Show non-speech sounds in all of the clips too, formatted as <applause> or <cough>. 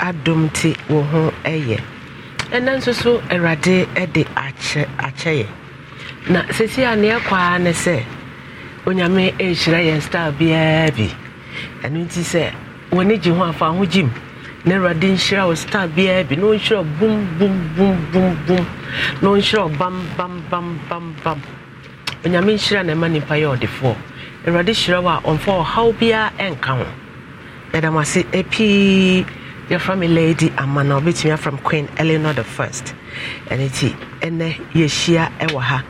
adom nti wo ho ɛyɛ ɛna nso so awurade ɛde akyɛ yɛ na sɛsi a neɛ kɔ a ne sɛ onyame ehyira yɛn style biara bi ɛno nti sɛ wɔne gye ho afa ho gyim na awurade nhyira wo style biara bi na ɔnhyira bumbumbum na ɔnhyira bambambambam onyame nhyira na ɛma nnipa yɛ ɔdefoɔ awurade hyira wo a ɔmfa ɔhaw biara nka ho yɛda mo ase pii You're from a lady You're from queen eleanor the first And nti yeshia yɛhyia ɛwɔ ha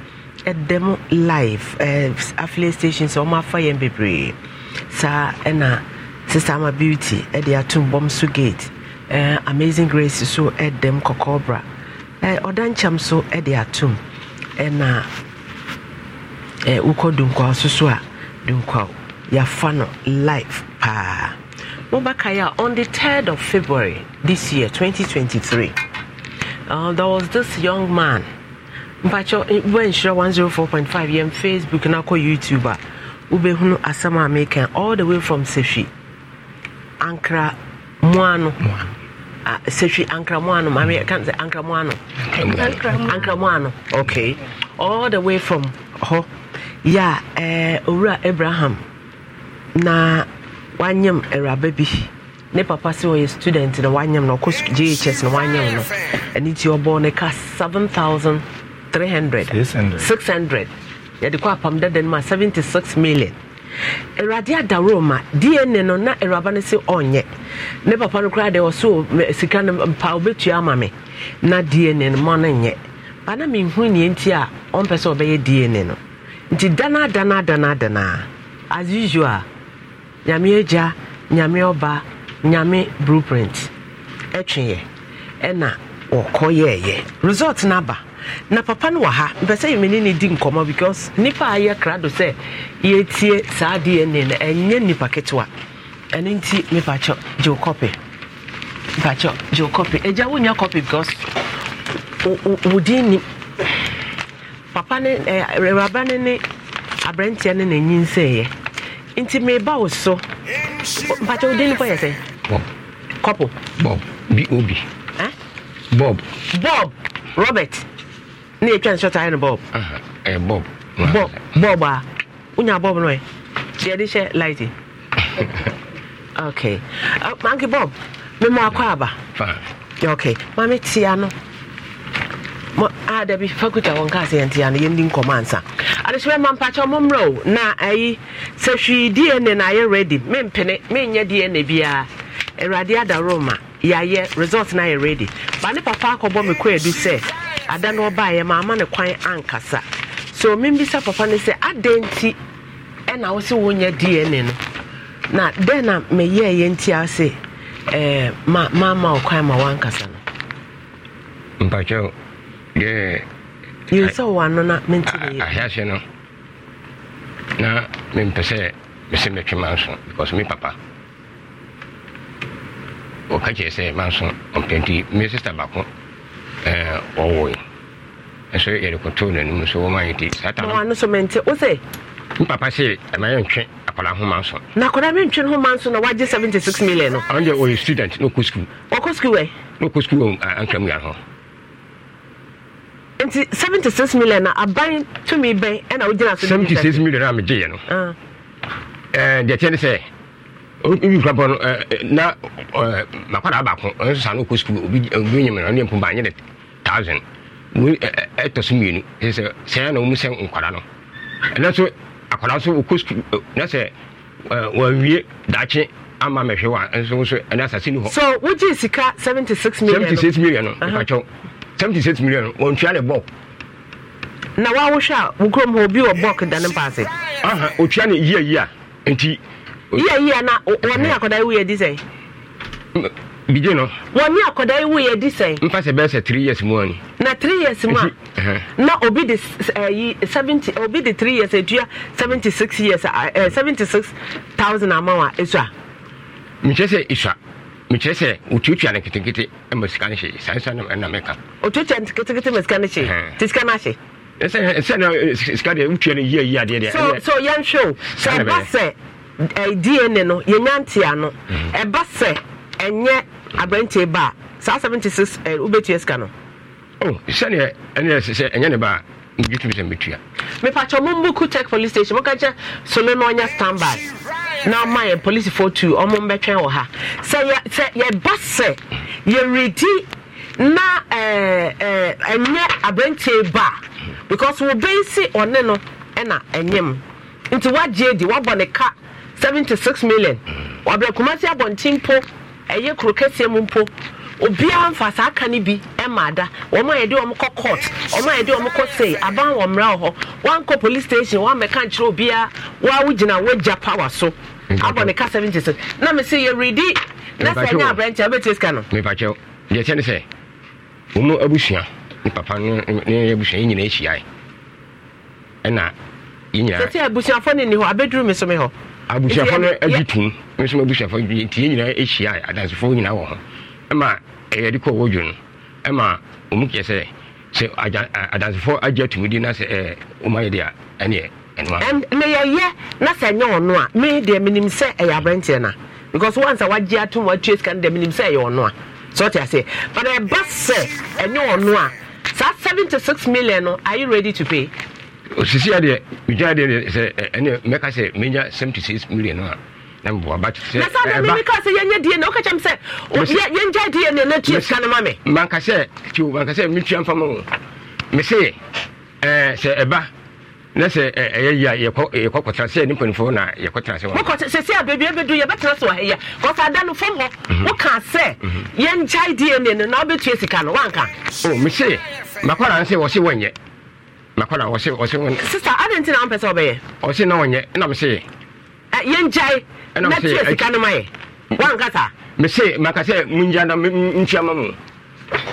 ɛdɛ mu live eh, affiliate station sɛ ɔmaafa yɛn bebree sister ama beauty ɛde atom bɔm so gate eh, amazing grace so ɛdɛ dem kɔkɔɔbra ɔdankyam eh, so ɛde atom ɛna and dunkwaw so so a dunkwaw ya no live pa. Mobakaya on the 3rd of February this year, 2023. Uh, there was this young man, Mpacho, eh, when Shira 104.5 yɛn Facebook na kɔ YouTube a, wobɛhunu asɛm a meka all the way from Sefi, Ankara Muano. Uh, Sefi Ankara Muano, Mami, I can't say Ankara Muano. Ankara Muano, okay. All the way from hɔ. Oh, uh-huh. yeah, uh, Ura Abraham. Na wanyam awuraba bi ne papa sɛ ɔyɛ student na wanyam na ɔkɔ ghs na wanyam no ɛno nti ɔbɔɔ ne ka 7300 600 yɛde kɔ apam dada no ma 76 million awurade adaworo ma dna no na awuraba no sɛ ɔnyɛ ne papa no koraa deɛ ɔso sika no mpa wobɛtua ama me na dna no ma no nyɛ ba na menhu neɛ nti a ɔmpɛ sɛ ɔbɛyɛ dna no nti dana dana dana dana as usual nyame agya nyame ɔba nyame blueprint ɛtweeɛ ɛna wɔkɔ yɛɛyɛ result no aba na papa no wɔ ha mpɛ sɛ yɛmene ne di nkɔmmɔ because nnipa a yɛ krado sɛ yɛtie saa dna no ɛnyɛ nnipa ketewa ɛno nti mepakyɛ gye wo kɔpe mpakyɛ gye wo kɔpe agya wonya kɔpe because wo din ni papa ne awuraba ne ne aberanteɛ no n'anyinsɛeɛ nti meba wo so mpakyɛ wode nipa yɛ sɛ kɔpo bob bob bob bob robert ne yɛtwa ne sɔtae no bob bob bob bob a wonya bob no ɛ deɛ de hyɛ light <laughs> okay uh, manke bob memɔ akɔ aba Fine. okay maame tia no Ah, dabi fakuta wɔn kaa sɛ yɛnte ano yɛndi nkɔmɔ ansa adehyɛ ma mpakyɛ ɔmommerɛ o na ayi sɛ dna na ayɛ ready mempene menyɛ dna biara awurade adaro ma yɛayɛ result na ayɛ redi ba ne papa akɔbɔ me kɔ adu sɛ ada no ɔbaeɛ ma ama ne kwan ankasa so membisa papa no sɛ ada nti ɛna e wo sɛ dna no na dɛn na meyɛɛ yɛ nti a sɛ eh, ma ma ma ɔkwan ma wankasa no mpakyɛw deɛ yɛsɛ wɔ ano na menteaheahyɛ no na mempɛ sɛ mesɛ mɛtwe manso because me papa wɔka kyerɛ sɛ manso ɔmpɛ nti me sister baako eh, ɔwɔe ɛso yɛde kɔtoo n'anim nso wɔma yɛ nti saa tano so mente wo sɛ me papa se ɛma yɛntwe akwadaa ho manso na akwadaa mentwe no ho manso na wagye 76 million no ɔno deɛ ɔyɛ student na ɔkɔ school ɔkɔ school ɛ na ɔkɔ school ah, ankra mu yɛ ho nti seventy six million na aban tumi bɛn ɛna wogyina so seventy six million a megyeeɛ no ah. eh, deɛ teɛ ne sɛ obi kura bɔ no eh, eh, na makwadaa baako ɔno sisa no kɔ sukuu obi nyim no ɔno yɛ mpomba anyɛ ne thousand ɛtɔ so mmienu sɛ sɛ na ɔmu sɛ nkwadaa no ɛna nso akwadaa nso ɔkɔ sukuu na sɛ wɔawie daakye ama mɛhwɛ wɔ a nso nso ɛna asase ni hɔ so wogye sika seventy six million seventy six million no nkakyɛw seventy six million wɔn tua ne bɔk. na wawohwɛ a wo kurom hɔ obi wɔ bɔk da paase. aha otua ne yia yia nti. yia yia na wɔne akɔda wuyɛ di sɛ. bije no. wɔne akɔda wuyɛ di sɛ. n pàṣẹ bɛɛ sɛ three years mu ani. na three years mu a. na obi de ɛyi seventy obi de three years etua seventy six years ɛɛ eh, seventy six thousand amount a esu a. n kyerɛ sɛ esu a mekyerɛ sɛ wotuatua no nketenkete ma sika no hye mhm. saa nsa na meka wotuatua nketenkete eh, ma sika no hye nti sika eh, no ahye sɛna sika deɛ wotua no yiayi adeɛ deɛ so yɛnhwɛ o sɛ ɛba sɛ dna no yɛnya ntea no ɛba sɛ ɛnyɛ aberantie ba a saa 76 wobɛtua sika no sɛneɛ ɛnɛ sɛ ɛnyɛ ne ba gye tumi sɛ metua mepakyɛ mombuku tech police station moka kyɛ solo no ɔnyɛ standby na ɔma eh, yɛ eh, policefoɔ tu ɔmo mbɛtwɛn wɔ ha sɛ yɛba sɛ yɛredi na ɛnyɛ aberanteɛ ba because wo bɛnsi ɔne no ɛna ɛnyɛm nti wagye di wabɔ ne ka seventy six million wabrɛ kumasi abɔnten po ɛyɛ kuro kɛseɛ mu mpo obiara mfa saa aka no bi ma ada wɔn a yɛde wɔn kɔ court wɔn a yɛde wɔn kɔ sei aban wɔ mmerɛ hɔ police station wɔamɛka nkyerɛ obiara wɔawo gyina wɔagya power so abɔ ne ka seventy six na me se yɛredi na sɛ ɛnyɛ aberɛnkyɛ wobɛtie sika no mepakyɛw deɛkyɛ ne sɛ wo abusua ne papa ne abusua yɛ nyinaa ahyiae ɛna yɛ nyinaa sɛsɛ abusuafoɔ hɔ hɔ no ma ɛyɛ de kɔ wɔ dwo no ma ɔmu kɛ sɛ sɛ adansefoɔ agye atumi na sɛ ɛɛ yɛ de ɛneɛ meyɛyɛ na sɛ ɛnyɛ ɔno a me deɛ menim sɛ ɛyɛ eh, aberanteɛ no because once a wagye atom watua sika no deɛ menim sɛ ɛyɛ ɔno a sɛ ɔte aseɛ but ɛba sɛ ɛnyɛ ɔno a eh, saa 76 million no are you ready to pay osisi adeɛ megya adeɛ sɛ ɛne eh, mɛka sɛ menya 76 million no a nasademirikasɛ yɛnyɛ die na wokɛkyɛm sɛ yɛngya die ne na tue sika no ma me mankasɛ tio mankasɛ metua mfa ma wo mese eh, sɛ ɛba na sɛ eh, ɛyɛ yi a yɛkɔkɔtena sɛ ne mpanifoɔ na yɛkɔtena sɛ sɛsɛ a baabia bɛdu yɛbɛtena so wɔhɛyɛ kɔsɛ ada no fam mhm. hɔ woka sɛ mhm. yɛngyae die ne no na wobɛtua sika no woanka oh, mese makwara sɛ wɔ se wɔnyɛ makwara wɔ se wɔnyɛ sista adɛn nti na wompɛ sɛ wobɛyɛ ɔse na wɔnyɛ na mese eh, yɛngyae na tie sika no ma yɛ wankasa mese maka sɛ munya na ntiama mu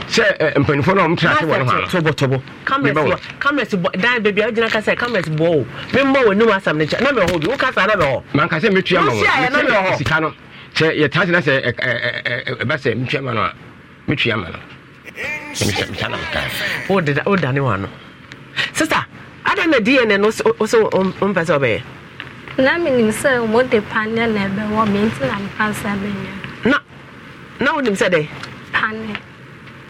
sɛ mpanimfoɔ no ɔmtra se wɔ no hatɔbɔtɔbɔ cameras dan baabi a wogyina ka sɛ cameras bɔ o memmɔ w'anim asɛm no nkyɛ na mɛhɔ bi wokasa na mɛhɔ manka sɛ mɛtua ma wo sika no sɛ yɛtase na sɛ ɛbɛ sɛ metua ma no a metua ma no mesa na mekae wodane wa no sesa adɛn na dn no wosɛ wompɛ sɛ wobɛyɛ na menim sɛ mode paneɛ na ɛbɛwɔ me nti na mepa sɛ na na wonim sɛ dɛn paneɛ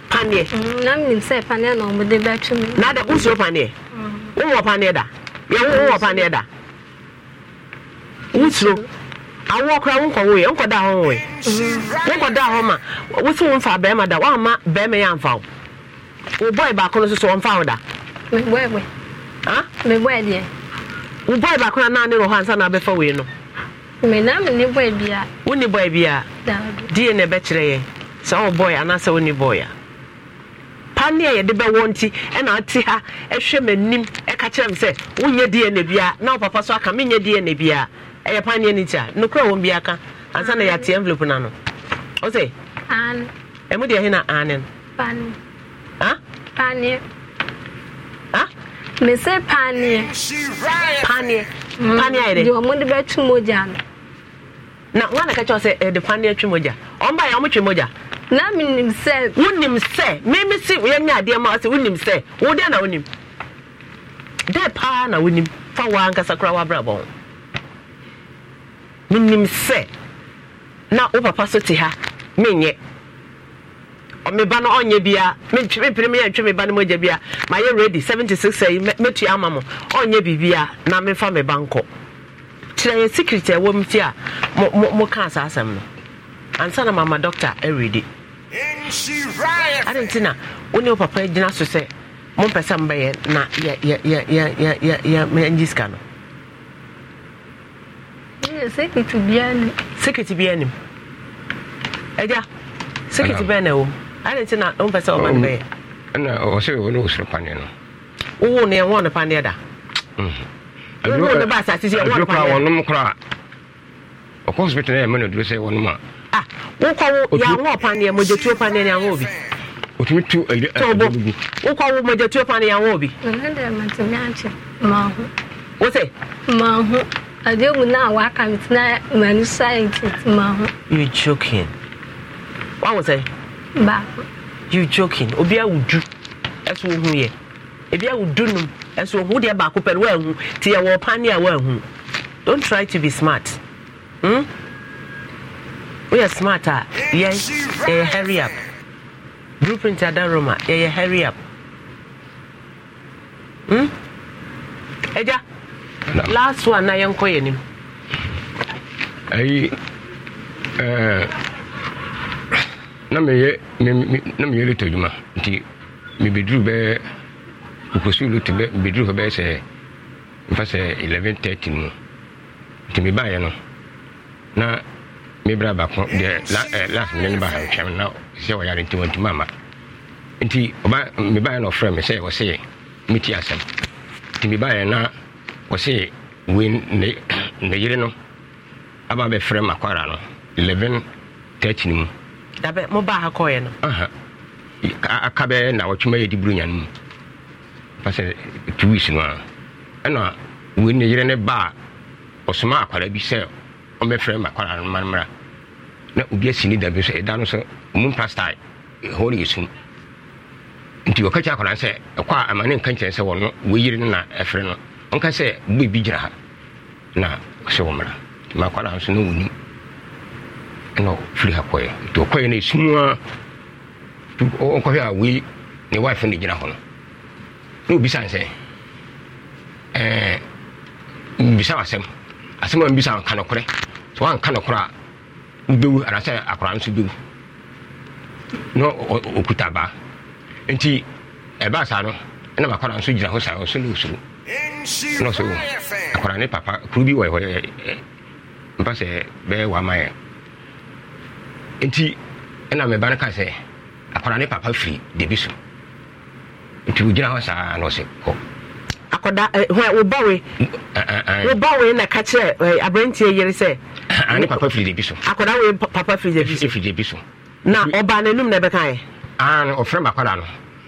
paneɛ mm, na menim sɛ paneɛ na ɔmode bɛtwe me na dɛ wosuro paneɛ wowɔ paneɛ da yɛwo mm. wowɔ paneɛ da wosuro awoɔ koraa wonkɔda hɔ wonkɔda mm. hɔ ma bɛrima da bɛrima yɛ amfa wo baako no so so wo da wo bɔe baako na naane wɔ hɔ ansa na abɛfa wei no wone bɔe bi a die na ɛbɛkyerɛ yɛn sɛ wo bɔe anaasɛ wone bɔe a pa ne a yɛde bɛwɔ nti ɛna ate ha ɛhwɛ m'anim ɛka kyerɛ m sɛ wonyɛ deɛ na biaa na wo papa so aka menyɛ deɛ na biaa ɛyɛ pa neɛ no nti a nokora wɔm bi aka ansa na yɛate envelope no ano wo sɛ ɛmu deɛ he na ane no me mm. se paneɛ eh, paneɛ paneɛ ayɛ dɛ deɛ ɔmo de bɛtwe mogya no na wọn na kẹkẹ ọsẹ ẹdi fan ni ẹtwi mọgya ọmọ báyìí ọmọ twi mọgya. na mi nim sẹ. wunim sẹ mímí si yẹn ní adiẹ ma ọsẹ wunim sẹ wọn dẹ na nim. dẹ paa na nim. fa wọn ankasa kura wọn abirabọ wọn mi nim sẹ na wọn papa so ti ha mi nyɛ. me ba no ɔnyɛ bia mepere me yɛntwe me no mɔgya bia mayɛ redy 76 ayi eh, mɛtua ama mo ɔnyɛ biribia na memfa me nkɔ kyerɛ secret a ɛwɔ m ti a moka saa asɛm no ansa na mama doctor awredi ade nti na wo wo papa gyina so sɛ mompɛ sɛ mbɛyɛ na yɛngye sika no secret biaa nim agya secret bɛɛ na ɛwɔ mu ɛne nti na ɔmpɛ sɛ ɔma no bɛyɛ ɛna ɔwɔ sɛ ɔwɔ ne wɔ soro paneɛ no wowo ne ɛwɔ no paneɛ da bɛba asase sɛ ɛwɔ paneɛ wɔnom koraa ɔkɔ hospital ɛyɛ ma no aduro sɛ wɔnom a wokɔ wo yɛawɔ paneɛ mogyatuo paneɛ ne awɔ bi otumi tu aduro bi wokɔ wo mogyatuo paneɛ yɛawɔ bi wo sɛ maho adeɛ mu no a waka metena manu scientist maho you joking wawo sɛ baako. you joking obi awudu ɛso wo ho yɛ ebi awudu num ɛso wo ho deɛ baako pɛ no wo ahu yɛ wɔ pan ne a wo ahu don't try to be smart hmm? woyɛ smart a yɛ yɛyɛ hurry up blueprint ada roma yɛyɛ hurry up hmm? ɛgya no. last one na yɛnkɔ yɛ nim. ayi ɛɛ. Uh... Eh, na meyɛ na meyɛ lotɔ adwuma nti mebɛduru bɛɛ mekɔsuu loto bɛ mebɛduru hɔ bɛyɛ sɛ mfa sɛ eleven thirty mu nti mebaeɛ no na mebrɛ baako deɛ last minute mene no baa hwɛm na sɛ wɔyare nti wantumi ama nti ɔba mebaeɛ no ɔfrɛ me sɛ wɔse meti asɛm nti mebaeɛ na wɔse wei ne yere no aba bɛfrɛ makwara no eleven thirty mu dabe mobaa aka na wɔtwema yɛ de nyane mu pa sɛ two weeks no a ɛna wei ne ne ba a ɔsoma akwara bi sɛ ɔmɛfrɛ ma no na obi asi ne da bi ɛda no ɛhɔ ne yɛsum nti wɔka kyerɛ akwara sɛ ɛkɔ e a ama ne e nka nkyerɛ sɛ wɔno wɔyere na ɛfrɛ no ɔnka sɛ bɔ bi gyina ha na sɛ wɔmmra ma nso na na ɔfiri ha kɔɛ nti ɔkɔɛ no ɛsumua ɔnkɔhwɛ a wei ne wife no gyina hɔ no na obisa n sɛ mbisa asɛm asɛm a mbisa nka nokorɛ sɛ woanka nokorɛ a wobɛwu anaasɛ akora nso bɛwu na ɔkuta baa nti ɛbaa saa no ɛna makora nso gyina hɔ saa ɔso ne ɔsuro na ɔsɛ akora ne papa kuro bi wɔ hɔ mpa sɛ bɛyɛ waama yɛ nti ɛna meba no ka sɛ akwadaa ne papa firi debi so nti wogyina hɔ saa na ɔsɛ kɔ akwadaa ɛ eh, hɔn wobɔwe wobɔwe na ka kyerɛ eh, aberanteɛ yere sɛ ne papa firi debi so akwadaa wei papa firi debi so na ɔbaa n'anum na ɛbɛka yɛ aa ɔfrɛ mu akwadaa no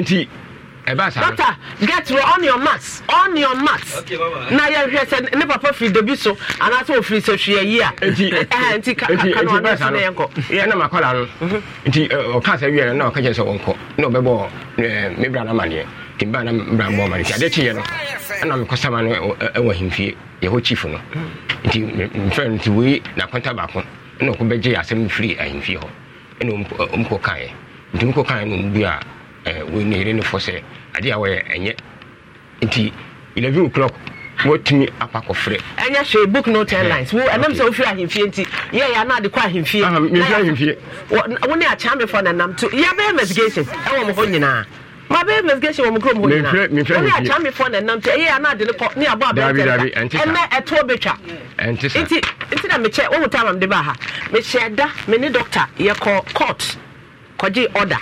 nti ɛba doctor get re on your max on your max na yɛhwɛ sɛ ne papa firi da bi so anaasɛ ɔfiri sɛ hwee ayi a nti kanoanɛnkɔ ɛna makɔla no nti mm-hmm. ɔka sɛ wiɛ no na ɔka kyɛ sɛ wɔnkɔ na ɔbɛbɔ me bra no amanneɛ nti ba na mbra bɔ amanneɛ nti ade kyeeɛ no ɛna mekɔsama no ɛwɔ ahemfie yɛhɔ chief no nti mfrɛ no nti wei nakwanta baako na ɔkɔbɛgye asɛm firi ahemfie hɔ ɛna ɔmkɔ kaeɛ nti mkɔ kaeɛ no bi a Eh, wɔn nyere ne fɔ sɛ adeɛ a wɔyɛ ɛnyɛ nti eleven o'clock wɔtumi apa kɔfrɛ. ɛnyɛ hwɛ book note airlines wo ɛnam sɛ wofiri ahemfie nti yɛ yɛ anaa de kɔ ahemfie. mefiri ahemfie. wo ne akyaamefoɔ na nam to yɛbɛyɛ investigation ɛwɔ mo hɔ nyinaa ma bɛ investigation wɔ mu kurom hɔ nyinaa mefiri ahemfie. wo ne akyaamefoɔ na nam to ɛyɛ yɛ anaa de ne kɔ ne abɔ abɛɛ tɛ nka ɛnɛ ɛtoɔ bɛtwa. ɛnti sa nti nti na mekyɛ wɔn mu taama de ba ha mekyɛ da me ne doctor yɛ kɔ court kɔgye order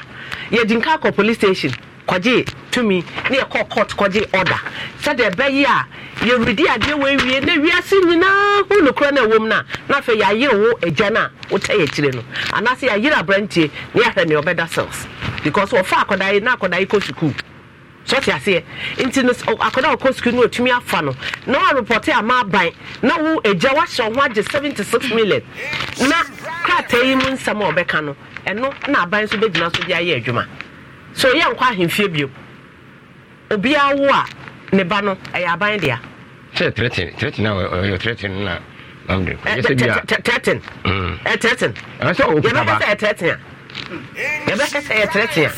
yɛdi nka akɔ police station kɔgye tumi ne yɛkɔ court kɔgye order sɛdeɛ ɛbɛyɛ a yɛwuridi adeɛ wɔ ewie na wiase nyinaa ho nokora na ɛwɔ mu na na afei yɛayere wo adwa no a wotɛ yɛ akyire no anaasɛ yɛayere aberanteɛ na yɛahwɛ nea ɔbɛda cells because wɔfa akɔdaa yi na akɔdaa yi kɔ sukuu sɔte aseɛ nti no akɔda ɔkɔ sukuu no otumi afa no na ɔn repɔte ama aban na wo egya wahyɛ ɔho agye seventy six million na krataa yi mu nsɛm a ɔbɛka no ɛno na aban nso bɛgyina so de ayɛ adwuma so yɛ nkɔ ahemfie bio obiara wo a ne ba no ɛyɛ aban dea. sɛ tɛrɛtɛn tɛrɛtɛn a ɔyɛ tɛrɛtɛn na. tɛrɛtɛn ɛtɛrɛtɛn yɛn bɛ kɛ sɛ ɛtɛrɛtɛn a yɛbɛka yɛ teɛteɛ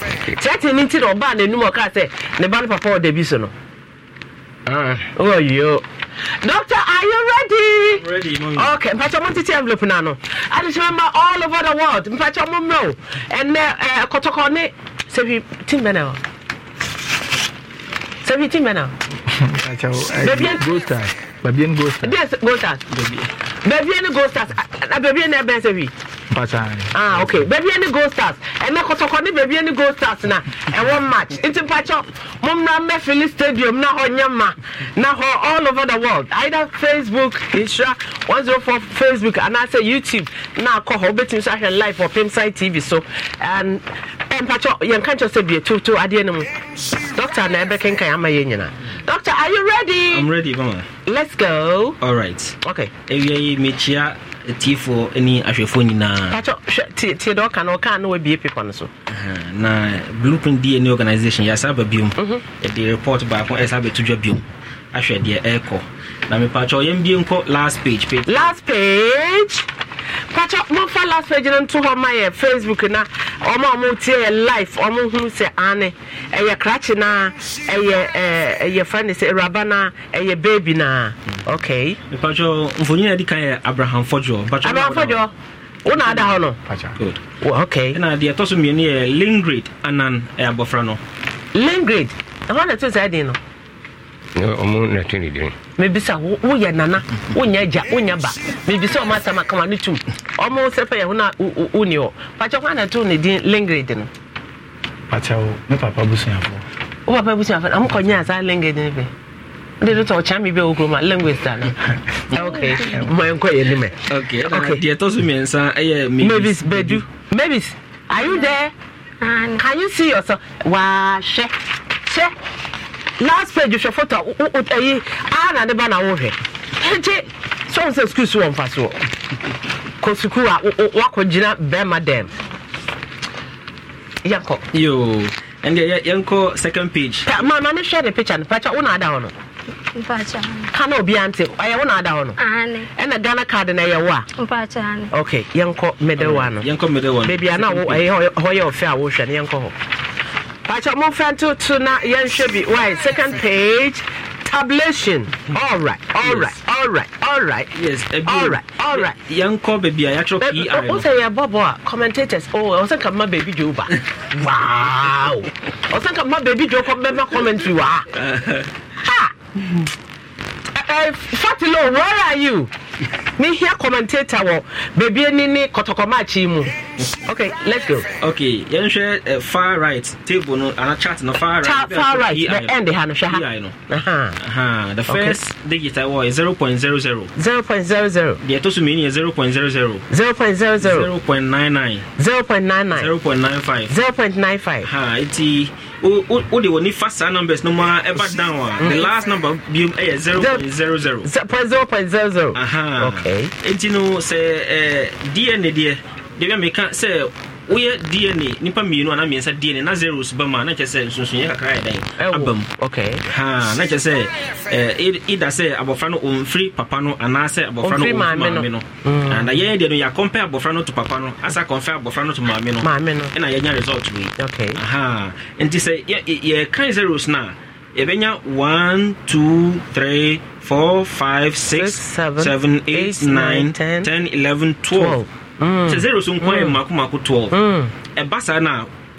teɛteɛ no nti na ɔbaa n'anum ɔkaa sɛ ne ba no papa ɔda bi so no ɔyio ah. Doctor, are you ready? Ready, mommy. Okay, envelope na I just remember all over the world. Mpacho mo mro. And eh uh, ne se bi tin bena. Se bi tin bena. Mpacho. Eh, baby eh, go star. Baby eh, go star. Yes, go star. Baby. Baby go ah, ah, star ah okay baabi ɛne gold stars ɛnɛ kɔtɔkɔ ne baabi ɛne gold stars na ɛwɔ eh, match nti mpakyɛ mo mmra mɛfili stadium na hɔ nyɛ ma na hɔ all over the world either facebook nsira one zero four facebook anaasɛ youtube na akɔ hɔ wobɛtumi so ahwɛ live wɔ pimsai tv so and mpakyɛ yɛnka nkyɛ sɛ bie toto adeɛ no mu doctor na ɛbɛkenkan ama yɛ nyinaa doctor are you ready i'm ready mama let's go all right okay ewia yi mekyia tiefoɔ ne ahwɛfoɔ nyinaatie dɛ ɔka no ɔkaa na wabie paper no so na blueprint da ne organisation yɛasa aba biom mhm. yɛde report baako ɛsa bɛto dwa biom ahwɛ deɛ ɛrekɔ na mepakyɛ ɔyɛm bie nkɔ last page page last page pacha Mofa last page no nto hɔ ma yɛ facebook na ɔma ɔmo tie yɛ life ɔmo hu sɛ ane ɛyɛ krakye na ɛyɛ ɛyɛ fa ne sɛ awuraba na ɛyɛ beebi na okay pacha mfonyin a yɛde ka yɛ abraham fɔdwo abraham fɔdwo wona ada hɔ no okay ɛna deɛ ɛtɔ so mmienu yɛ lingrade anan ɛyɛ abɔfra no lingrade ɛhɔ na ɛto sɛ ɛden no ɔmo na to ne dini. mebisa woyɛ nana wonyɛ gya wonyɛ ba mebisa ɔmo ma akama ne tum ɔmo sɛpɛ yɛ ho na woni hɔ pakyɛ kwan na to ne din lingrid no. pakyɛ o ne papa busuafo. wo papa busuafo na mo kɔ nyɛ asa lingrid ne bi ndị dịtọ ọcha ma language <laughs> na ok nkọ ok ok so mavis. mavis bedu mavis are you there can you see yourself waa last page hwɛ photo ɛyi eh, a ah, na ne ba na wohwɛ ɛgye sɔn eh, sɛ sukuu so wɔ mfa soɔ kɔ sukuu a wakɔgyina bɛrima dɛm yɛkɔ yoo ɛndeɛ yɛnkɔ second page mama ne hwɛ ne picture no pakyɛ wo na ada hɔ no ka na obia nte ɛyɛ wo na ada hɔ no ɛna ah, ghana card no ɛyɛ wo a ok yɛnkɔ medal wa no baabi a na hɔ yɛ ɔfɛ a wohwɛ no yɛnkɔ hɔ pakyɛ momfa ntoto na yɛnhwɛ bi why second page tabulation all right all right all right all right yes all right all right yɛnkɔ baabi a yɛatwerɛ pr no wosɛ yɛbɔ bɔ a commentators oh ɔsɛ nka mma baabi dwo ba wow ɔsɛ nka mma baabi dwo bɛma commentary wa <laughs> ha eh, eh, fatilo where are you mehia commentator wɔ baabi ani ne kɔtɔkɔmaakyi mu okay let's go okay yɛnhwɛ uh, eh, far right table no ana chart no far right Ta, far right the end ha no hwɛ ha no aha the first okay. digit ɛwɔ yɛ 0.00 Zero deɛ ɛtɔ so mmienu yɛ nine five. Zero point nine five. ha eti wode wɔ nifa saa numbers no mu a ɛba down a the mm-hmm. last number biom eh, ɛyɛ zero zero. aha Ah. nti no sɛ eh, dna deɛ deɛ meka sɛ woyɛ dna nipa mmienu anaa mmiɛnsa dna na zeros ba ma na kyɛ sɛ nsonsonoyɛ kakra yɛ dɛn aba mu ha na kyɛ sɛ ida eh, sɛ abɔfra no ɔmfiri papa no anaasɛ abɔfra no ɔmfiri maame no na mm. yɛn deɛ no yɛakɔmpɛ abɔfra no to papa no asa kɔmpɛ abɔfra no to maame no ɛna yɛnya result wei ha nti sɛ yɛkan zeros no a yɛbɛnya one two three four five six, six seven, seven eight, eight nine, nine ten, ten eleven twelve sɛ mm. zero so nko ayɛ mako mako twelve ɛba saa na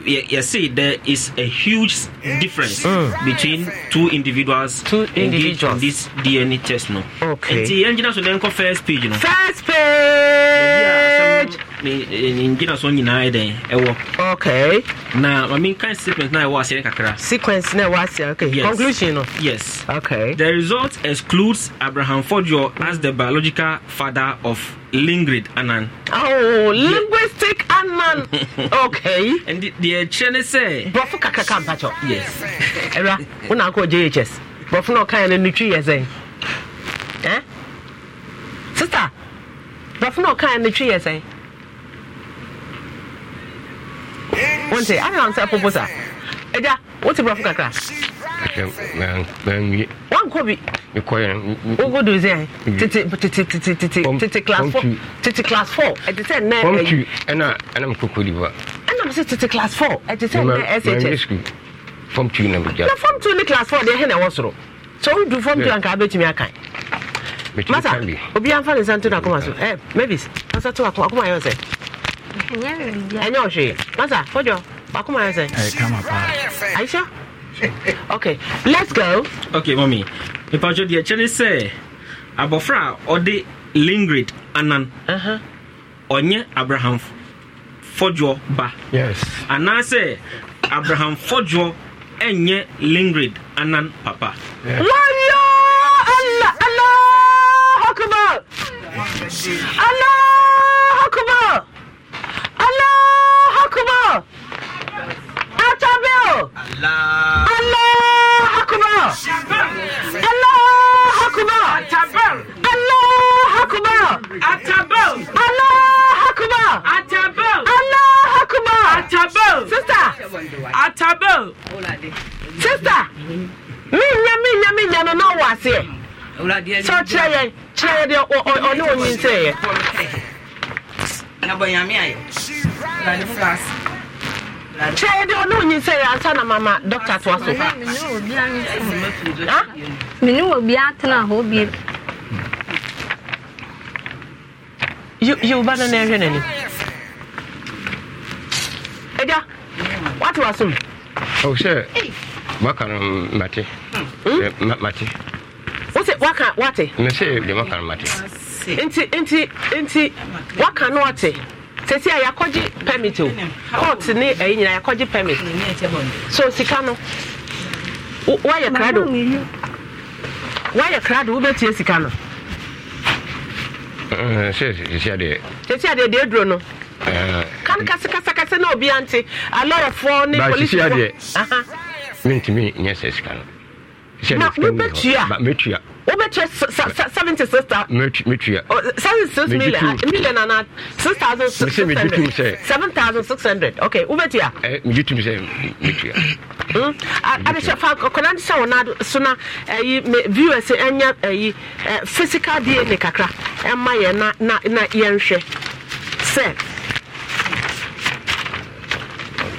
yɛse there is a huge difference mm. between two individuals engaged in this dna test no okay. nti yɛngyina so na ɛnkɔ first page no first page yeah, Eh, ngyina so nyinaa yɛ dɛn ɛwɔ. okay. na maame nkan sequence na ɛwɔ aseɛ kakra. sequence na ɛwɔ aseɛ okay. yes conclusion no. yes. okay. the result excludes abraham fodjo as the biological father of lingrid anan. oh linguistic yeah. anan. <laughs> okay. And deɛ ɛkyerɛ ne sɛ. bɔfo kakra kan patsɔ. yes. ɛwura wọn na akɔ jhs bɔfo na ɔkan yɛ no nitwi yɛ sɛn. Eh? sister bɔfo na ɔkan yɛ no nitwi yɛ sɛn wonte ane na nsa popo sa ɛda wote borɔfo kakra wankɔ bi wogo do sɛ tete class 4 ɛte sɛ nnɛ ɛnam sɛ tete class 4 ɛte sɛ nnɛ shm fom 2 na fom 2 ne class 4 deɛ ɛhe na ɛwɔ soro sɛ wodu fom 2 ankaa bɛtumi akan masa obiaa mfa ne nsa nto no akoma so eh, mavis nsa to akoma yɛ sɛ ɛnyɛ ɔhwee masa kɔjɔ bakoma yɛ sɛ are you sure okay let's go okay mommy mepatwɛ deɛ kyɛ ne sɛ abɔfra a ɔde lingrid anan Onye abraham fɔdwoɔ ba yes anaasɛ abraham fɔdwoɔ enye lingrid anan papa yes. wayo allah allah akbar allah akbar Allahu Akbar atabeo Allahu Akbar Allahu Akbar Allahu Akbar Allahu Akbar Allahu Akbar sister sister mi nya mi nya mi nya no na wɔ aseɛ sɛ kyerɛ yɛn kyerɛ yɛ deɛ ɔne ɔnyinsɛeɛ kyɛ de ɔne onyinsɛe na mama dɔkta toa so fa mene wɔ bia tena hɔ bie yɛwoba no na ɛhwɛ n'ani wate sɛ waka no mate hmm? mate waka wate mese deɛ no mate nti nti nti waka no wate sɛsi a yɛakɔgye permit o court ne ɛyi nyina yɛakɔgye permit so sika no woayɛ krado woayɛ krado wobɛtie sika no sɛsi adeɛ sɛsi adeɛ deɛ aduro no kan kasakasakasa na obi ante alɔrɔfoɔ ne polisifoɔ mentumi nyɛ sɛ sika no mɛtua wobɛtwɛ seventy sister metua oh, seventy six million million ana six thousand six hundred seven thousand six hundred okay wobɛtua megye tum sɛ metua adehyɛ fa kɔda nhyɛ wo no so na ayi eh, viewers ɛnya eh, ayi eh, physical dna kakra ɛma yɛ na na na yɛnhwɛ sɛ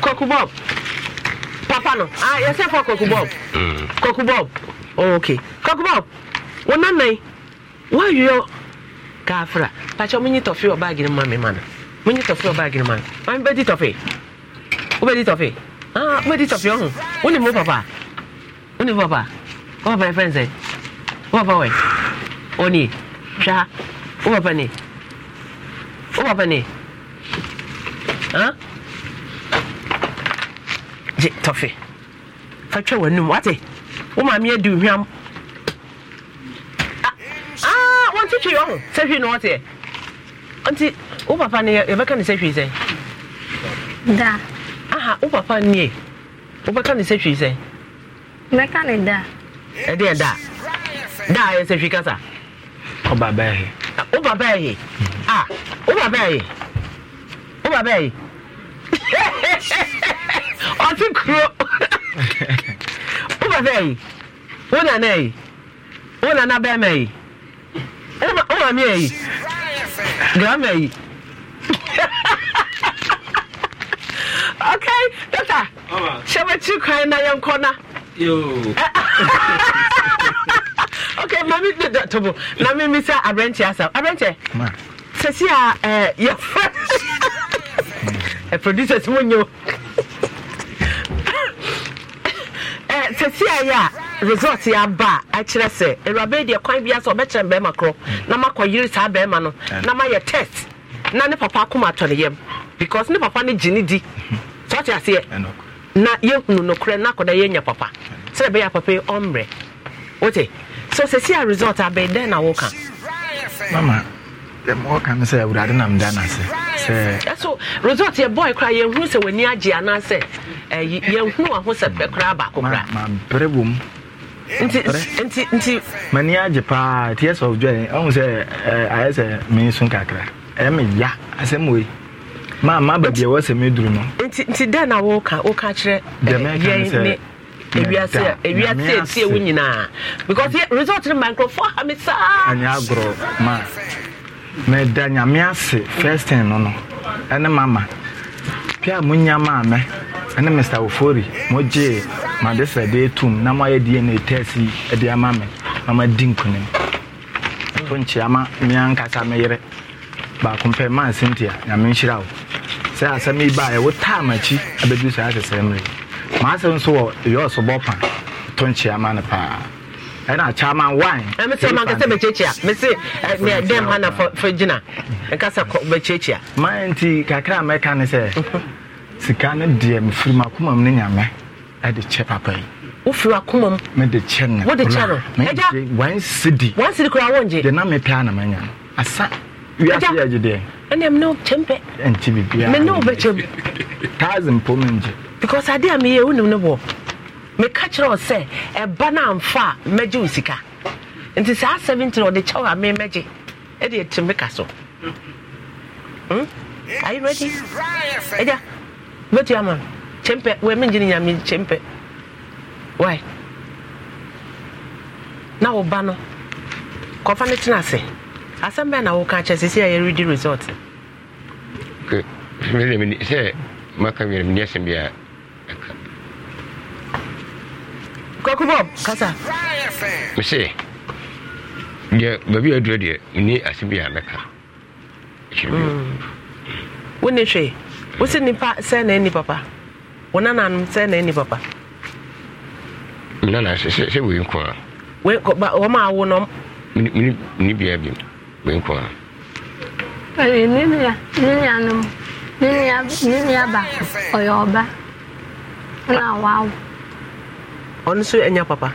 kɔku papa no ah, yɛsɛ fɔ kɔku bob hmm. kɔku bob oh, wọn nanan wayọ kaafra pàṣẹ mo nyi tọfi wọ baagi ni mu maami ma no mo nyi tọfi wọ baagi ni mu maami maami bẹ di tọfi o bẹ di tọfi ah o bẹ di tọfi ọhún wọn ni mo papa wọn ni mo papa wọn papa yẹ fẹn sẹ wọn papa wẹ wọn ni hwẹ ha wọn papa ni wọn papa ni ah gye tọfi fatwa wọn num wate wọn maami yẹ di hwiam. twitwi ɔho sɛ hwii na ɔteɛ nti wo papa no yɛbɛka ne sɛ hwii sɛn da aha wo papa nie wobɛka ne sɛ hwii sɛn mɛka ne da ɛdeɛ da da ayɛ sɛ hwii kasa wo baba ɛhe wo baba ɛhe a wo baba ɛhe wo baba ɛhe <laughs> ɔte kuro <laughs> wo baba ɛhe wo nana ɛhe wo nana bɛrima ɛhe o ma mi ɛyi girama ɛyi okay dɔkta sɛ bɛkyi kwan na yɛ nkɔ na okay mami de da tobo na mi mi sɛ aberɛnkyɛ asa aberɛnkyɛ sɛsi a ɛɛ yɛ producers mo nye sɛsi ayɛ a resort yɛ aba a akyerɛ sɛ awuraba deɛ kwan bi asɛ ɔbɛkyerɛ bɛrima korɔ na makɔ yiri saa bɛrima no na mayɛ test na ne papa akoma atɔ ne yam because ne papa no gye ne di <laughs> sɛ aseɛ na yɛhunu nokorɛ na akɔda yɛnya papa sɛdɛ bɛyɛ papa yi ɔmmerɛ wote so sɛsi a resort abɛn dɛn na woka mama mɔka no sɛ awurade nam da no ase sɛso resort yɛbɔe kora yɛhunu sɛ w'ani agye anaasɛ yɛhunu waho sɛ pɛ koraa baako kora mamprɛ bom nti m'ani agye paa tears of joy ɔhu sɛ ayɛ sɛ mensu kakra ɛyɛ meya asɛm wei ma ma baabi ɛwɔ sɛ meduru no nti dɛn na woka woka kyerɛ yɛne ewiase ewiase etie wo nyinaa because resort no ma nkurɔfoɔ ha me saa anyɛ agorɔ ma meda nyame ase first time no no ɛne mama pia mo nya maame ɛne mr ofori mo gye madesrɛde atum na moayɛ dna test de ama me na madi nkonim to nkyea ma mea nkasa meyere baako mpɛ ma cynthia nyame nhyira wo sɛ asɛm yi baa ɛwo taa m'akyi abɛdu saa sɛsɛ mmere maasɛm nso wɔ ɛyɛ ɔsobɔ pa to nkyea ma no paa ɛna chairman wine. ɛmi sɛ maa nkasa bɛkyekyia mi se ɛ dɛm ha na fɔ gyina nkasa kɔ bɛkyekyia. maa nti kakra a mɛka ne sɛ <laughs> sika ne deɛ mfiri mu akoma mu ne nyame ɛde kyɛ papa yi. wofiri akoma mu. mi de kyɛ ne kura wode kyɛ no ɛgya wɔn sidi. wɔn sidi kura wɔn gye. deɛ na mi pɛ anam anya asa wiase yɛ gye deɛ. ɛnna mi n'o kyɛ mpɛ. ɛnti bibiara mi n'o bɛ kyɛ mu. taazin mi n because adi a mi yɛ ewu nim ne bɔ. meka kyerɛ wo sɛ ɛba no amfa a mɛgye wo sika nti saa 17 ɔde kyɛw a memɛgye ɛde ɛte me ka so hmm? Are you ready? Eja, go to your mom. Chempe, we mean jini nyami chempe. Why? Na wo ba no. Kɔfa ne tena ase. Asɛm na woka kyɛ sisi a yɛredi result. <clears throat> Mene mene sɛ maka mene mene asɛm bi kɔkɔ bɔ kasa. mese deɛ baabi a aduro deɛ ni ase bi a mɛka hmm. wo ne hwɛ wo sɛ nipa sɛ na ani papa wo nananom sɛ na ani papa nana sɛ sɛ wei nko a wɔma awo no mene bia bi wei nko a ne nuanom ne nua baako ɔyɛ ɔba na wawo ɔno nso ɛnya papa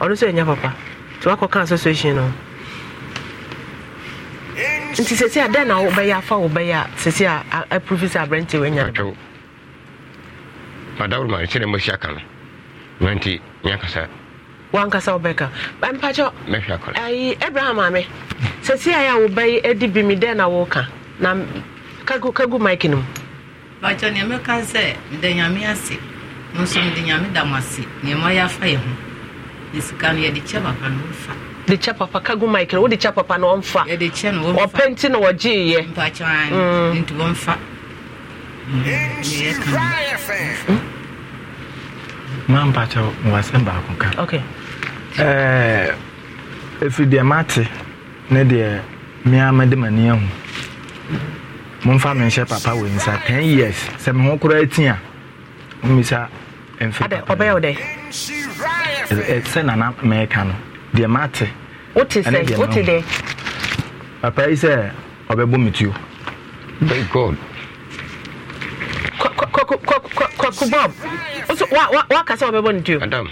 ɔno nso ɛnya papa nti wakɔka association no nti sɛsi a dɛn na wobɛyɛ afa wobɛyɛ a sɛsi a aprofi sɛ aberɛnti wanya atwew madawroma no sɛdɛ mahyia ka no nanti nyankasa wankasa wobɛka mpakyɛ mɛhwɛ akɔla ayi abraham ame sɛsi a yɛ a wobɛyɛ edi bi mi dɛn na woka na kagu kagu mike no mu bakyɛ neɛ mɛka sɛ meda nyame ase nsomde nyame da mo ase nneɛma yɛafa yɛ ho yɛsika no yɛde kyɛ papa no wofa de kyɛ papa ka gu mike no wode kyɛ papa no ɔmfa yɛde kyɛ no ɔpɛ mm. nti na wɔgyeeyɛ mm, nti wɔmfa hmm? ma mpakyɛ baako ka ɛfiri deɛ mate ne deɛ mea mede m'ani ahu momfa menhyɛ papa wɔ nsa 10 years sɛ me ho koraa ti a mmisa ɔbɛyɛ wo dɛ sɛ nana mɛka no deɛ maate wote sɛ wote dɛ papa yi sɛ ɔbɛbɔ me tuo kɔko bob woaka sɛ ɔbɛbɔ ne tuo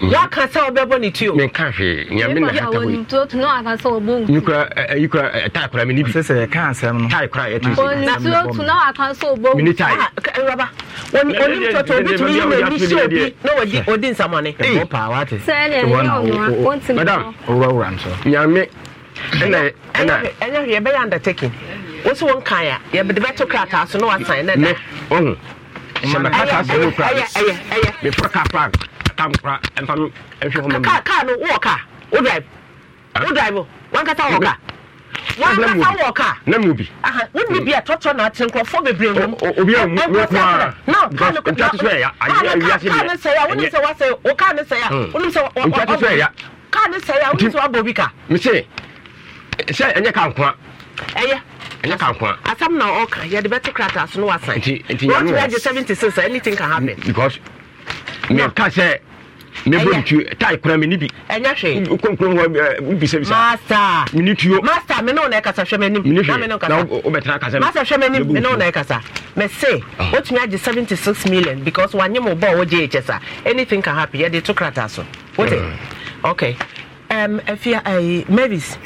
Mhm. waka sɛ wobɛbɔ ne tuo menka hwee nyame na hataikra tae kora mene bisɛsɛyɛka asɛm no tae kora yɛtomene taeraba ɔnim tɔtɔ obɛtumi yi mani hyɛ obi na ɔdi nsamɔne madam nyame ɛnɛ hwee yɛbɛyɛ undertaking wo sɛ wo nkae a yɛde bɛto krataa so na wasan nɛ da ɛyɛ ɛyɛ ɛyɛ mepɔ ka frank tam kora ɛmfa no ɛhwɛ hɔ mɛmɛ. kaa no wɔ kaa wo drive wo drive wankasa wɔ kaa wankasa wɔ kaa. na mu bi. wo ni bi atɔtɔ na ati nkurɔfoɔ bebree wɔm. obi a mu mu kun ara nta ti so ɛya ayi ayi ase bi. kaa ne sɛ ya wo ni hmm. sɛ wa sɛ o kaa ne sɛ ya wo ni sɛ wa ɔbɔ nta ti so ɛya. kaa ne sɛ ya wo ni sɛ wa bɔ bi ka. mese sɛ ɛnyɛ kaa nkoa. asam na ɔka yɛde bɛ ti krataa so no wa san. nti nti yanu wa. seventy six anything can happen. because mi ka mebɔ ntuo tae kora mene bi ɛnyɛ hwee konkrom hɔ eh, mbisabisa mene tuo master mene wo na ɛkasa hwɛ m'anim wobɛtena kasa master hwɛ m'anim mene wo na ɛkasa mese ah. wotumi agye 76 million because wanye mo bɔ wɔ ghs a anything can happen yɛde to krataa so wote ah. okay um, afia uh, mavis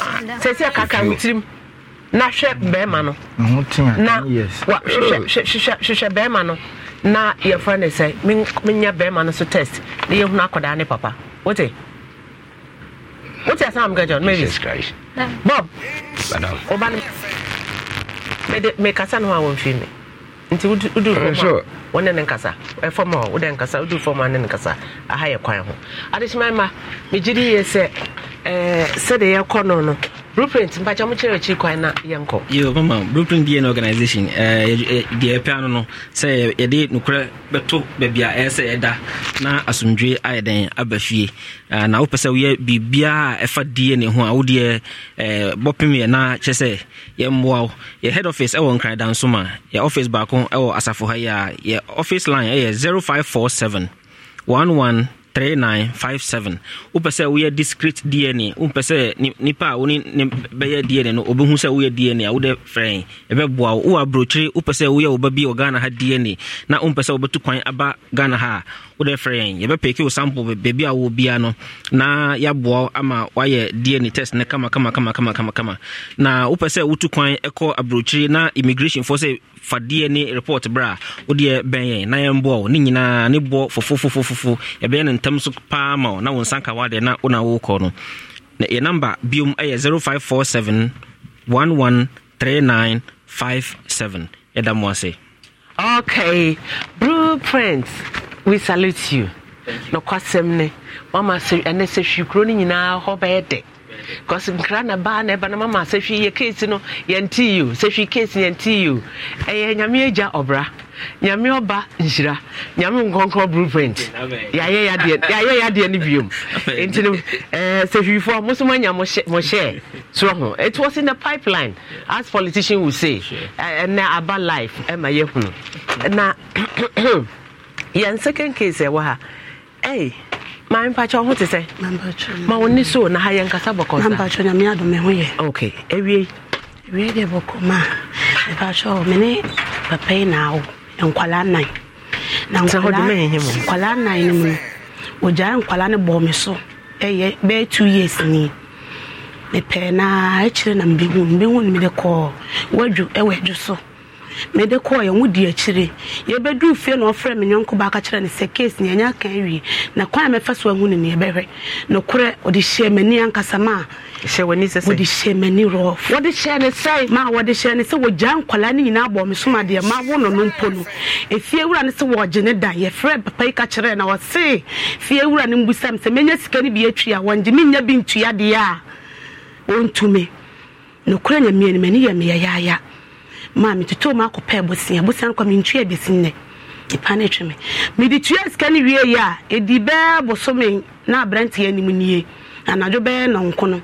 ah, sɛsi akaka wo tirim na hwɛ bɛrima no na hwehwɛ bɛrima no na yɛfrɛ no sɛ menya bɛrima no so test na yɛhunu akɔdaa ne papa wote wote asɛ amka john mary bob woba no mede mekasa no ho a wɔmfiri me nti wodu wone eh, ne nkasa ɛfam eh, hɔ wode nkasa a ne nkasa aha yɛ kwan ho adehyemɛ megye di yie sɛ eh, sɛdeɛ yɛkɔ no no blueprint mpakyɛ mo kyerɛ akyiri kwan na yɛnkɔ yo mama blueprint eh, eh, deɛ no organisation deɛ ɛpɛ ano no sɛ yɛde nokorɛ bɛto baabi a ɛyɛ sɛ ɛda na asomdwe ayɛ dɛn aba fie na wopɛ sɛ woyɛ biribiaa a ɛfa dna ho a wodeɛ bɔpem yɛ na kyɛ sɛ yɛmmoa wo yɛ head office ɛwɔ nkradanso ma yɛ office baako ɛwɔ asafo ha yi a yɛ office line ɛyɛ 0547 11 3957 wopɛ sɛ woyɛ discrete dna wopɛ sɛ nipa a wone ne bɛyɛ dna no obɛhu sɛ woyɛ dna a wode ɛbɛboa wo wowɔ aburokyire wopɛ sɛ woyɛ wo ba bi wɔ ghana ha dna na ghana ha a sample na ama woayɛ dna test no kama kama kama kama kama wopɛ sɛ wotu kwan ɛkɔ aburokyire na immigrationfoɔ sɛ fadeɛ ne report berɛ a wodeɛ bɛn yɛn na yɛmboa wo ne nyinaa ne boɔ fofofofofofo yɛbɛyɛ no ntam so paa ma wo na wo nsa nka wadeɛ na wona wokɔ no na yɛ namba biom ɛyɛ 0547 113957 yɛda mo ase okay blueprint we salute you nokwasɛm ne wama ɛnɛ sɛ hwikuro no nyinaa hɔ bɛyɛ de because nkra na baa na ɛba na mama sɛ hwee yɛ case no yɛnte yi o sɛ hwee case yɛnte yi o ɛyɛ nyame agya ɔbra nyame ɔba nhyira nyame nkɔnkɔ blueprint yɛayɛ yɛ adeɛ no biom nti no eh, sɛ hwiifoɔ mo so moanya mo hyɛ sorɔ ho it was in the pipeline as politician would say ɛnɛ uh, eh, aba life ɛma eh, yɛhunu na <clears throat> yɛn second case ɛwɔ ha ɛy ma mpakyɛ ho te sɛ ma wo ne so na ha yɛ nkasa bɔkɔmampakyɛ nyame adome ho yɛ ok awie awie deɛ bɔkɔ ma mepakyɛ wɔ mene papa yi na awo nkwala nnan na nkwala nnan no mu no ɔgyae nkwala no bɔɔ me so ɛyɛ bɛyɛ two years ni mepɛɛ naa akyire na mbɛhu mbɛhu no mede kɔɔ wadwu ɛwɔ adwu so mede kɔɔ yɛn ho di akyire yɛbɛduru fie na ɔfrɛ me nyɔnko baaka kyerɛ ne sɛ case ne yɛnya aka awie na kwan a mɛfa so ahu ne ne yɛbɛhwɛ nokorɛ ɔde hyɛ m'ani ankasa ma a wɔde hyɛ m'ani rɔf wɔde hyɛ ne sɛ ma wɔde hyɛ ne sɛ wɔgya nkwadaa ne nyinaa bɔ me somadeɛ ma wo no no mpo no efie wura ne sɛ wɔgye ne dan yɛfrɛ papa yi ka kyerɛ na wɔse fie wura ne mbusam sɛ menya sika no bi atwi a wɔngye menya bi ntua deɛ a wɔntumi nokorɛ nyamea no m'ani yɛ meyɛyaaya maa tutu mu akɔpɛ bosia bosia no kɔ mentua bɛsi nnɛ nipa no atwe me mede tua sika no wie yi a ɛdi bɛɛ bosome na aberanteɛ anim nie anadwo bɛyɛ nɔnko no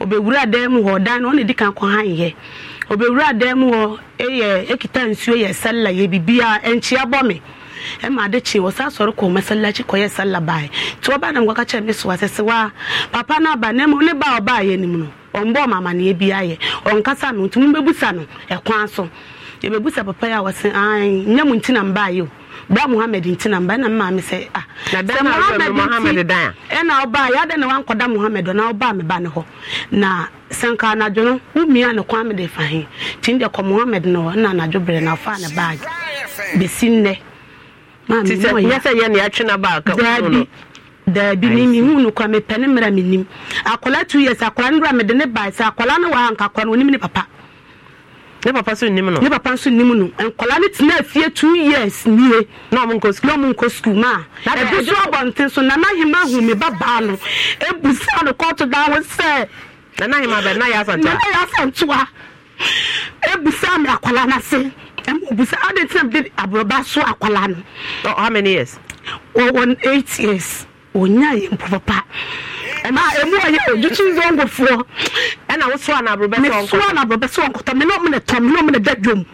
obɛwura dan mu hɔ ɔdan no ɔne di kan kɔhanyɛ obɛwura dan mu hɔ ɛyɛ ɛkita nsuo yɛ sɛlela yɛ bibia ɛnkyea bɔ me ɛma ade kye wɔ saa sɔre kɔ masallaci kɔyɛ sallah bae nti wɔba nam kɔka kyerɛ me so waa papa no aba na ne ba a ɔbaayɛ nim no ma bi ayɛ ɔnkasa no nti no ɛkwan so yɛbɛbusa papa yi a wɔse nyɛ mu na mbaayɛ o bra muhammed nti na mba na mmaa mi sɛ ah sɛ muhammed nti ɛna ɔbaa muhammed na anadwo no ne kwan fa anadwo na ne yɛsɛ yɛ ne atwe no baaka daabi daabi mehu no kɔ mepɛ ne mmerɛ menim akwadaa two years akwadaa no wura mede ne bae sɛ akwadaa no wɔ anka akwadaa no onim ne papa ne papa nso nnim no ne papa nso nnim no nkwadaa no tena fie two years nie na ɔmo nkɔ sukuu na ɔmo nkɔ sukuu ma ebi so abɔnten so nana ahima ahome babaa no ebusa no kɔɔto dan ho sɛ nana ahima bɛ nana yɛ asantua nana yɛ asantua ebusa mi akwadaa no ase ɛmu busa adi tẹnam de aburoba so akwala no. Oh, how many years. wɔ wɔn eight years wonya yɛ mpo papa ɛma ɛmu ɔyɛ ɔdwokyi zongofoɔ ɛna wosoa na aborɔbɛ mesoa na aborɔbɛ sɛ wɔnkɔtɔ mene ɔmene tɔ mene ɔmene da dwom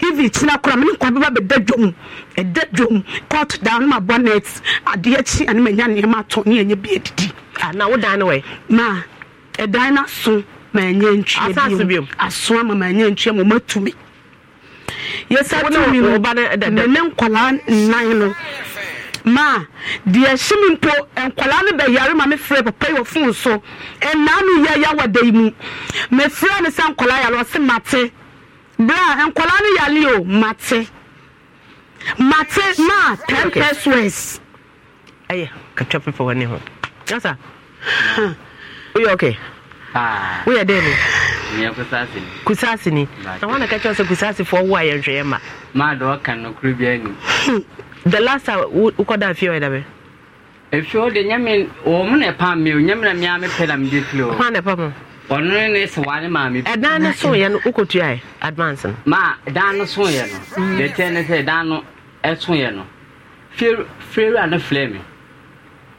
evi kyina kora mene nkwa bɛba bɛda dwom ɛda dwom cot down ma bonnet adeɛ kyi ane manya nneɛma ato ne ɛnyɛ bi adidi ah, na wodan no wɛ ma ɛdan no aso ma ɛnyɛ ntwea bio aso ama ma ɛnyɛ ntwea mu matumi yɛsa tumi no mene nkwalaa nnan no ma deɛ hye me mpo nkwalaa no ma papa wɔ so ɛnaa no yɛ yɛwɔ da yi mu mefrɛ ya sɛ nkwalaa yare mate bra nkwalaa no yare o mate mate ma ten pesos ɛyɛ katwa pepa wɔ ne ho yasa woyɛ okay Ah. woyɛ dɛn ni kusase ni na wana ka kyerɛ sɛ kusasefoɔ wo a yɛhwɛɛ ma maadɔ ɔka nokoro bia ni hmm. the last a wokɔda afie ɔyɛ dabɛ ɛfie wo de nyame wɔ mo na ɛpa me o nyame na mea mepɛ na mede fie o hɔ na ɛpa mo ɔno ne sewa ne maame bi ɛdan no soyɛ no wokɔtuaɛ advance no ma dan no soyɛ no hmm. deɛ tɛ ne sɛ dan no ɛsoyɛ no fiewura no filɛ me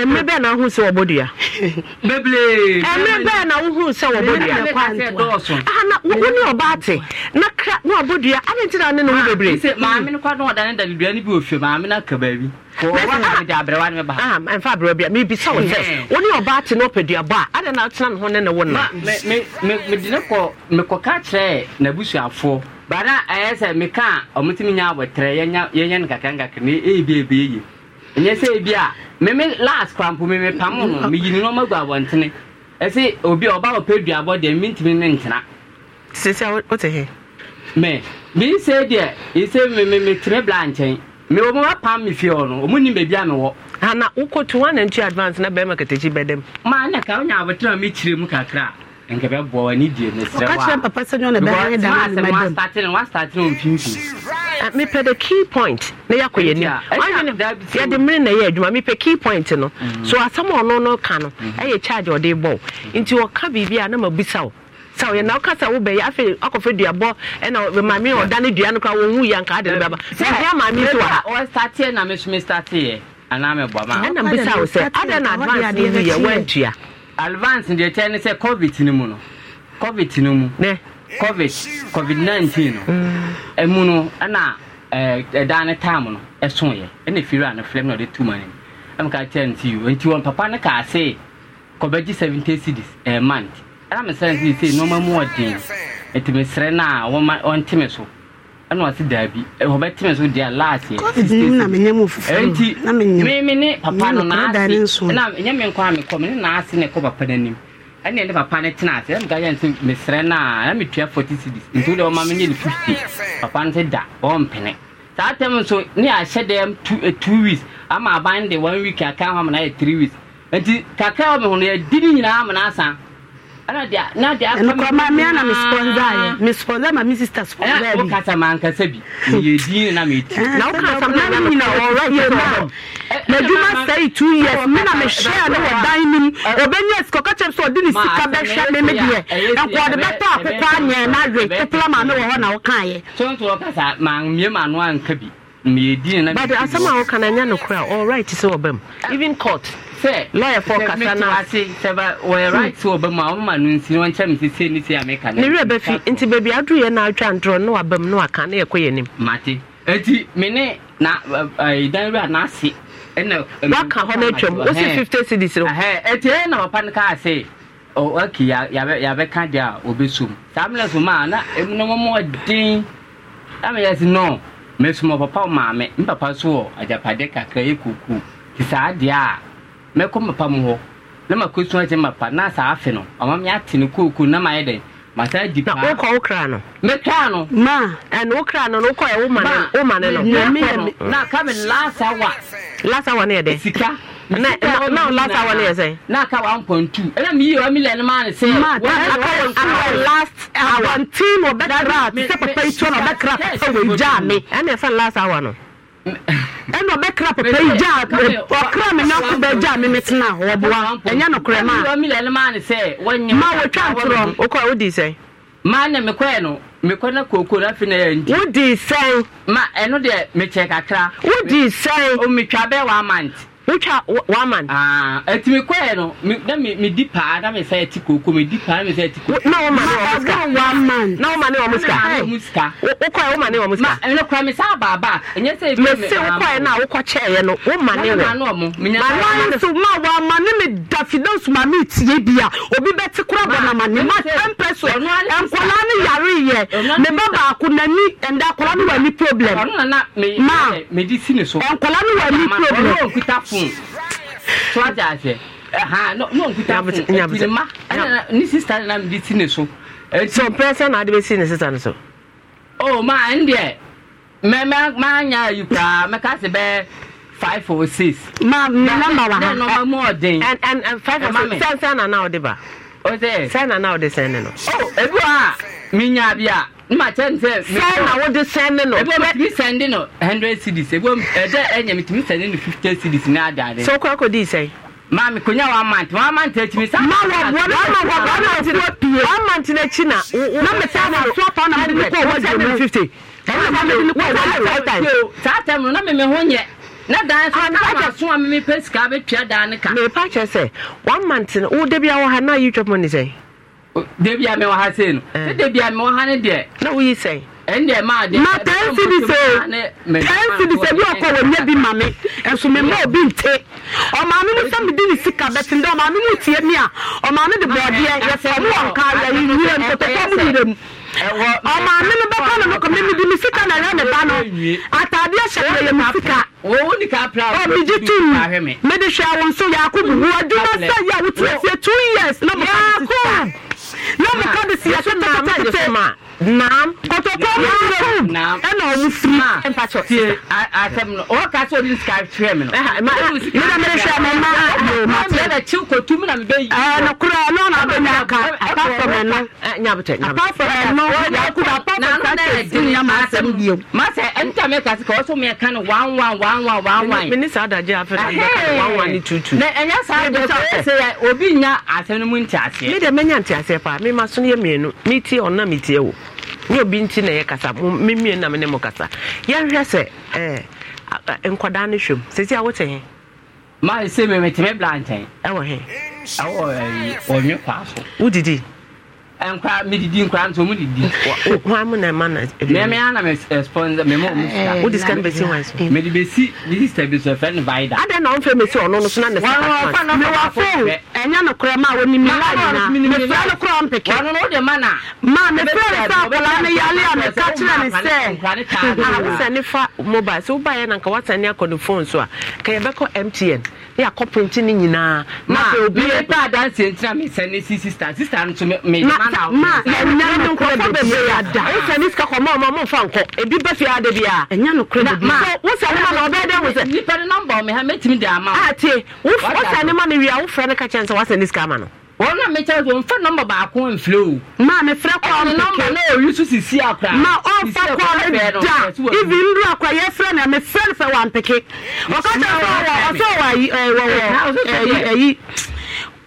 ɛmɛ bɛɛ na ahun sɛ wɔbɔ dua. bebree ɛmɛ bɛɛ na ahun sɛ wɔbɔ dua. ana wo ni ɔbaa te na kra na ɔbɔ dua adi ti na ne ah, na wo bebree. maame ni kwadɔn ɔda ne dade dua ni bi o fie maame na ka baabi. Ah, mfa aberɛ bia mebisa wo sɛ wo ne ɔbaa te na ɔpɛ duabɔ a adɛ na wotena ne ho ne ne wo na mede ne kɔ mekɔka kyerɛɛ n'abusuafoɔ bana ɛyɛ sɛ meka a ɔmotumi nya abɔtrɛ yɛnyɛ no kakra nkakra na ɛyɛ bi ɛbɛɛye ɛnyɛ sɛ ebi a meme last kwampo meme pam no meyi ne nɔɔma gu abɔntene ɛsɛ obi a ɔba ɔpɛ duabɔ deɛ mentumi ne ntena sisi a wote he me bi sɛ deɛ ɛsɛ meme metene bla nkyɛn me ɔmo ba pam me fie hɔ no ɔmo nim baabi a mewɔ ana wokɔto woanantu advance na bɛrima katakyi bɛdam maa na ka wonya abɔtena a mekyire mu kakra nka bɛ bɔ wani die ne srɛ wa. ɔkakyerɛ papa sɛ nyɔnu bɛ hɛn dan ne ma dɛm. wasate ne wasate ne mfinfin. mepɛ de key point na yɛ akɔ nim ɔnyɛ ne yɛde mmiri na yɛ adwuma mepɛ key point no mm-hmm. so asɛm ɔno no ka no ɛyɛ mm-hmm. charge ɔde bɔ nti ɔka biribi a na ma bisa o sa ɔyɛ na ɔka sa wobɛyɛ afei akɔfɛ duabɔ ɛna maame ɔdane dua no kora wɔnwu yɛ nkaa de no bɛba sɛ ɛhia maame so a ɔstateɛ na mesome stateɛ anaa mebɔma ɛna mbisa wo sɛ adɛn na advance ne wiyɛ woantua advance deɛ kyɛ ne sɛ covid no mu no covid no mu ne covid covid nineteen, no ɛmu mm. e no ɛna ɛdan e, e ne time no ɛsoeɛ ɛna firi a no flɛm na ɔde tu ma no ɛmu ka kyerɛ no ti yo nti wɔn papa ne kaa se kɔbɛgye 70 cedis ɛɛ month ɛna mesrɛ no sɛ sɛ nɔɔma mu ɔden ɛti mesrɛ ma a wɔma ɔnteme so ɛna ɔsi daabi ɛwɔ bɛ tɛmɛ so di a laasi yɛ. covid ni mu na mi nyɛ mu fufu nti mi mi ne papa no naasi ɛna nyɛ mi nkɔ a kɔ mi ne naasi na ɛkɔ papa n'anim ɛna ne papa ne tena ase ɛna gaya nso mi srɛ na ɛna mi tua forty cedis nti o de ɔma mi nye ne fifty papa no sɛ da ɔmpene saa tɛm nso ne ahyɛ dɛm two eh, two weeks ama aban de one week aka hɔ amana yɛ three weeks nti kakra wɔ mi ho yɛ di nyinaa amana asan. nkɔma me sister sponsa mankasa bi nadwuma sɛi two years mena eh. na mehyɛa ne wɔ dan nim ɔbɛnya sika kyɛm sɛ ɔde ne sika bɛhwɛ me me deɛ nkɔɔde bɛtɔ akokɔ anyɛ na awe tepla ma me wɔ hɔ na wokaeɛ asɛm a woka no ɛnyɛ nokorɛ sɛ wɔba even court sɛ lɔyɛfoɔ kasa no ase sɛ wɔyɛ hmm. right wɔ bɛ mu a ma no nsi wɔn nkyɛn sese ne ti a meka ne werɛ fi, nti no atwa ntorɔ ne waba ne yɛ nim na dan wura n'ase ɛna waka hɔ eti ɛyɛ na papa no a na so maa na emu na wɔn mu ɔden ɛmi yɛ si no mɛ sumɔ papa maame mpapa so wɔ agyapadeɛ kakra a. mɛkɔ mapa mu hɔ na makɔ su agye mapa na saa afe no ɔma me ate no kooko na mayɛ dɛn masa di paa na wokɔ wo kra no mɛtwaa no ma ɛno wo kra no no wokɔɛ wo ma no wo ma ne no na ka me last hour last hour ne yɛ dɛn sika na na last hour ne yɛ sɛ na ka wa nkɔ ntu ɛna mi yi wa mi lɛ ne maa ne sɛ ma aka last hour ntin wɔ bɛkra te sɛ papa yi tuo na ɔbɛkra papa wɔ gyaa me ɛna ɛfɛ last hour no ɛna ɔbɛkra papa yi gya ɔkra me nyɔnko bɛgya me me tena hɔ ɔboa ɛnyɛ nokorɛ no a ma wɔtwa ntorɔ wokɔ wodi sɛn maa ne mekɔɛ no mekɔ na kooko na afei na yɛ nti wodi sɛn ma ɛno deɛ mekyɛ kakra wodi sɛn omitwa bɛɛ one month wotwa waman. ɛti ah, mi kɔɛ no na mi mi di paa na mi sa ɛti koko mi di paa na mi sa ɛti koko. na wɔn ma ne wɔn sika na wɔn ma ne wɔn sika wokɔɛ wɔn ma ne wɔn sika. ɛnɛ kura mi sa abaaba ɛnyɛ sɛ ebi mi. mɛ se wokɔɛ na wokɔ kyɛɛ no wɔn ma ne wɔn. ma wɔn nso ma wɔn ma ne mi dafida suma mi tie bi a obi bɛ ti kura bɔ na ma ne ma ɛmpɛ so nkɔla ne yare yɛ ne ba baako na ni ɛnda akɔla ne wɔ ni problem. ma nkɔla ne wɔ ni problem phone to agya ahyɛ ɛha na ɔnkuta phone ɛtilima ɛna ne sista nam de ti ne so. so mpɛ sɛ na ade bɛsi ne sista ne so. o oh, maa n deɛ mɛ mɛ maa nya yi koraa mɛ ka se bɛɛ five or six. maa mi namba wa ha ɛ ɛ ɛ five eh, or six sɛnsɛn na na ɔde ba ose sɛ na na wɔde sɛn ne no ebi hɔ a menya bi a mma kyɛn sɛ sɛn na wɔde sɛn ne no ebi hɔ mi sɛn de no hundred cedis ebi hɔ ɛdɛ ɛnyɛ mi tumi sɛn de no fifty cedis na adaade so kɔ akɔ di sɛn maame konya one month one month ekyi sa. ma wọ wọ ne ma wọ one month na pie one month na ekyi na na mi sá na two pound hundred and fifty. saa tẹmu na mi mi ho nyɛ na dan so na agya so a me pɛ sika bɛtwa dan ne ka mepa kyerɛ sɛ one month no woda bia wɔ ha na you twɛpɔ ne sɛn da bia mewɔ ha sei no eh. sɛ da bia mewɔ ha ne deɛ na woyi sɛn ɛndeɛ maa deɛ ma tɛn si di sɛ tɛn si di sɛ bi ɔkɔ wɔ nyɛ bi ma me ɛso me ma obi nte ɔmaame mu sɛ mede ne sika bɛte ndɛ ɔmaame mu tie mi a ɔmaame de bɔɔdeɛ eh, yɛsɛ ɔmo wɔ nkaa yɛ yi nwura mu pɛpɛ sɛ ɔmo nyere mu ọmọ mi ni bẹ́ẹ̀ kọ́ ni mo kọ́ mi ni di mi sika na ẹ̀rẹ́ mi ba no ataade ẹ̀hyẹ́ mi yẹ mi sika ọmi gye tu mu mi de hwẹ́ àwọn nso yà á kó bubu ọdún ọsẹ yẹ àwọn tí wọ́n two years lọ́mọ kọ́ de si yà á kó de si yà á kó tẹ́tẹ́tẹ́ naam kotoko mu naam ɛna ɔmu firi mpatsɔ tie asɛm no ɔwɔ eh, eh, eh, ka sɛ ɔdi sika kyerɛ mi no meda mede hwɛ me ma yo ma tiɛ na kyiw kotum na mebɛ yi na kora ɛno na abɛnya aka apart from ɛno nyabotɛ apart from ɛno yakuda apart from ka kyɛ si nya ma asɛm bio ma sɛ ɛnta me ka sika ɔso me ka no wan wan wan wan wan wan me ne saa adagye afɛ na ɛbɛka wan wan ne tutu na ɛnya saa adagye afɛ sɛ obi nya asɛm no mu ntiaseɛ me deɛ mɛnya ntiaseɛ paa me ma so no yɛ mmienu me tie ɔna me tie wo nyɛ obi nti na yɛ kasa mmemmie nam ne mo kasa yɛhwɛ sɛ eh, nkwadaa no hwɛm sɛsi a wote he maa sɛ mɛmɛtɛmɛ bla nkyɛn ɛwɔ he ɛwɔ ɔnwe paa so wodidi nkwa medidi nkwa nti omu didi nkwa mu na ɛma na eh, mɛmɛ ana mɛ eh, sponsor mɛmɛ omu fita eh, o disika bɛ si wa so mɛdi bɛ si ne sista bi so ɛfɛ ne ba yi da adan na ɔn fɛ mɛ si ɔno no so na ne fita kan mɛ wa fo ɛnya no kura ma wɔn nimi la nyina mɛ fira no kura ɔn pɛkɛ wɔn no de ma na ma mɛ fira no fa akɔla ne yale a mɛ ka kyerɛ sɛ ahosuo ne fa mobile so ba yɛ na nka wata ne akɔ ne phone so a kɛyɛ bɛkɔ mtn ne akɔ printi ne nyinaa na obi yɛ pa adansi sista sista no so ma yɛnya no korɔ fa bebree ada ɛsɛ ne sika kɔ ma ɔma momfa nkɔ ebi bɛ fie ada bia ɛnya no korɔ bebree ma wo sɛ ne ma na ɔbɛɛ dɛ wo sɛ nipa no nɔmba ɔme ha mɛtumi de ama wo ate wo sɛ ne ma no wie a wofrɛ no ka kyɛn sɛ woasɛ ne sika ama no wọn náà mi kyerɛ sɛ nfa nɔmba baako nfiri o. maa mi fira kɔ ɔn peke nɔmba náà oyi so sisi akora. ma ɔnfa kɔ ne da ibi ndu akɔ yɛ fira na mi fira fɛ wa mpeke ɔkɔ kyerɛ sɛ ɔwɔ ɔsɛ ɛɛ wɔwɔ ɛyi ɛyi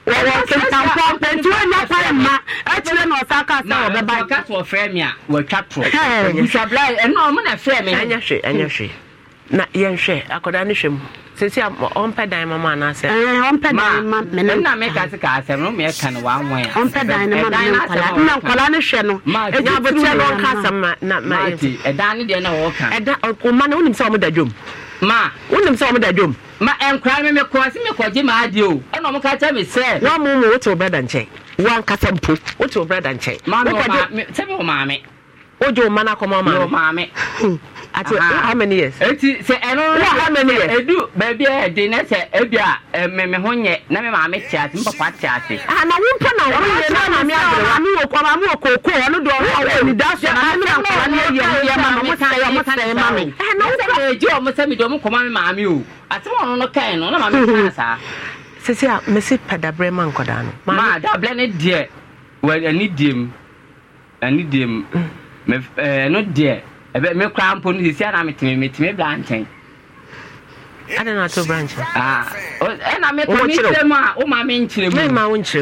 wɔwɔ ntamfo nti wɔnya kware mma akyerɛ na ɔsa ka sɛ wɔbɛba ɔka sɛ wɔfrɛ me a wɔatwa torɔ nsabla ɛno ɔmo na frɛ me ɛnyɛ hwe ɛnyɛ hwe na yɛnhwɛ akwadaa no hwɛ mu sɛsi a dan ma mu anaasɛ ɔmpɛ dan ma menem na meka se ka asɛm no meɛka no waanwɔn a ɔmpɛ dan no ma menem nkwadaa na nkwadaa no hwɛ no ɛnya abɔkyerɛ no ɔnka asɛm ma na ma ɛdan no deɛ na wɔka ɛda ɔma no wonim sɛ ɔmo da dwom ma wonim sɛ ɔmo da dwom ma nkora me mekɔ se mekɔgye ma adeɛ o ɛna ɔmo ka kyɛ me sɛ woamo mu wote wo brɛda nkyɛn woankasa mpo wote wo brɛda nkyɛn sɛ me wɔ maame ojo o ma kɔmɔ maame. yɔ <laughs> maame. ati how many years. eti sɛ ɛno. wɔ how many years. edu beebi a eh, ɛdi ne sɛ ebi a ah, mmemme eh, ho nyɛ na mi maame ti ase mi papa ti ase. Ah, na wo mpɛ na wo yɛ na maame abiri wa mi wɔ maame wɔ kooko ɔno de ɔno ɔwɔ ni daasi ɔno ami na nkɔla ni eyi ɛmu yɛ ma ɔmo sɛ ɔmo sɛ ma mi. ɛna wo sɛ eji ɔmo sɛ mi de ɔmo kɔma mi maame o ati wɔn no kɛn no na maame hmm. saa sisi a ah, mesi pɛdabrɛ ma nkɔdaa no. maa dabrɛ ne deɛ wɔ ani deɛ mu ani deɛ mu. Hmm ɛno deɛ ɛbɛ me eh, kora mpo no sisi ana metumi metumi bla nkyɛn. ada na ato branch. ɛna ah, eh, me kɔ a o maa mi nkyerɛ mu. mi maa o nkyerɛ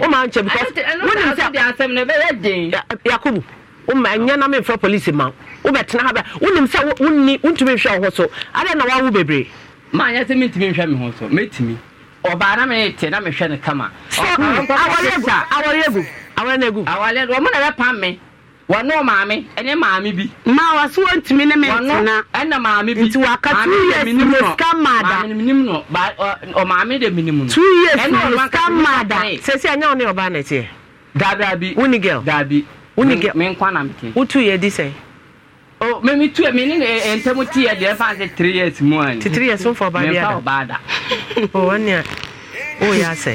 mu o maa nkyerɛ mu because ɛno na aso de asɛm na ɛbɛyɛ o ma nyɛ na mi nfa polisi ma o bɛ tena ha bɛ o nim sɛ o ni o ntumi nhwɛ o ho so ada na wawu bebree. maa nyɛ sɛ mi ntumi na mi na mi hwɛ kama wɔno maame ɛne maame bi. ma wɔsi wɔn ntumi ne mi ntina. ɛna maame bi. nti waka two years minisika maada. maame nim no ba ɔmaame de minim no. two years minisika maada. sese ɛnyɛ ɔne ɔbaa na ɛteɛ. daabi. wuni girl. daabi. wuni girl. mi nkwa na mi kɛ. wotu yɛ di sɛ. o mɛ mi tu yɛ mi ni eh, ntɛmu ti yɛ deɛ fan se three years mu ayi. ti three years n fɔ ɔbaa bi ada. mɛ nfa ɔbaa da. o wɔn ni a o y'a sɛ.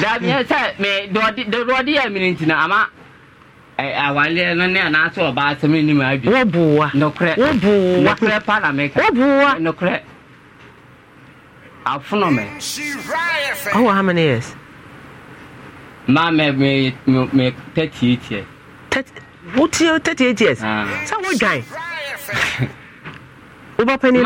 daabi yɛ sɛ mɛ dɔɔdi dɔɔdi yɛ mi ni ntina ama. Eh, awale no ne anaasɛ ɔbaa asɛm anim adwi wɔboa nokorɛ nokorɛ pa na meka wɔboa nokorɛ afono me oh how many years ma me me me 38 years 30 ah. what 38 years sa wo dwan wobɛpani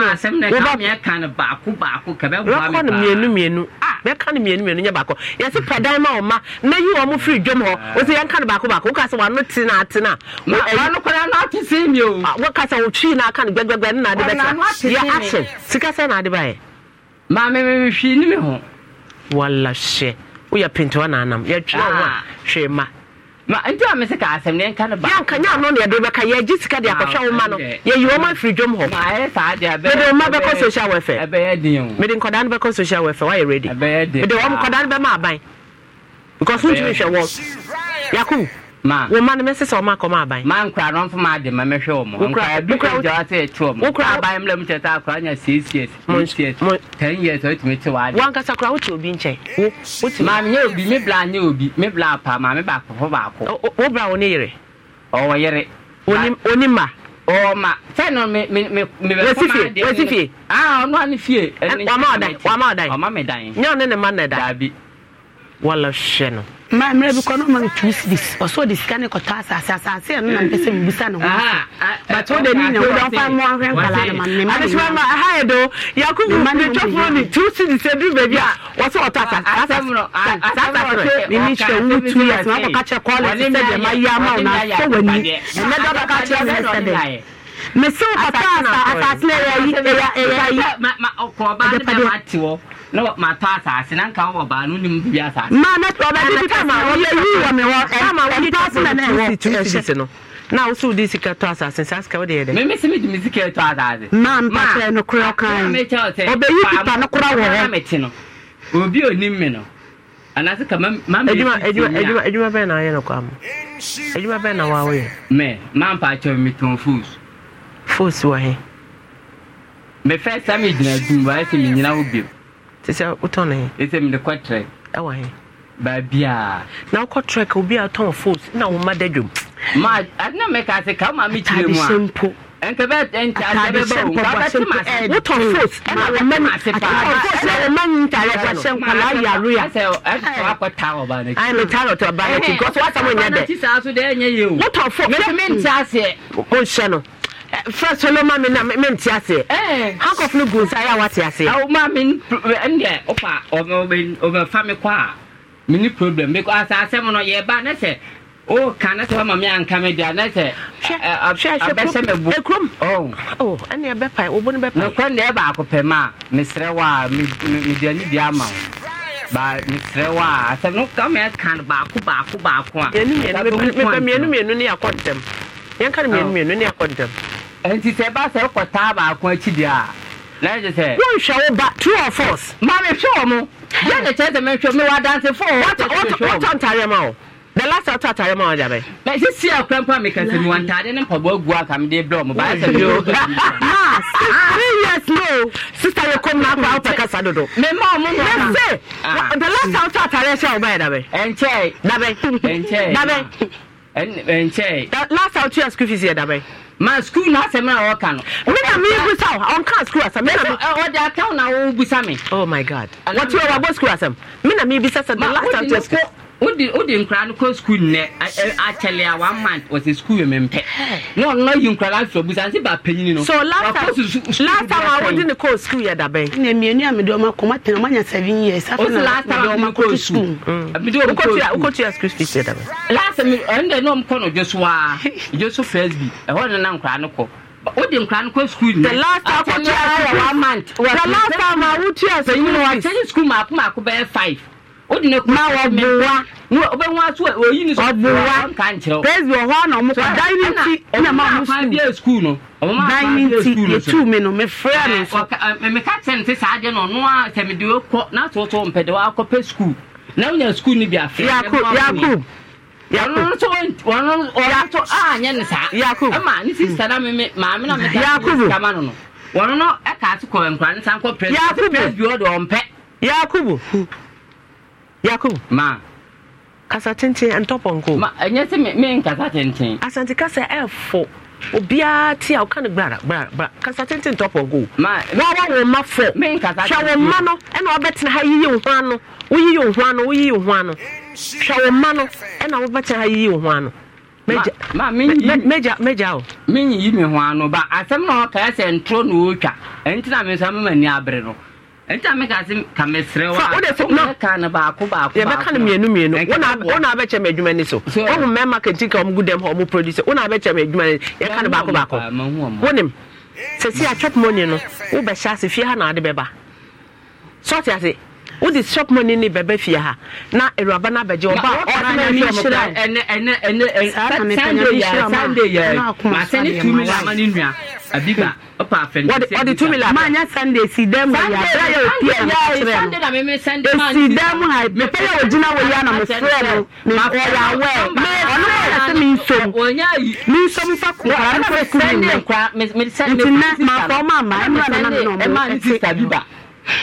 nowobɛkɔ no mmienu mmienu ah! bɛka no mmienu mmienu nyɛ baako yɛse pɛ dan ma ɔma na yi wɔn firi dwam hɔ wɔsi eh. yɛnka no baako baako woka sɛ wano tena atena wano koraa no ate sɛ mi o ah, woka sɛ wotwi na aka no gbɛgbɛgbɛ ne nade bɛsa yɛ ahyɛ sika sɛ nade baɛ maame mehwii ne me ho wala hyɛ woyɛ pentewa na anam yɛtwerɛ ho ah. a hwee ma ma nti a mese ka asɛm ne nka no ba yɛnka nyɛ ano ne yɛde bɛka yɛgye sika de akɔhwɛ wo ma no yɛyi wɔ ma firi dwom hɔ mede ma bɛkɔ social welfare mede nkɔdaa no bɛkɔ social welfare woayɛ ready mede wɔ m nkɔdaa no bɛma aban because wontumi hwɛ wɔ yakob ma wo ma ne me sesa o ma kɔ ma aban ma nkura no mfa ma de ma me hwɛ o mo nkura bi kura ja ase to mo nkura aban mlem che ta akura nya 6 years 8 years 10 years o tumi che wa de wan kasa kura wo te obi nche wo te ma me nye obi me bla nye obi me bla pa ma me ba kofo ba ko wo bra wo ne yere o wo yere oni oni ma o ma sẹ́nu me, me, me, me, bẹ fún maa de wọ́n ti fie ah ọ̀nà àni fie. wàá ma ọ̀dàn wàá ma ọ̀dàn. ọ̀ma me, dàn yín. nyẹ́ ọ̀nà ni ma nà ẹ̀dá. dàbí. wọ́n lọ ṣẹ́ maa mmerɛ bi kɔ no ma no two cities ɔsɛ ɔde sika ne kɔtɔ asase asase ɛno na mpɛ sɛ mebisa ne ho de wode ne nyɛ wɔfa mo ahwɛ nkala no ma ne mamma ha yɛ do yakubu metwafoɔ ne two cities ɛduru baabi a wɔsɛ ɔtɔ asase meme hyɛ wo two years na wobɛka kyerɛ kɔle sɛ deɛ mayɛ ama wo sɛ w'ani ɛnɛ dɛ wobɛka kyerɛ sɛ sɛ dɛ mesew kɔtɔ asase na ɛyɛ yi ɛyɛ yi ɛdepade na matɔ asase na nka wɔ baa no nim bi asase. maa eh, ne tɔ bɛ di kama eh, wɔbɛyi wɔ mi wɔ kama wɔdi tɔ asase na ɛwɔ ɛhyɛ no na wosow de sika tɔ asase saa sika wɔde yɛ dɛ. mɛmɛ sɛ mi di mi sika tɔ asase. maa n pàṣẹ no kura kan ɔbɛyi pipa no kura wɔ hɔ. obi onim mi no anase ka ma ma mi. edwuma edwuma edwuma edwuma bɛn na ayɛ no kwa mu edwuma bɛn na wa awɔ yɛ. mɛ maa n pàṣẹ mi tɔn fos. fos wɔ he. mɛ fɛ sami gyina dum wa ɛsɛ mi nyina wo bimu te sɛ wotɔn ne ɛsɛ mede kɔtrɛ ɛwɔ he baabia na wokɔ trɛ ka obi a tɔn fos na wo ma da dwom ma ade na mɛka ase ka woma mekyerɛ mu a mpo wotɔn fos ɛnawoma nyintare kwahyɛ o yareametare ɔtɔbaɛti gɔso wasɛm nyɛ dɛ wotɔn fos wonhyɛ no first solo maami na mi nti ase. handcuff eh. no gun sa ya wa ti ase. awo maami ndɛ ɔfa ɔmɛ ɔmɛ fa mi kɔ a mi ni problem bi kɔ asa asɛm no yɛ ba oh, ne sɛ o kan ne sɛ ɔma mi anka mi di a ne sɛ abɛsɛ mi bu. ekurom ɔ ɛni ɛbɛ pa obo ni bɛ pa. nukɔ ndɛ baako pɛ ma misrɛ wa mi mi di ani di ama o ba nkyerɛ wa asɛm no kama ɛka no baako baako baako a mmienu mmienu ne yɛakɔ ntɛm yɛnka no mmienu mmienu oh. ne yɛakɔ ntɛm nti sɛ ɛba sɛ ɛkɔ taa baako akyi deɛ a na ɛgye sɛ. wonhwɛ wo ba two or four. maame hwɛ wɔn mo yɛn de kyerɛ sɛ mɛ hwɛ mo wɔ adansefo wɔ wɔtɔ wɔtɔ wɔtɔ ntaare ma o the last time atare ma ọjà bẹ. bẹẹ ṣe si akura mpa mi kẹsẹ mi wọn ntaade ne mpaboa gu akamide blọ mo báyìí sẹbi o. three years no sista yẹ kó mma akpa ọpẹ kasa dodo. mẹ mọ ọmọ mọ náà. the last time atare ṣe ọba yẹ dabẹ. ẹ dabẹ. ẹ dabẹ nkyɛn. last out year school fees yɛ dabɛ. ma school school asɛm. ɛsɛ ɔde ata o na o busa mi. oh my god. school asɛm mi na mi busa sɛ the last out year school wodi wodi nkwadaa no kɔ sukuu nnɛ akyɛlɛ a one month wɔsi sukuu yɛ mɛmpɛ na ɔno yi nkwadaa afɔ busa nse ba panyin no. so lata lata wa wodi ne kɔ sukuu yɛ dabɛn. na mmienu a mede ɔma kɔma tena ɔma nya seven years. o ti lata wa mede ɔma kɔ sukuu mede ɔma kɔ sukuu wokɔ tuya sukuu fees yɛ dabɛn. lata mi ɛn dɛ n'ɔmu kɔ n'ɔdwo so aa ɔdwo first bi ɛhɔ ne na nkwadaa no kɔ wode nkra no kɔ skul the last time akɔtua one month the last time a wotua sɛ yi no wa kyɛnye skul maako maako bɛyɛ five ma wɔbowa wobɛhu wɔ hɔ na ɔdan ne nti na ma mo sukuu dan ne nti yɛtu me no mefrɛ ah, ah, ne nsomeka kyɛ nte saa deɛ no ɔno a sɛ mede wokɔ na tooto mpɛde wakɔpɛ sukuu na wonya sukuu no bi afɛyakob ah, yɛ ne saa ma ne sista na meme maame na mekama no no wɔno no ɛka ase kɔ nkra ne sa nkɔ presi presi bi ɔde ɔmpɛ yakobo yakubu ma kasa tenten ntɔpɔ nko ma ɛnyɛ sɛ me nkasa tenten asante kasa ɛfo obiara ti a ɔka no gbara gbara gbara kasa tenten ntɔpɔ nko ma wɔn wɔn ma fɔ me nkasa tenten hwɛ wɔn ma no ɛna ɔbɛtena ha yiyi wo ho ano woyiyi wo ho ano woyiyi wo ho ano hwɛ wɔn ma no ɛna ɔbɛtena ha yiyi wo ho ano mɛgya o menyiyi me ho ano ba asɛm na ɔkaɛ sɛ ntoro na ɔtwa ɛnti na me nsa mema ni abere no nta mi ka se ka mi sere wa. o de ne baako mienu mienu wọn na wọn na so wọn mu mɛma kente ka wɔn gu dɛm hɔ wɔn produce wọn na abɛkyɛ sisi a chop money no wo bɛ fie ha na ade bɛ ba sɔɔte ase wo de chop money ni bɛ bɛ fie na awuraba na abɛgye ɔba ɔba na mi hyira ɛnɛ ɛnɛ ɛnɛ sande yɛ sande yɛ la ma ne abiba ɔpa afɛn sɛ ɔde tumi la maa nya sunday si dɛm wɔ yi abira yɛ opi ɛna kyerɛ no esi dɛm ha mepɛ o ogyina wɔ yi ana mo frɛ no mi ɔyɛ awɛ ɔno wɔ yɛ sɛ mi nsom mi nsom fa ko ara no fɛ si mi nɛ nti nɛ maa fɔ maa maa ɛmu ɛna nana nɔ ɔmo ɛti abiba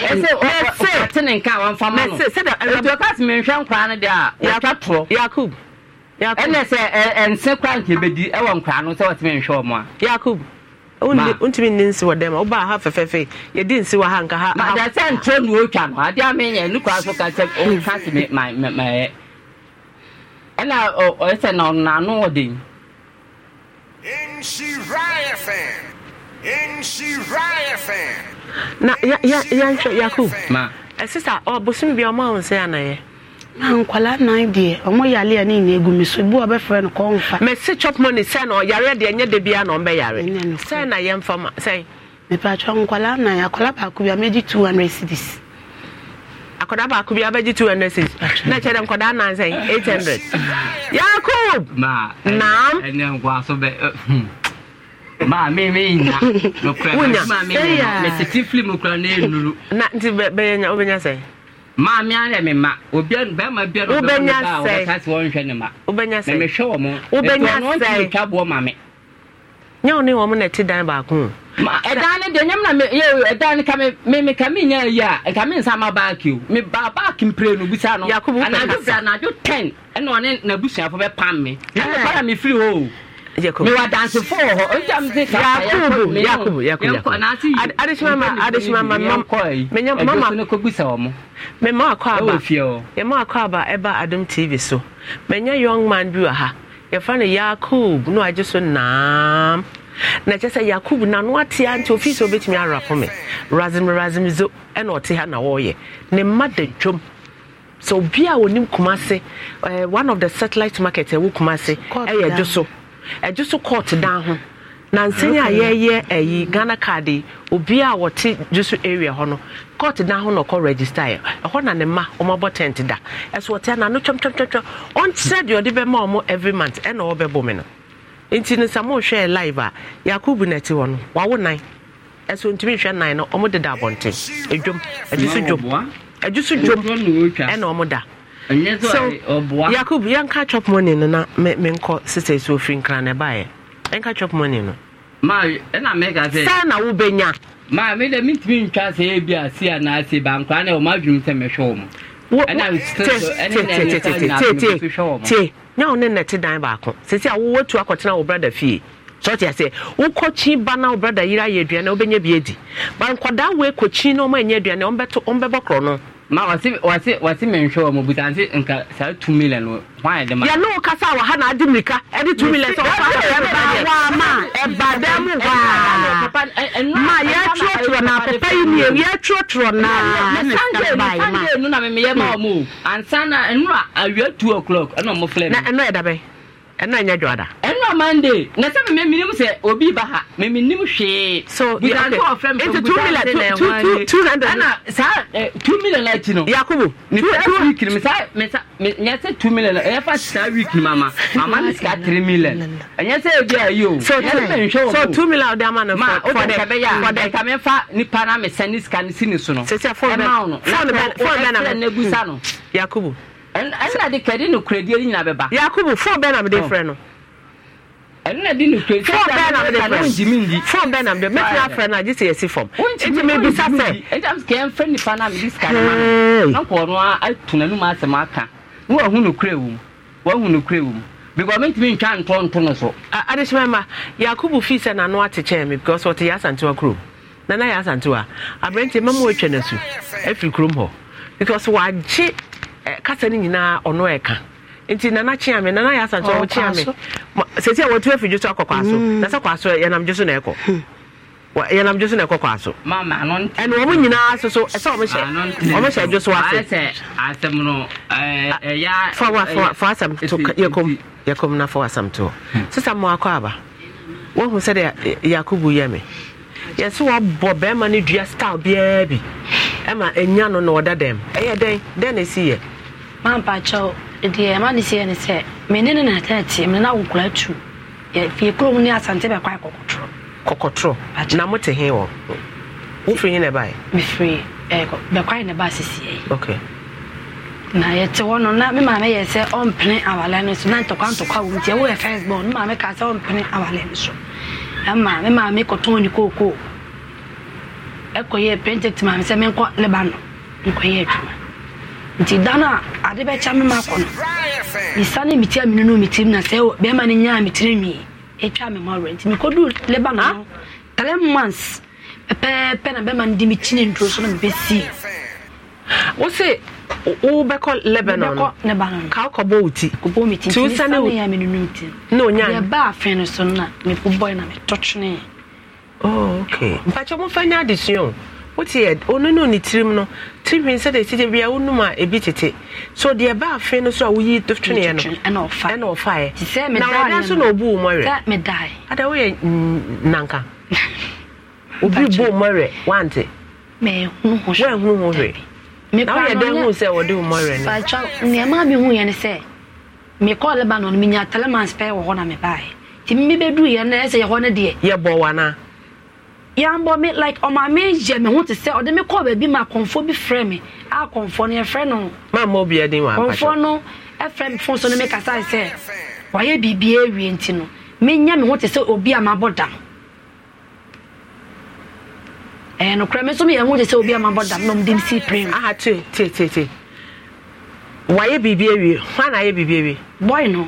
ɛsɛ ɔkɔ ɔkɔte ne nka wɔn fa ma no ɛti ɔka si mi nhwɛ nkwa no de a wɔtwa torɔ yakub ɛnna sɛ ɛnse kora nkebedi ɛwɔ nkwa no sɛ wɔtumi nhwɛ wɔn a yakub wontumi nni nsi wɔ dɛm a wobaa ha fɛfɛɛfɛ yɛdi nsi wɔ ha nka ha mada sɛ ntoro ne ɔtwa no adeɛ ameyɛ ne kora so ka sɛ ɔka se maɛ ɛna ɔyɛ sɛ na ɔnano ɔden na yɛhwɛ yakob ɛsesa ɔbosom bia ɔma wo nsɛ anayɛ na nkwalaa nan deɛ ɔmo yare a ne nyina egu mi so ebi wɔ bɛfrɛ no kɔn fa. mɛsi chop money sɛn na ɔyare deɛ nye de bia na ɔbɛyare sɛn na yɛn fama sɛn. mipatwa nkwalaa nan akwadaa baako bi a mɛgye two hundred cedis. akwadaa baako bi a bɛgye two hundred cedis na kyerɛ nkwadaa nan sɛn eight hundred. yakub maa ɛnɛ nkwa so bɛ maa mi mi nya nukura maa mi nya mɛ sɛ fili mu kura ne nuru. na nti bɛ bɛ yɛ nya o bɛ nya sɛn. maame ara mi ma obi bɛrima bi a do ba a wɔbɛka sɛ wɔnhwɛ ne ma na mehwɛ wɔn etu ɔno ntumi twa boɔ maame. nyɛ wɔn ne wɔn na ɛte dan baako. ɛdan ne deɛ nyɛm na me yɛ ɛdan ne ka me me me ka me nya yie a ka me nsa ma baaki o me ba baaki no bisa no anadio fira anadio ten ɛna ɔne n'abusuafo bɛ me na me para hɔ o. mewadansefoɔ wɔ hɔ mema akɔ aba ɛba adom tv so manya young man bi wɔ ha yɛfa no yakob na wagye so naam na kyɛ sɛ yakob nano atea nti ofii sɛ wobɛtumi arapo me razem razem zo ɛna ɔte ha na wɔreyɛ ne mma da dwom sɛ obi a ɔnim kumase eh, one of the satellite market ɛwo e kumase ɛyɛ dwo e so ɛgye so court dan ho na nsɛn a yɛyɛ ɛyi ghana card yi obi a wɔte juso area hɔ no court dan ho na ɔkɔ register yɛ ɛhɔ na ne ma wɔn abɔ tent da ɛso ɔte na ano twɛm twɛm twɛm twɛm ɔnkyerɛ deɛ ɔde bɛma wɔn every month ɛna ɔbɛbɔ mi no nti ne nsamu hwɛ live a yakubu na ti hɔ no wawo nan ɛso ntumi hwɛ nan no wɔn deda abɔnten edwom ɛgye so dwom ɛgye so dwom ɛna wɔn da. yakob yɛnka chop money no na menkɔ sesɛ sɛ ɔfiri nkra ɛnka chop money no e na wobɛnya maa ntwa sɛ ase e na ɔma adwuma sɛ mɛhwɛ wɔn. nyɛ wo ne nnɛte dan baako sɛsi a wowatu akɔtena wo brada fie sɛ aseɛ wokɔkyi ba na wo brada yere ayɛ aduane wobɛnya bi adi kɔkyi e na ɔma ɛnyɛ aduane no ma wɔsi wɔsi wɔsi mɛnhwɛ wɔn buta nti nka saa two million wɔn ayɛ dɛ ma. yɛn n'o kasa a wɔha n'adi mirika ɛdi two million sɛ ɔfa ɛba waa ma ɛba dɛm waa ma yɛtwerɛtwerɛ na papa yi nie yɛtwerɛtwerɛ na ne sika nu na mɛmɛ yɛ ma wɔn o hmm. ansa na awia e, two o'clock ɛna wɔn filɛ mi. na ɛnɔ e, yɛ e, dabɛ ɛna nyɛ dwada ɛna mande na sɛ meminim sɛ obi ba ha meminim hwee so ɛna saa eh, two million akyi no yakobo mesaweekn nyɛ sɛ two million ɛyɛfa saa week no mama mama no sika three million ɛnyɛ sɛ ebi ayi o ɛnmɛnhwɛ two million ɔde ama no ma wodɛ sɛ bɛyɛ a ɛka mefa nipa no amesɛ ni sika no si ne so no ɛma wo no na sɛ ɛnɛ busa no yakobo ɛno na de kɛde nokorɛdie no nyina bɛba yakobo fon bɛɛ na mede frɛ no ɛno na de nokorɛdie fon bɛɛ na mede frɛ no nyi fon bɛɛ na mede mɛtena afrɛ no agye sɛ yɛsi fam nti mebisa sɛ ɛgyam sɛ yɛmfrɛ nipa no a mede sika no ma no nkɔɔ no atu n'anom asɛm aka na wahu nokorɛ wɔ mu wahu nokorɛ wɔ mu because mentumi ntwa ntɔnto no so adehyemɛ ma yakobo fii sɛ n'ano ate kyɛn me because ɔte yɛ asantewa kurom nana yɛ asantewa aberɛntiɛ mɛma wɔatwa no asu kurom hɔ because wɔagye kasa no nyinaa ɔno ɛka nti nana kyea me nana yɛ asankyɛ wo kyea me sɛsi a wɔtu afi dwo so akɔ kɔ aso mm. na sɛ kɔ aso yɛnam dwo so na ɛkɔ hmm. yɛnam dwo so na ɛkɔ kɔ aso ɛne ɔmo nyinaa so so ɛsɛ ɔmohyɛ ɔmohyɛ dwo so asefo asɛm to yɛkɔm yɛkɔm na fa asɛm to sesa ma wakɔ aba wohu sɛdeɛ yakobo yɛ me yɛsɛ wɔbɔ bɛrima no dua style biara bi ɛma ɛnya no na ɔda dɛm ɛyɛ dɛn dɛn na ɛsi yɛ mampa kyɛw deɛ ma ne seɛ ne sɛ mene ne mene no tu fie kurom ne asante bɛkɔ kɔkɔtorɔ na mote he wɔ wofiri he na ɛbaɛ mefiri bɛkwae ne ba sesiɛi eh? eh, eh. na yɛte hɔ no na me maame yɛ sɛ ɔmpene awale no so na ntɔkwa ntɔkwa wɔ nti ɛwoyɛ first born maame kaa sɛ ɔmpene awale no so ɛma me maame kɔtɔn ne kookoo ɛkɔyɛ maame sɛ menkɔ nkɔyɛ nti da no a ade bɛkya me makɔ no mesa ne metia mene no metirim na sɛ oh, bɛrima no nyaa metirimii ɛtwa me mawerɛ nti mekɔduu lebanon no three months pɛpɛɛpɛ na bɛrima no de mekyine nturo so na mebɛsie wo se wobɛkɔ lebanon no lebanon ka wokɔbɔ wo ti kɔbɔ me ti ntisane yɛ me nonum ti na no so no na mebobɔe na metɔtwenee oh okay mpakyɛ momfa nya adesua wotiɛ ɔno ne tirim no tirihwii sɛde bia wonum a ebi tete so deɛ ɛba afe no so a woyi tweneɛ no ɛna na wada nso na ɔbu wo mɔwerɛ ada woyɛ nanka <laughs> obi bu wo wante woanhunu ho na woyɛ dɛn hu sɛ wɔde wo mɔwerɛ no nneɛma ne sɛ mekɔɔ lebanon menya telemans pɛɛ wɔ hɔ na mebaeɛ nti mebɛduruiɛ no ɛsɛ yɛhɔ no deɛ yambɔ mi like ɔmo ame yɛ mi ho te sɛ ɔde mi kɔ baabi ma kɔnfo bi frɛ mi a kɔnfo no yɛfrɛ no. maa mo bi ɛdin wa apatɔ kɔnfo no ɛfrɛ mi fon so no mi kasa sɛ wayɛ biribi ewie nti no mi nya mi ho te sɛ obi a ma bɔ dam ɛɛ nokura mi nso mi yɛ ho te sɛ obi a ma bɔ dam na ɔmo de mi si pray mu. aha tie tie tie tie wayɛ biribi ewie hwan na ayɛ biribi ewie. bɔyi no.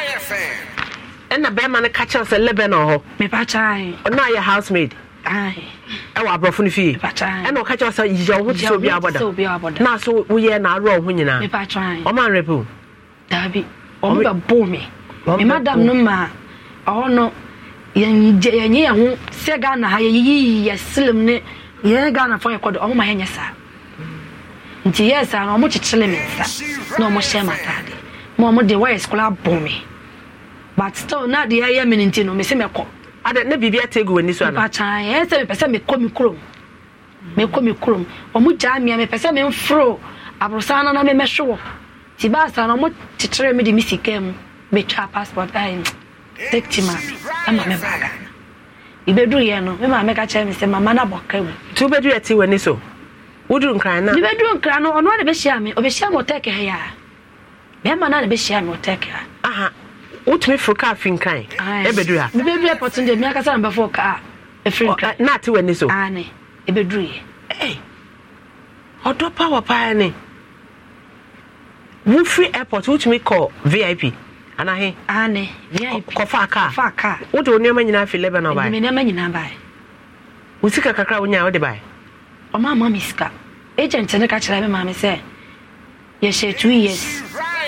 ɛna bɛrima no ka kyerɛ sɛ lebanon hɔ ɔno ayɛ housemaid ɛwɔ aborɔfo no fie ɛna ɔka kyerɛ sɛ yɛ wo ho te sɛ obi abɔda na so woyɛ na awerɛ wo ho ɔma ɔmanwerɛ pɛ o daabi ɔmo ma ɔhɔ no yɛnyɛ yɛ ho sɛ ghana ha yɛyiyi yɛ silem ne yɛn ghana fɔ yɛkɔ do ɔmo ma yɛnyɛ saa nti yɛ saa no ɔmo kyekyere me nsa na ɔmo hyɛ m'ataade ma ɔmo de wɔyɛ skola boo me but still na adeɛ ayɛ me no nti no mese mɛkɔ adɛ na biribi ate gu w'ani so ana mpakyɛn ɛyɛ sɛ mepɛ sɛ mekɔ me kurom mekɔ me kurom ɔmo gyaa mmea mepɛ sɛ memforo aborosan no na memɛhwe wɔ nti baasa no ɔmo kyekyere me de me sika mu metwa passport ae ah, eh, safety mask ama me baa ghana ibeduru yɛ no me maame ka kyerɛ me sɛ mama no abɔ ka mu nti wobɛduru ate w'ani so woduru nkran na mebɛduru nkran no ɔno a na bɛhyia me ɔbɛhyia me ɔtɛkɛ ha yɛ a bɛrima no a na bɛhyia me ɔtɛkɛ ha wotumi foro kaa fi nkan ɛbɛduru ha. bíbélì bíi ɛpɔtun de mi na bɛfɔ kaa efiri nkan. naate wɔ ani so. aane ah, ɛbɛduru yɛ. ɔdɔ pawa paa ni wofiri airport wotumi kɔ vip anahe. aane ah, vip kɔfa kaa kɔfa kaa. wode o nneɛma nyinaa fi baa. ɛdini nneɛma nyinaa baa. o sika kakra o nyaa o de baa. ɔmaa maa mi sika agent ne ka mi maa mi sɛ yɛhyɛ two years.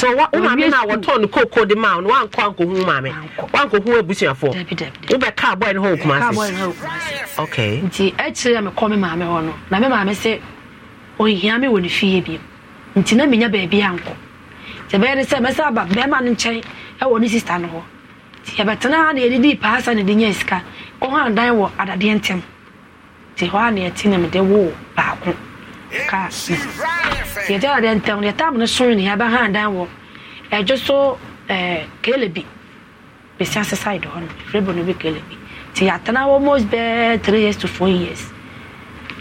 so wa wo na mm. wɔtɔn no de ma no ankɔhu maame wankɔhu abusuafoɔ wobɛka abɔe no hɔ wɔ nti sɛ ɔhia me wɔ ne fie bi nti na menya baabi ankɔ ne sɛ mɛsɛ aba bɛrima no nkyɛn ne sista no hɔ nti yɛbɛtena ha na yɛdedii paasa nya sika adan wɔ adadeɛ a na yɛte mede baako ka yɛde ɔdɛ ntɛm deɛ tam no soro ne yɛbɛha adan wɔ ɛdwo so kele eh, bi besia sɛ side hɔ no rebo no bi kele bi nti yɛatena hɔ most bɛɛ three years to four years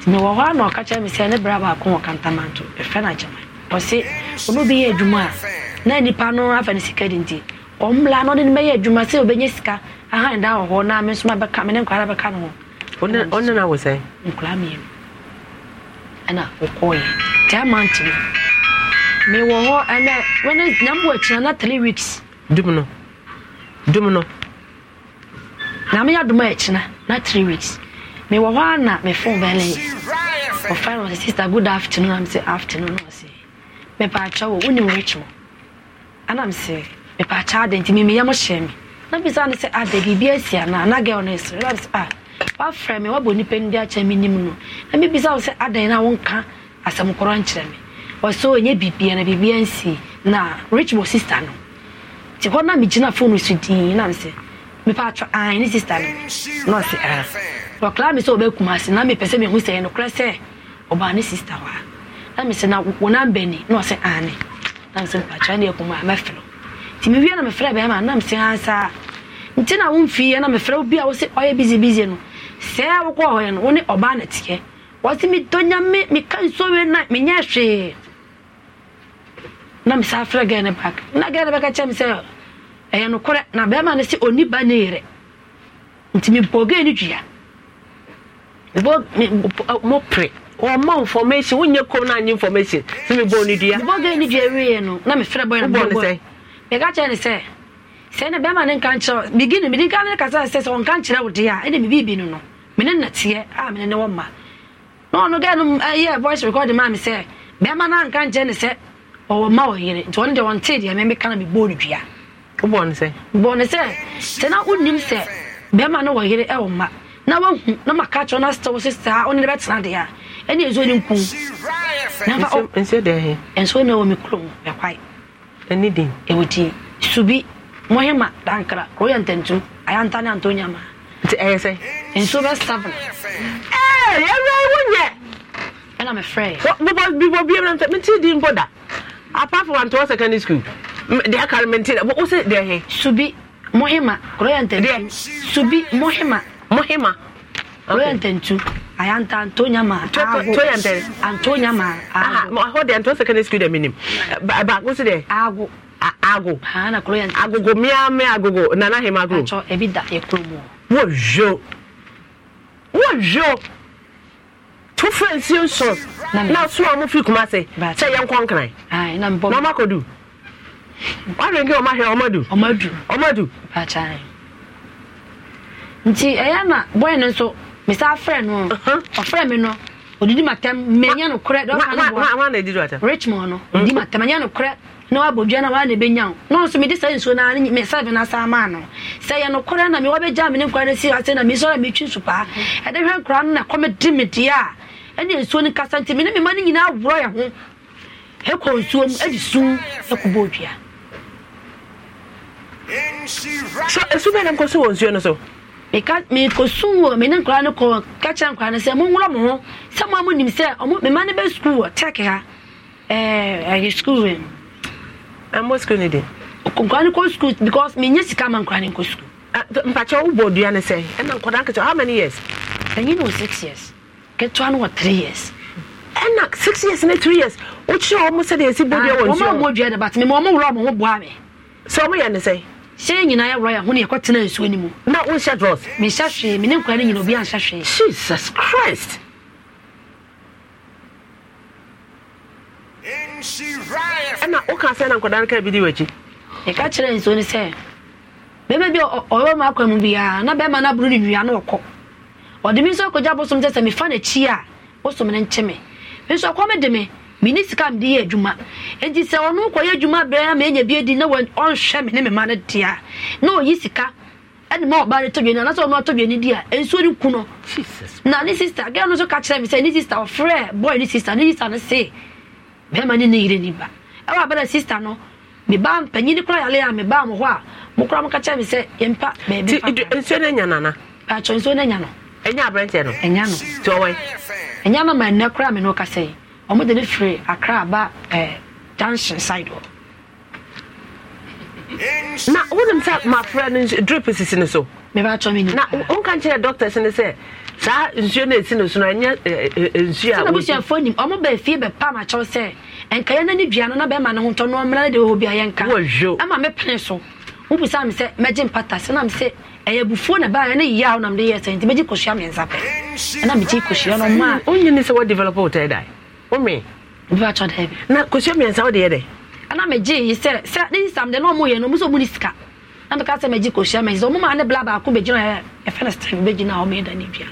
nti mewɔ hɔ a na ɔka kyerɛ me sɛ ne bra baako wɔ kantamanto ɛfɛ no agyama ɔse ɔno bi yɛ adwuma a na nnipa no afa ne sika di nti ɔmmla n'o ɔde no bɛyɛ adwuma sɛ ɔbɛnya sika aha ne dan wɔ hɔ na me nso mabɛka me ne nkwadaa bɛka no ho ɔne na wo sɛ nkwadaa mmienu ɛna wokɔɔyɛ gyaa mankyere mewɔ hɔ ɛnɛ wɛne nyambo akyina na three weeks dum no dum no na meyɛ dom a akyina na three weeks mewɔ hɔ a na mefo bɛne ɔfa no ɔsɛ sister good afternoon am sɛ afternoon no ɔsɛ mepaakyɛ wɔ wonim wɔakyi wɔ ana m sɛ mepaakyɛ adɛ nti memeyɛ mo hyɛ me na bisa ne sɛ ada ah, biribi asi anaa na gɛl no ɛsere na m sɛ ah wafrɛ me wabɔ nipa no de akyerɛ nim no na mebisa wo sɛ adɛn no a wonka asɛm korɔ nkyerɛ me ɔsɛ oh, ɛnyɛ biribia na biribia nsie na rich wɔ sister no nti hɔ na megyina phone so din na mesɛ mepɛatɔ an ne sister no na ɔse ah. a ɔkra mi sɛ ɔbɛkum ase na mepɛ sɛ mehu sɛ nokorɛ sɛ ɔbaa ne sister wa, na mi mesɛ na wo namba ni na ɔsɛ ane na mesɛ mepɛatɔ ne akum a mɛfrɛ nti mewie na mefrɛ bɛrima na mi mesɛ ansa nti na womfii na mefrɛ wo bi a wo sɛ ɔyɛ busy busy no sɛ wokɔ hɔ no wo ɔbaa na teɛ wɔse metɔnya me meka nsowe na menyɛ hwee na mesa frɛ gɛ no na gɛ no bɛka kyɛ me sɛ ɛyɛ nokorɛ na bɛrima no sɛ ɔni ba ne yerɛ nti mebɔ gɛ no dua mopere wɔma information wonyɛ kom no anye information sɛ mebɔ no dua mebɔ gɛ no dua wieɛ no na mefrɛ bɔɛ no sɛ meka kyɛ ne sɛ sɛ ne bɛrima no nka nkyerɛ megi no ne kasa sɛ sɛ ɔnka nkyerɛ wo deɛ ɛne mebiibi no no mene nnateɛ a mene ne wɔ ma na ɔno dɛ no ɛyɛ voice recording maa mi sɛ bɛrima no anka nkyɛn ne sɛ ɔwɔ ma wɔ yere nti ɔno deɛ ɔnte deɛ mɛmɛ kana mi bɔ ne dua. wobɔ ne sɛ. bɔ ne sɛ sɛ na wonim sɛ bɛrima no wɔ yere ɛwɔ ma na wahu na ma ka kyerɛ na sɛ wɔ sisan ɔne ne bɛ tena deɛ a ɛne ezo ne nku. nafa ɔ ɛwɔ mi kurom ɛkwae. ɛni din. ɛwɔ tie subi mɔhima dankara royal ntɛntum ayantani antonyama. nti eh, nsuo bɛ savana ɛɛ eh, yɛwura yi wonyɛ ɛna mɛ frɛ yɛ bibɔ bibɔ biem ti di mbɔ da apart from antɔ school de akari mi ti da o se de subi muhima kɔrɔ yɛ subi muhima. muhima kɔrɔ yɛ ntɛntu a y'an ta anto ɲama. to to yan tɛ. anto ɲama. aha ɔhɔ school de mi nim ba ba o se ago. ago. ana agogo miame agogo nana hema agogo. ebi da ekuro mu. wɔdwo wɔdwo to fɛ nsuo nso na so a mofi kuma se kyɛ yɛ nkɔ nkran na ɔmakɔdu wadwenke ɔmahwɛ ɔmadu ɔmadu ɔmadu nti ɛyɛ na bɔyɛ no nso mesa frɛ no ɔfrɛ me no odidi matam menya no korɛ dɔka no richmond no mm-hmm. odidi matam menya no korɛ na wabɔ dua na waa na ebenya o na nso mede saa nsuo naa ne sɛbi na saa maa no sɛ yɛ no koraa na mi wabɛgya mi ne nkora ne si ase na mi nso na mi twi so paa ɛde hwɛ nkora no na kɔmi di mi deɛ a ɛne nsuo ne kasa nti mi ne mi ma ne nyinaa aworɔ yɛ ho ɛkɔ nsuo mu ɛde sun ɛkɔ bɔ dua. so esu bɛyɛ na nkɔ so wɔ nsuo no so. meka mekɔsum wɔ mene nkora no kɔ ka kyerɛ nkora no sɛ monworɔ mo ho sɛ mo a monim sɛ mema no bɛ sukuu wɔ tɛk ha ɛɛ sukuu wɛ no ɛmɔ sukuu school, de. nkɔla ni kɔ school because me nye sika ma nkɔla ni nkɔ sukuu. mpakyɛ wo bɔ dua ne sɛ ɛna nkɔla nketewa how many years. ɛnyin wɔ six years ketewa no wɔ three years. ɛna six years ne three years o kyerɛ wɔn sɛ de esi bɔ dua ah, wɔ nsuo. wɔn a bɔ dua de ba tɛmɛ wɔn wura wɔn ho bɔ amɛ. sɛ wɔn yɛ ne sɛ. hyɛn nyinaa yɛ rɔya ho ne yɛkɔ tena nsuo ni mu. na o n hyɛ drɔs. mi hyɛ hwee mi ne nkɔla nyina obi a n hwee. jesus christ. ɛna woka sɛ na nkwadaa no bi di w'akyi ɛka kyerɛ nsuo no sɛ bɛma bi ɔwɔ mu akwa mu biara na bɛma no aboro wia na ɔkɔ ɔde me nso akɔgya bosom sɛ sɛ mefa n'akyi a bosom no nkye me nso ɔkɔ me de me mene sika mede yɛ adwuma enti sɛ ɔno kɔyɛ adwuma a maɛnya bi na ɔnhwɛ me ne na ɔyi sika ɛne ma ɔba no tɔdwani ɔno a nsuo no ku bɛrima ne ne yere ni ba ɛwɔ abɛrɛ sista no me ba kora yale a me mo hɔ a mo kora mo me sɛ yɛmpa baabi no anya nana atwɔ nsuo no anya no ɛnya aberɛnteɛ no ɛnya no nti ɔwɔ ɛnya no ma ɛnɛ kora me no kasa yi ne firi akra aba junction side hɔ. na wonim sɛ mafrɛ no drip sisi no so mebaatɔ me ni na wonka nkyerɛ doctors no sɛ saa nsuo no esi no so no ɛnyɛ nsuo a wɔsi. abusuafo nim ɔmo bɛ fie bɛ pam akyɛw sɛ nkɛyɛ no dua no na bɛrima ne ho tɔ no ɔmena de wɔ bi ayɛ nka. wɔjo ɛma me pene so wobusa mi sɛ mɛgye mpata sɛ mi sɛ ɛyɛ bufuo na baa ne yia wo nam de yɛ sɛ nti mɛgye kɔhyia mmiɛnsa pɛ ɛna megye kɔhyia no ma. wonye ne sɛ wɔ develop wo tɛ da wome. obi atwa da bi. na kɔhyia mmiɛnsa wo de yɛ dɛ. ɛna megye yi sɛ sɛ ne nsam de na mo yɛ no ɔmo sɛ ɔmo ne sika na mɛka sɛ mɛgye kɔhyia mmiɛnsa ɔmo maa ne bla baako bɛgyina ɛfɛ ne sɛ bɛgyina a ɔmo yɛ da ne dua no.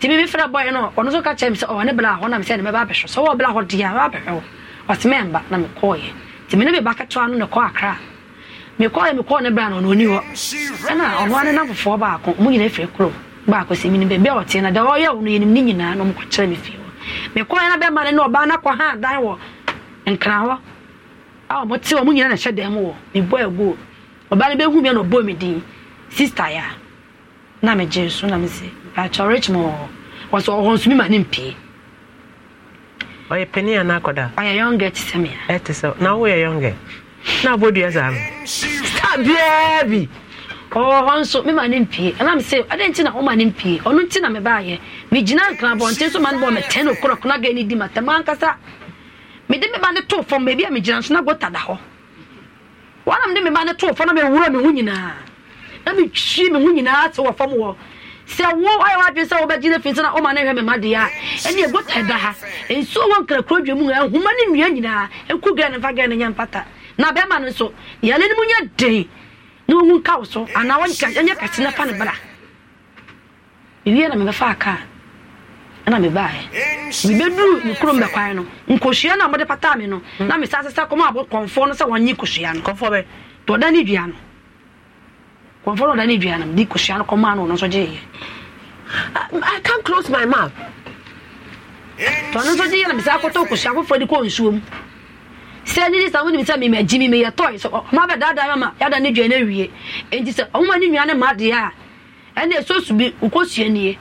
nti bibi fira bɔyɛ no ɔno nso ka kyerɛ oh, me sɛ ɔwɔ ne bla hɔ nam sɛ ne mɛba abɛhwɛ sɛ ɔwɔ bla hɔ deɛ mɛba abɛhwɛ wo ɔse mɛmba na mekɔɔyɛ nti me ne beba ketewa no ne kɔ akra mekɔɔyɛ mekɔɔ ne bra no ɔno ɔni hɔ ɛna ɔno ane nam fofoɔ baako mu nyina afiri kuro baako sɛ mene baabi a ɔte na deɛ ɔyɛ wo no yɛnim ne nyinaa na na megye nso na mese mpakyɛ ɔrekyem wɔ hɔ wɔsɛ ɔwɔ nso ma ne mpie ɔyɛ panin anaa akɔda ɔyɛ yɔngɛ te sɛ mea ɛte sɛ na woyɛ yɔngɛ na abɔdua saa no sa bi ɔwɔ nso mema ne mpie ɛnam sɛ ade nti na woma ne mpie ɔno nti na mebaayɛ megyina nkrabɔnten so ma no bɔ me tɛn okorɔkona ga ne di matam ankasa mede meba ne too fam baabi a megyina nso na gota da hɔ wɔnam de meba ne too fam na mewura me ho nyinaa na metwi me ho nyinaa te wɔ fam hɔ sɛ wo ayɛ w'adwene sɛ wobɛgye no afiri sɛ na woma no hwɛ me ma deɛ a ɛne ɛgota ɛda ha nsuo wɔ nkrakuro dwa mu ahoma ne nnua nyinaa ɛku gɛ no mfa gɛ no nyɛ mpata na bɛma no nso yɛle no mu nyɛ den na wɔhu nka wo so anaa ɛnyɛ kɛse na fa ne bra mewie na mebɛfa aka ɛna mebaeɛ mebɛduru me kurom bɛkwan no nkosua no a mode pataa me no na mesa sesa kɔma abɔ kɔmfoɔ no sɛ wɔnye kosua no kɔmfoɔ bɛ tɔda ne dua no wɔmfɔlɔ da ne dua no de kosua no kɔmaa no ɔno nso gyeeyɛ i can close my mouth ɔno nso gyeeyɛ na bisa akɔtɔ kosua foforɔ de kɔ nsuo mu sɛ ne de sa wonim sɛ memagyi mi meyɛ tɔe sɛ ɔma bɛdaadaa ma yɛada ne dua no awie enti sɛ ɔmoma ne nua ne ma adeɛ a ɛne ɛsɔ su bi wokɔsua nie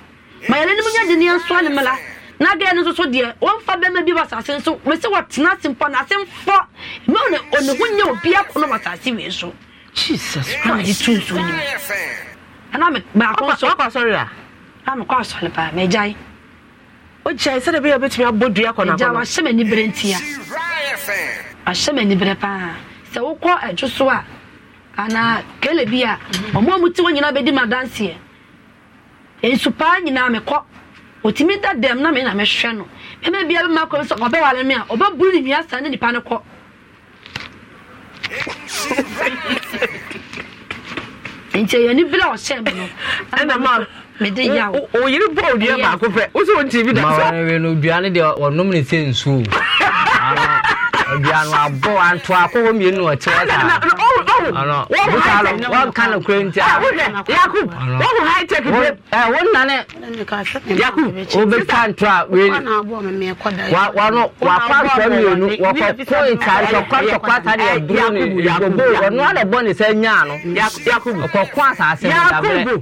ma yɛne no mu nya gyeneɛ nsoa ne mmela na gɛɛ no nsoso deɛ wɔmfa bɛma bi wɔ asase nso mese wɔtena ase mpa na ase mfɔ ma ne ɔne ho nyɛ obi akɔ no wɔ asase wei so jesus christ tuntum ni ɛna mi baako nso ɔkɔ asɔre a ɛna mi kɔ asɔre paa mɛ gya yi o gya yi sɛdeɛ bɛyɛ bɛtumi abɔ dua kɔ n'akɔnɔ gya wahyɛ mɛ nibere ntia wahyɛ mɛ nibere paa sɛ wokɔ ɛdwo so a anaa kele bi a mhm. ɔmo a mo ti wɔn nyinaa bɛdi ma danseɛ nsu paa nyinaa mi kɔ otumi da dɛm na mi na mi hwɛ no mɛmɛ bi a bɛ ma kɔ mi sɛ ɔbɛ wale mi a ɔbɛ buru ne nua sa ne nipa ne kɔ nti ɛyɛ ni bere a ɔhyɛ mu no <laughs> ɛna ma mede ya o. oyiri bɔ odua baako pɛ o sɛ o ti bi da so. maa wɛrɛ wɛrɛ no odua ne deɛ ɔnum ne se nsuo. <laughs> bia no abɔ anto akɔhɔ mmienu ɔkyɛ wɔka no kora nti wonane wobɛpa nto a wakɔ antoa mmienu wɔkɔko ntansɔkɔsɔkɔ atade ɛduro ne ɛgogo ɔno ana ɛbɔ ne sɛ nyaa no ɔkɔko asase no daberɛ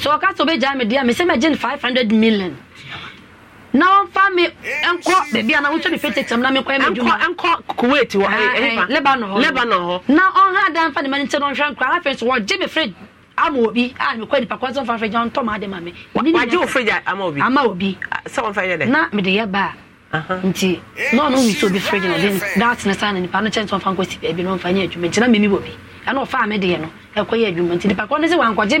sɛ ɔka sɛ ɔbɛgya me deɛ mesɛ magye no 500 million na ɔmfa me nkɔ baabi a na wotwa me na mekɔ kuwait wɔ lebanon hɔ na ɔnha da mfa ne ma no nkyɛ no ɔnhwɛ nkora afei so wɔgye me fridge ama obi a mekɔ nipa kɔ sɛ ɔmfa fridge ɔntɔ ma ade ma me wagye wo fridge ama obi ama obi sɛ ɔmfa yɛ dɛ na mede yɛ baa nti na ɔno obi fridge na ne nipa no kyɛ sɛ ɔmfa baabi na ɔmfa nyɛ adwuma na memi wɔ bi ɛna ɔfaa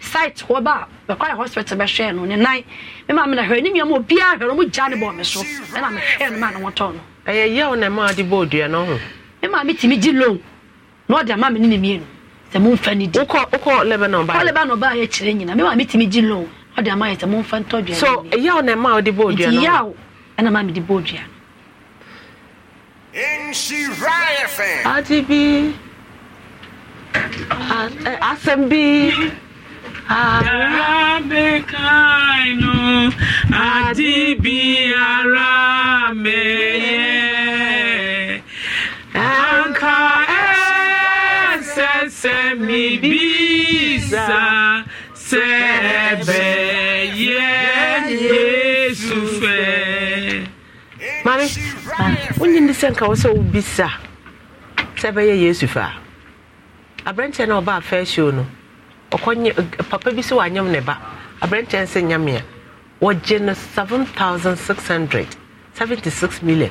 site hɔ ba a hospital bɛhwɛɛ no ne nan me maa mi na hwɛ ne nua mu hwɛ no mo gya ne bɔ me so ɛna me hwɛɛ no maa ne ho tɔ no. ɛyɛ yaw na ɛmaa de bɔ odua no ho. maa mi tìmi gyi loan na ɔde ama mi ne mienu sɛ mo nfa ne di. wokɔ wokɔ lebanon baa. wokɔ lebanon baa yɛ kyerɛ nyina me maa mi tìmi gyi loan ɔde ama sɛ mo nfa ntɔ dua. so yaw na ɛmaa de bɔ odua no nti yaw ɛna maa mi de bɔ Ara bẹ ka inú àdìbí ara mẹ́yẹ. Anka ẹsẹ̀ sẹ́mi bí ìsà sẹ́bẹ̀ yẹ Mami, wúnyí ní sẹ́ńkà wọ́n sẹ́ wọ́n bí sà sẹ́bẹ̀ yẹ Yéṣu fẹ́ a. no ɔkɔnye papa bi si wa anyam ne ba aberanteɛ nse nyamea wɔgye no seven thousand six hundred seventy six million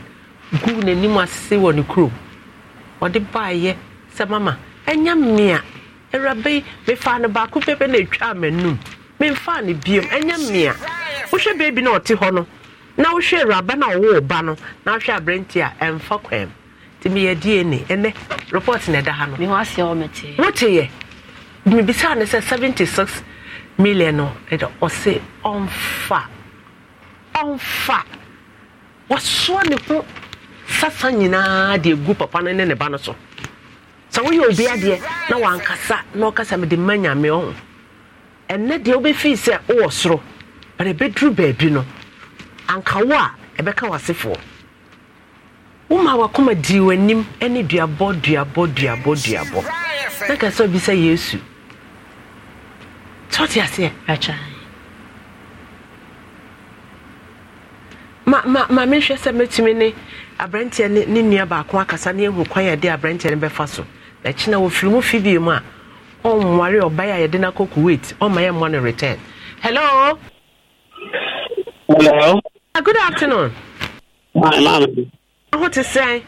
gu n'anim asese wɔ ne kurom wɔde baayɛ sɛ mama ɛnya mmea awuraba yi mefa no baako pɛpɛ na atwa amanum memfa no biom ɛnya wohwɛ baabi na ɔte hɔ no na wohwɛ awuraba na ɔwɔ ba no na wohwɛ aberanteɛ a ɛmfa kwam nti meyɛ dna ɛnɛ report na ɛda ha no woteyɛ mebisa ne sɛ 76 million no ɛdɛ ɔse ɔmfa ɔmfa wasoa ne ho sasa nyinaa de gu papa no ne ne ba no so sɛ woyɛ obi adeɛ na wankasa na ɔkasa mede ma nyame ɔho ɛnɛ deɛ wobɛfii sɛ wowɔ soro bɛde bɛduru baabi no anka wo a ɛbɛka wasefoɔ woma wakoma dii w'anim ne duabɔ duabɔ duabɔ duabɔ na ka sɛ obi sɛ yesu sɔte aseɛ ma ma ma mehwɛ sɛ mɛtumi ne aberanteɛ ne ne nua baako akasa ne ehu kwan yɛde aberanteɛ no bɛfa so ɛkyi na wofiri mu fidie mu a ɔnware ɔbaa a yɛde n'akɔ kuwait ɔma yɛ mmoa no return hello. hello. Uh, good afternoon. hi ah, maam. ɔho te sɛn.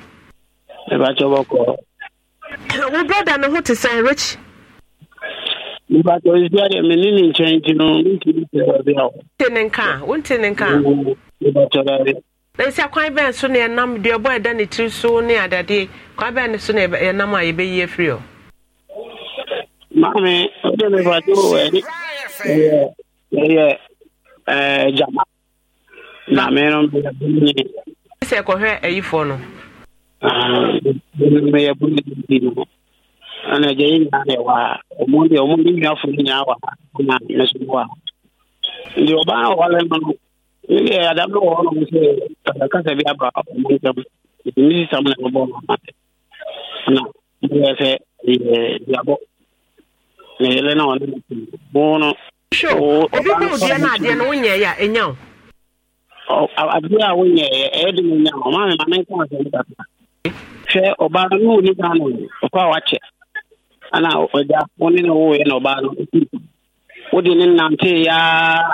ɛbɛ akyɛ bɔkɔ. wo brother ne ho te sɛn rich. mgbata ozi adị eme nile nche nche na ntị nka ntị nka na-esi akwan bɛn so na ɛnam deɛ ɔbɔ ɛda ne tiri so ne adadeɛ kwan bɛn so na ɛnam a yɛbɛyi afiri hɔ. maame ɔde mi fa do ɛni ɛyɛ ɛyɛ eh, ɛɛ jama na mi no mi yɛ bunu yɛ. ɛsɛ ɛkɔhwɛ ayifoɔ no. ɛɛ mi yɛ bunu yɛ bi no. Ana yɛ nyinaa na ɛwɔ omundi ɔmo deɛ ɔmo ne nuafo nyinaa wɔ ha na ne so wɔ ha nti ɔbaa a ba, omundi no ne deɛ adam no wɔ hɔ nom sɛ kasakasa bi aba ɔmo nsɛm nti ne na ɛbɛbɔ ɔmo ama na yɛ sɛ yɛ diabɔ na yɛlɛ na ɔne mo no. obi kunu deɛ na adeɛ no wonyɛ yɛ a ɛnya o. adeɛ a wonyɛ yɛ ɛyɛ kata hwɛ ɔbaa no ni ghana o ɔkɔ ana ɔgya wɔne na wɔyɛ na ɔbaa no wode ne ya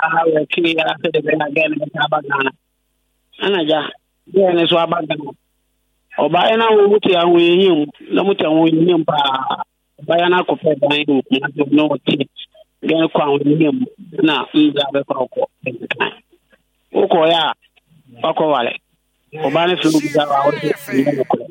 aha wɔtwee ya sɛde bɛyɛ agɛ ne bɛsɛ aba ghana ana gya gɛɛ ne so aba ọba, na ya te ahoyɛhia mu na ya te ahoyɛhia mu paa ya na akɔpɛ dan wɔ kumase na ɔte gɛɛ kɔ ahoyɛhia mu na mbra bɛkɔ a wakɔwale a wode ne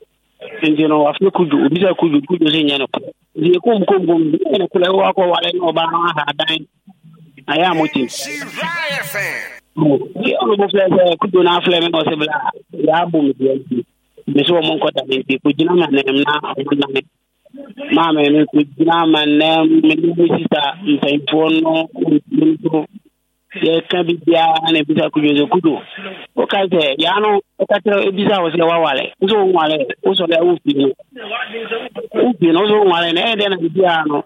nti no afei kudu obi kudu kudu sɛ nyɛ no deɛ komkomkom ne kolɛ wakɔ wale ne ɔba no aha dan ayɛ a motim ɔno fɛ sɛ kudu no aflɛ me ɔsɛ bla yɛabɔ me deɛ nti me sɛ ɔmo nkɔda me nti kogyina ma nam na ɔmo nane maame no kogyina ma nam mene me sisa mpanyimfoɔ no nso yɛka biribiara na ebisa kudwoso kudo woka sɛ yaa no woka kyerɛ ebisa wo sɛ wawale nso wonwale ya, a wofi no wofi no nso wonwale na ɛyɛ dɛ na biribiara no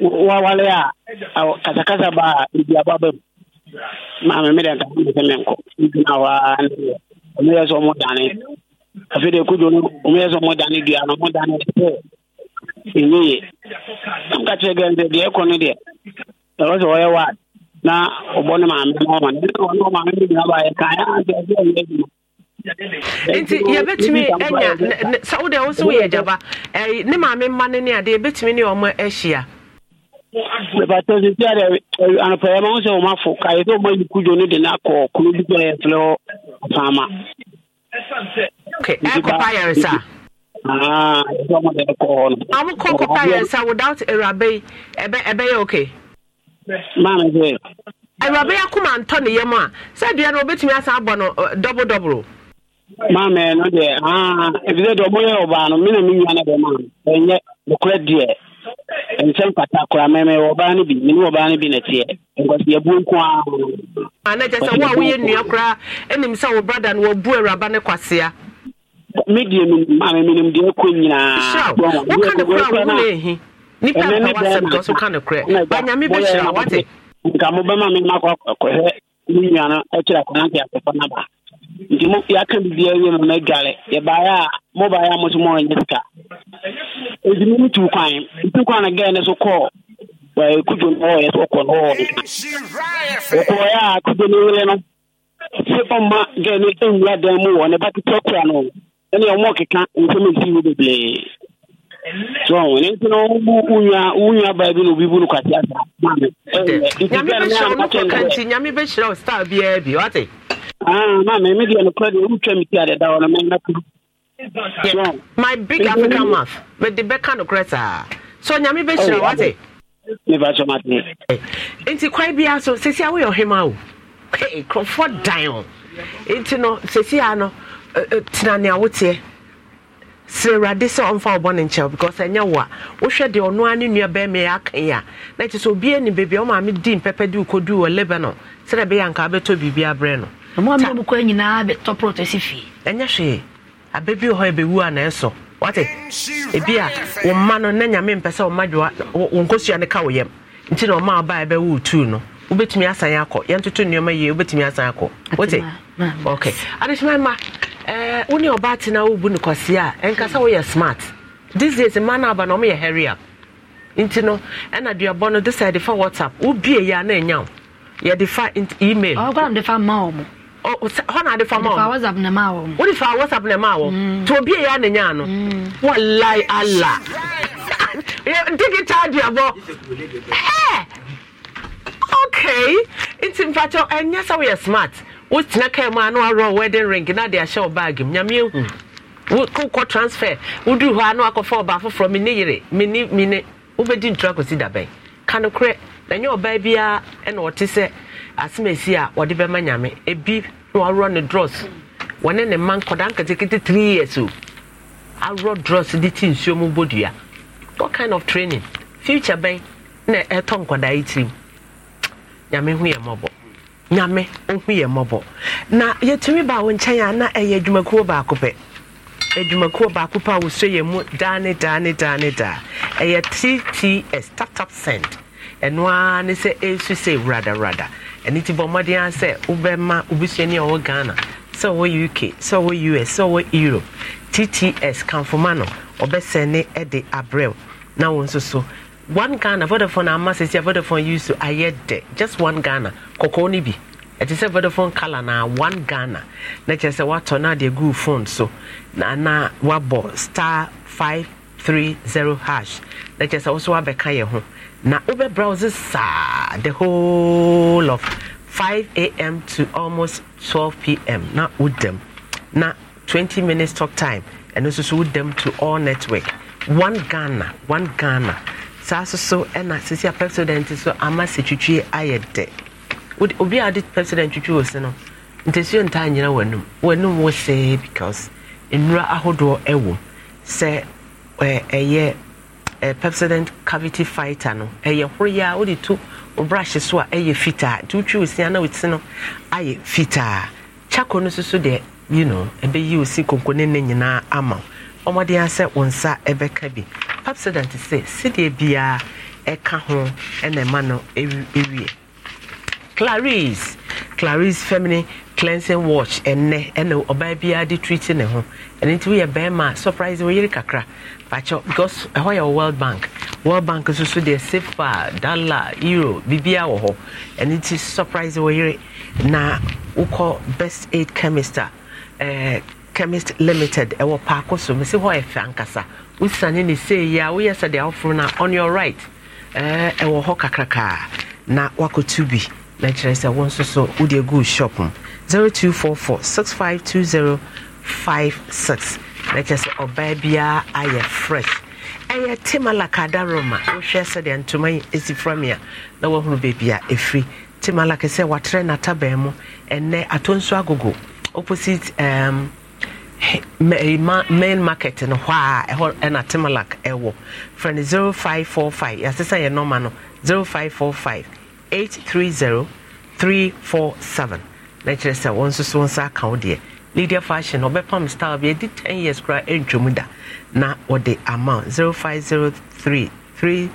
wawale a kasakasa ba a biribiaba ba mu maame medɛ nka me sɛ menkɔ ntina hɔ a ɔmo yɛ sɛ ɔmo dane afei dɛ kudo no ɔmo yɛ sɛ ɔmo dane dua no ɔmo dane sɛ ɛnyɛ yɛ na moka kyerɛ gɛ sɛ deɛ ɛkɔ no deɛ ɛwɔ sɛ ɔyɛ waade na nti yɛbɛtumi sɛ wode wo woyɛ ne maame mma no ne yɛbɛtumi eh, eh, e e ne ahyia anɔpɛyɛ ma ho sɛ ɔmafo kayɛ sɛ ɔma yikudwo no de no akɔ kono bi sɛ yɛfrɛ hɔ afaama ɛkɔpa yɛresa a ɛkɔ hɔ no kɔpa yɛresa without awuraba yi awuraba yɛ akoma ntɔ ne yam a sɛdeɛ no wobɛtumi asan abɔ no dɔbo dɔboro maame no deɛ aa deɛ ɔmo yɛ ɔbaa no mi na mi nua no bɛ maa ɛnyɛ deɛ nsɛm kora mɛmɛ ɔbaa no bi ne ɔbaa no bi na teɛ ebu nko ara. ana sɛ wo a woyɛ nua koraa ɛnim sɛ wo brada no wabu awuraba ne mi deɛ mi maame mi nim deɛ nyinaa. nipa a wa sɛm dɔ so ka no korɛ anyame bɛhyira wate nka mobɛma me ma kɔhwɛ me nua no akyerɛ akɔnante akɔfɔ no ba nti yɛaka bibia wie ma mɛdware yɛbaeɛ a mobaeɛ a mo so moanyɛ sika ɛnti no tuu kwan ntu kwan no gɛɛ ne so kɔɔ no no a no wele no ɔma gɛɛ no ɛnwura dan mu wɔ ne ba tetɛ kura no ɛne ɔmɔ keka nsɛm wo so ne tena wonya wonya baa bi na obi bu no kwate asa nyame bɛhyerɛ wo star biaa bi wate ah, mame me deɛ nokora deɛ wotwa me ti adeda hɔ no mɛna my big african mouth mede bɛka nokorɛ saa so nyame bɛhyerɛ wate oh, mebakyɛ mate eh. nti kwae biaa so sɛsi a woyɛ ɔhema o eh, eh, kurɔfoɔ dan o nti no sɛsi a no tena nea woteɛ sere awurade sɛ ɔmfa wɔbɔ because ɛnyɛ wo a wohwɛ deɛ ɔno a ne nua bɛrima aka yi a na kyerɛ sɛ obiara ni baabi a ɔma me di mpɛpɛ de wokɔduu wɔ lebanon sɛdeɛ ɛbɛyɛ anka wobɛtɔ biribi abrɛ no ɛnyɛ hwee aba bi wɔ hɔ ɛbɛwu a na ɛsɔ wate ebi a wo mma no na nyame mpɛ sɛ ka wo nti na ɔma ɛbɛwo no wobɛtumi akɔ yɛntoto asan akɔ wote ok ɛɛ eh, wo ne ɔbaa tena wo bu a ɛnka sɛ woyɛ smart these days mmaa no aba na ɔmo yɛ hɛria nti no ɛna duabɔ no de yɛde fa whatsapp wobie yɛ a na ɛnya wo yɛde fa email. ɔgbɔn de fa ma wɔn. hɔ na ade fa ma wɔn. wode fa whatsapp na ma wɔn. wode fa whatsapp mm. na ma wɔn. to obie yɛ a na ɛnya no. Mm. walai ala <laughs> digital duabɔ. ɛɛ eh! okay nti mpatsɛ ɛnyɛ sɛ woyɛ smart wotena kaa mu a na warɔ wedding ring na de ahyɛ wo baage mu nyame ehu hmm. wokɔ transfer woduru hɔ a na wakɔfa ɔbaa foforɔ me ne yere me ne me ne wobɛdi ntura kɔsi dabɛn ka no na nyɛ ɔbaa biara ɛna ɔte sɛ asɛm a wɔde bɛma nyame ebi na warɔ ne dross wɔne ne mma nkɔdaa nketekete three years o aworɔ dross de ti nsuo mu bɔ dua what kind of training future bɛn na ɛtɔ nkɔdaa yi tirim nyame hu yɛ mɔbɔ nyame ohu yɛ mmɔbɔ na yɛtumi ba wo nkyɛn a na ɛyɛ adwumakuo baako pɛ adwumakuo baako pɛ a wɔsɔ yɛ mu daa ne daa daa ne daa ɛyɛ tts startup cent ɛno ara ne sɛ ɛsu sɛ wradarada ɛno ti bɔ mmɔden a sɛ wobɛma a ɔwɔ ghana sɛ ɔwɔ uk sɛ ɔwɔ us sɛ ɔwɔ europe tts kamfoma no ɔbɛsɛne ɛde abrɛw na wɔn nso so one Ghana Vodafone ama sisi Vodafone used to ayɛ just one Ghana kɔkɔɔ ni bi ɛte Vodafone colour na one Ghana na kyerɛ say what na de gu phone so na na wabo star five three zero hash na kyerɛ sɛ woso wabɛka yɛ ho na wobɛ browse sa the whole of 5 a.m. to almost 12 p.m. na them. na 20 minutes talk time and also so them to all network one Ghana one Ghana saa so, ɛna sisi a president so ama sɛ twitwi ayɛ dɛ obi a de president twitwi wɔ se no ntɛsuo ntaa nyina w'anum w'anum wɔ see because nnura ahodoɔ ɛwɔ sɛ ɛyɛ ɛ president cavity fighter no ɛyɛ horo yɛ a wɔde o brush so a ɛyɛ fitaa nti wotwi osia na wosi no ayɛ fitaa chako no soso deɛ you know ɛbɛyi osi konko ne ne nyinaa ama o ɔmɔde asɛ wo nsa ɛbɛka bi papsodant sɛ sɛdeɛ biara ɛka ho ɛna ɛma no ɛwie clarice clarice feminine cleansing watch ɛnɛ ɛna ɔbaa biara de treat ne ho ɛno nti woyɛ bɛrima a surprise woyere kakra bakyɛ because ɛhɔ yɛ world bank world bank nso so deɛ sefa dollar euro biribiara wɔ hɔ ɛno nti surprise woyere na wokɔ best aid chemist ɛɛ. Uh, chemist limited ɛwɔ paako so mesi hɔ yɛ fɛ ankasa wosane ne sei yi a woyɛ sɛdeɛ awoforo no on your right ɛwɔ hɔ kakrakaa na wakɔtu bi na kyerɛ sɛ wo nso so wode gu shop mu 0244 652056 na kyerɛ sɛ ɔbaa biara ayɛ fresh ɛyɛ timalakada roma wohwɛ sɛdeɛ ntoma yi ɛsi framia na woahunu baabi a ɛfiri timalake sɛ watrɛ nataban mu ɛnɛ atɔ agogo opposite um, main market no hɔ a ɛhɔ ɛna timalak ɛwɔ frɛ no 0545 yɛasesa yɛ nɔma no 0545 830 347 na kyerɛ sɛ wɔn nso so nsa aka wo deɛ lydia fashion ɔbɛpam style bi ɛdi 10 years koraa ɛntwam da na wɔde amount 0503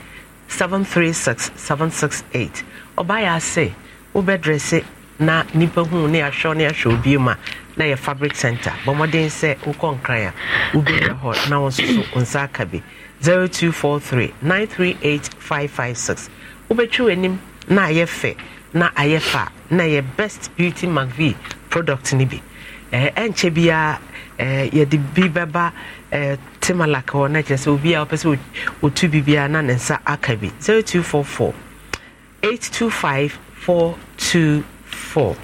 736 768 ɔbaayɛ ase wobɛdrɛse na nipa hu ne ahwɛ ne ahwɛ obi mu a na yɛ fabric center bɔmmɔden sɛ wokɔ nkran a wobɛwura hɔ na wo nso so wo nsa aka bi 0243 938 556 wobɛtwi w'anim na ayɛ fɛ na ayɛ fa na yɛ best beauty mcv product no bi ɛnkyɛ biara yɛde bi bɛba timalak hɔ na kyerɛ sɛ obi a wɔpɛ sɛ ɔtu biribiara na ne nsa aka bi 0244 825 424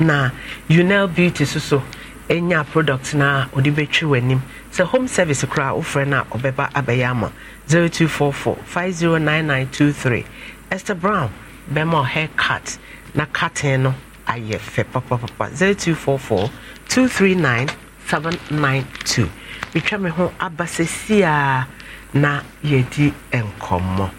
na unel beauty so so ɛnya product na ɔde bɛtwi w'anim sɛ home service koraa wofrɛ no a ɔbɛba abɛyɛ ama 0244 509923 esther brown bɛma hair cut na cutting no ayɛ fɛ papapapa 0244 239 792 metwa me ho aba sɛsia na yɛdi nkɔmmɔ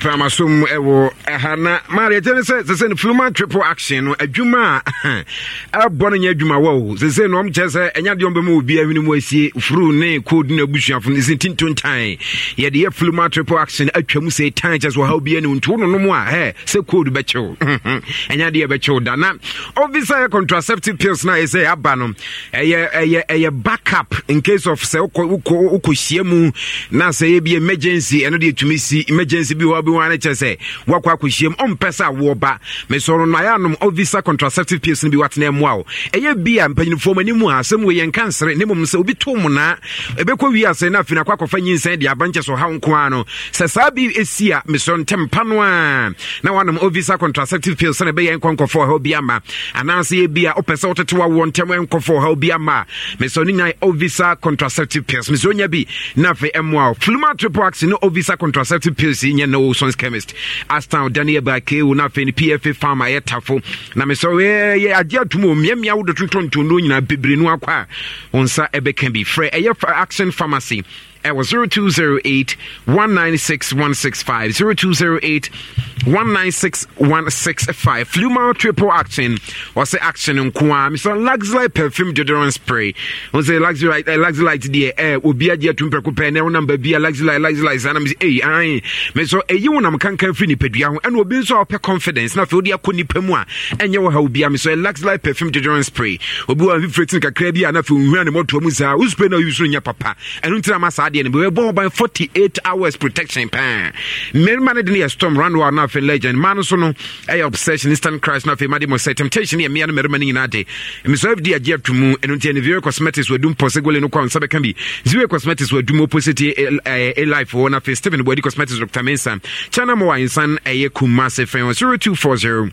pramasom ɛwɔ ɛha na maria kyɛ ne sɛ sɛsɛ no filuma triple action no adwuma a <laughs> ɛbɔ no nyɛ adwuma wɔ o sɛsɛ no ɔm kyerɛ sɛ ɛnya deɛ ɔmbɛma obi ahwene mu asie furu ne kod ne abusuafo no ɛsɛ tinto ntan yɛde yɛ filuma triple action atwa mu sɛ tan kyɛ sɛ ɔhaw bia ne no wononom a ɛ sɛ kod bɛkyew <laughs> ɛnya deɛ ɛbɛkyew da na obisa yɛ contraceptive pills no a ɛsɛ aba no ɛyɛ ɛyɛ ɛyɛ backup in case of sɛ wokɔhyia mu na sɛ yɛ bi emergency ɛno deɛ tumi si emergency bi hɔ wa no kyerɛ sɛ woakɔ akɔhyiam ɔmpɛ sɛ awoɔba mesɔro no ayɛ anom ovisa contraceptive pills no bi watena mmoa wo ɛyɛ bi a mpanyinifoɔ m anim a asɛm wei yɛnka nsere ne mmom sɛ obi to monaa ɛbɛkɔ wie asɛe no afei no akɔ akɔfa nyinsɛn de abankyɛ so haw nko a no sɛ saa bi ɛsi a mesɔro ntɛmpa no a na woanom ovisa contraceptive pills sɛne ɛbɛyɛ nkɔnkɔfoɔ haw bi ama anaasɛ yɛbi a wopɛ sɛ wotete wawoɔ ntɛm nkɔfoɔ haw bi ama a mesɔro no nya ovisa contraceptive pills mesɛ onya bi na afei ɛmmoa wo fluma triple axe no ovisa contraceptive pills yi nyɛ no wilson's chemist astan Daniel abaake wo eh, no afei no pfa farm a yɛtafo na mesɛ yɛ agye atom o mmeammea wode tontɔntono nyinaa bebree no akɔ a wo nsa ɛbɛka bi frɛ ɛyɛ action pharmacy ɛwɔ 0208 196 165 0208 196 165 Flumal triple action wɔsɛ action nko a mesɛ luxury perfume deodorant spray wo sɛ luxury uh, luxury deɛ eh, obi agye atum prɛko pɛɛ na wonam baabi a luxury luxury saa na mesɛ ei ae mesɛ ɛyi wonam kankan firi nipadua ho ɛna obi nso a wɔpɛ eh, eh, confidence na afei wode akɔ nnipa mu a ɛnyɛ wɔ ha wo bia mesɛ luxury perfume deodorant spray obi wɔ fifirɛtini kakra bi a na afei ohura ne mmɔtoa mu saa wo spray na woyi so no nyɛ papa ɛno ntina ma adeɛ no bi wɔbɔ ɔban 48 hours protection paa mmarima no de no yɛ storm ranwa no afei legend ma no so no ɛyɛ obsession instant christ no afei made mɔ sɛ temptation yɛ mmea no mmarima no nyinaa de mesɛ fd agye ato mu ɛno nti ɛne cosmetics wadum pɔ sɛ gole no kɔ nsa bɛka bi zero cosmetics wadum opposite a life wɔ no afei stephen bɔadi cosmetics dr mensa china mɔ wa nsan ɛyɛ kumase frɛ 0240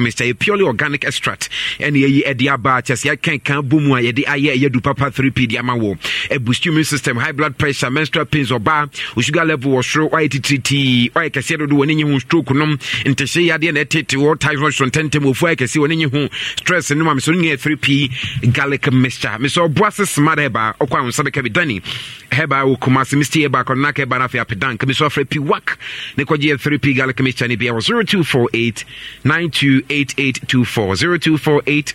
mr purely organic extract ye ɛyi ɛde aba kyɛ sɛ yɛkenkan bɔ mu a di aye ye du papa 3p di amawo e boost immune system high blood pressure menstrual pains ɔbaa sugar level wɔ soro ɔyɛ titiritii ɔyɛ kɛseɛ dodo wɔ ne nye ho stroke nom ntɛhyɛ yadeɛ na ɛtete wɔ typhoid sontɛntɛm ten ayɛ kɛseɛ wɔ ne nye ho stress nom a mesɛ no 3p garlic mixture mesɛ ɔboa smart hɛba o kwa unsa nsa bi dani hɛba wɔ kumase mr hɛba kɔnona ka hɛba no afei apedanka mesɛ ɔfrɛ ne kɔgye ye 3p garlic mixture no bia wɔ 0248 92 Eight eight two four zero two four eight.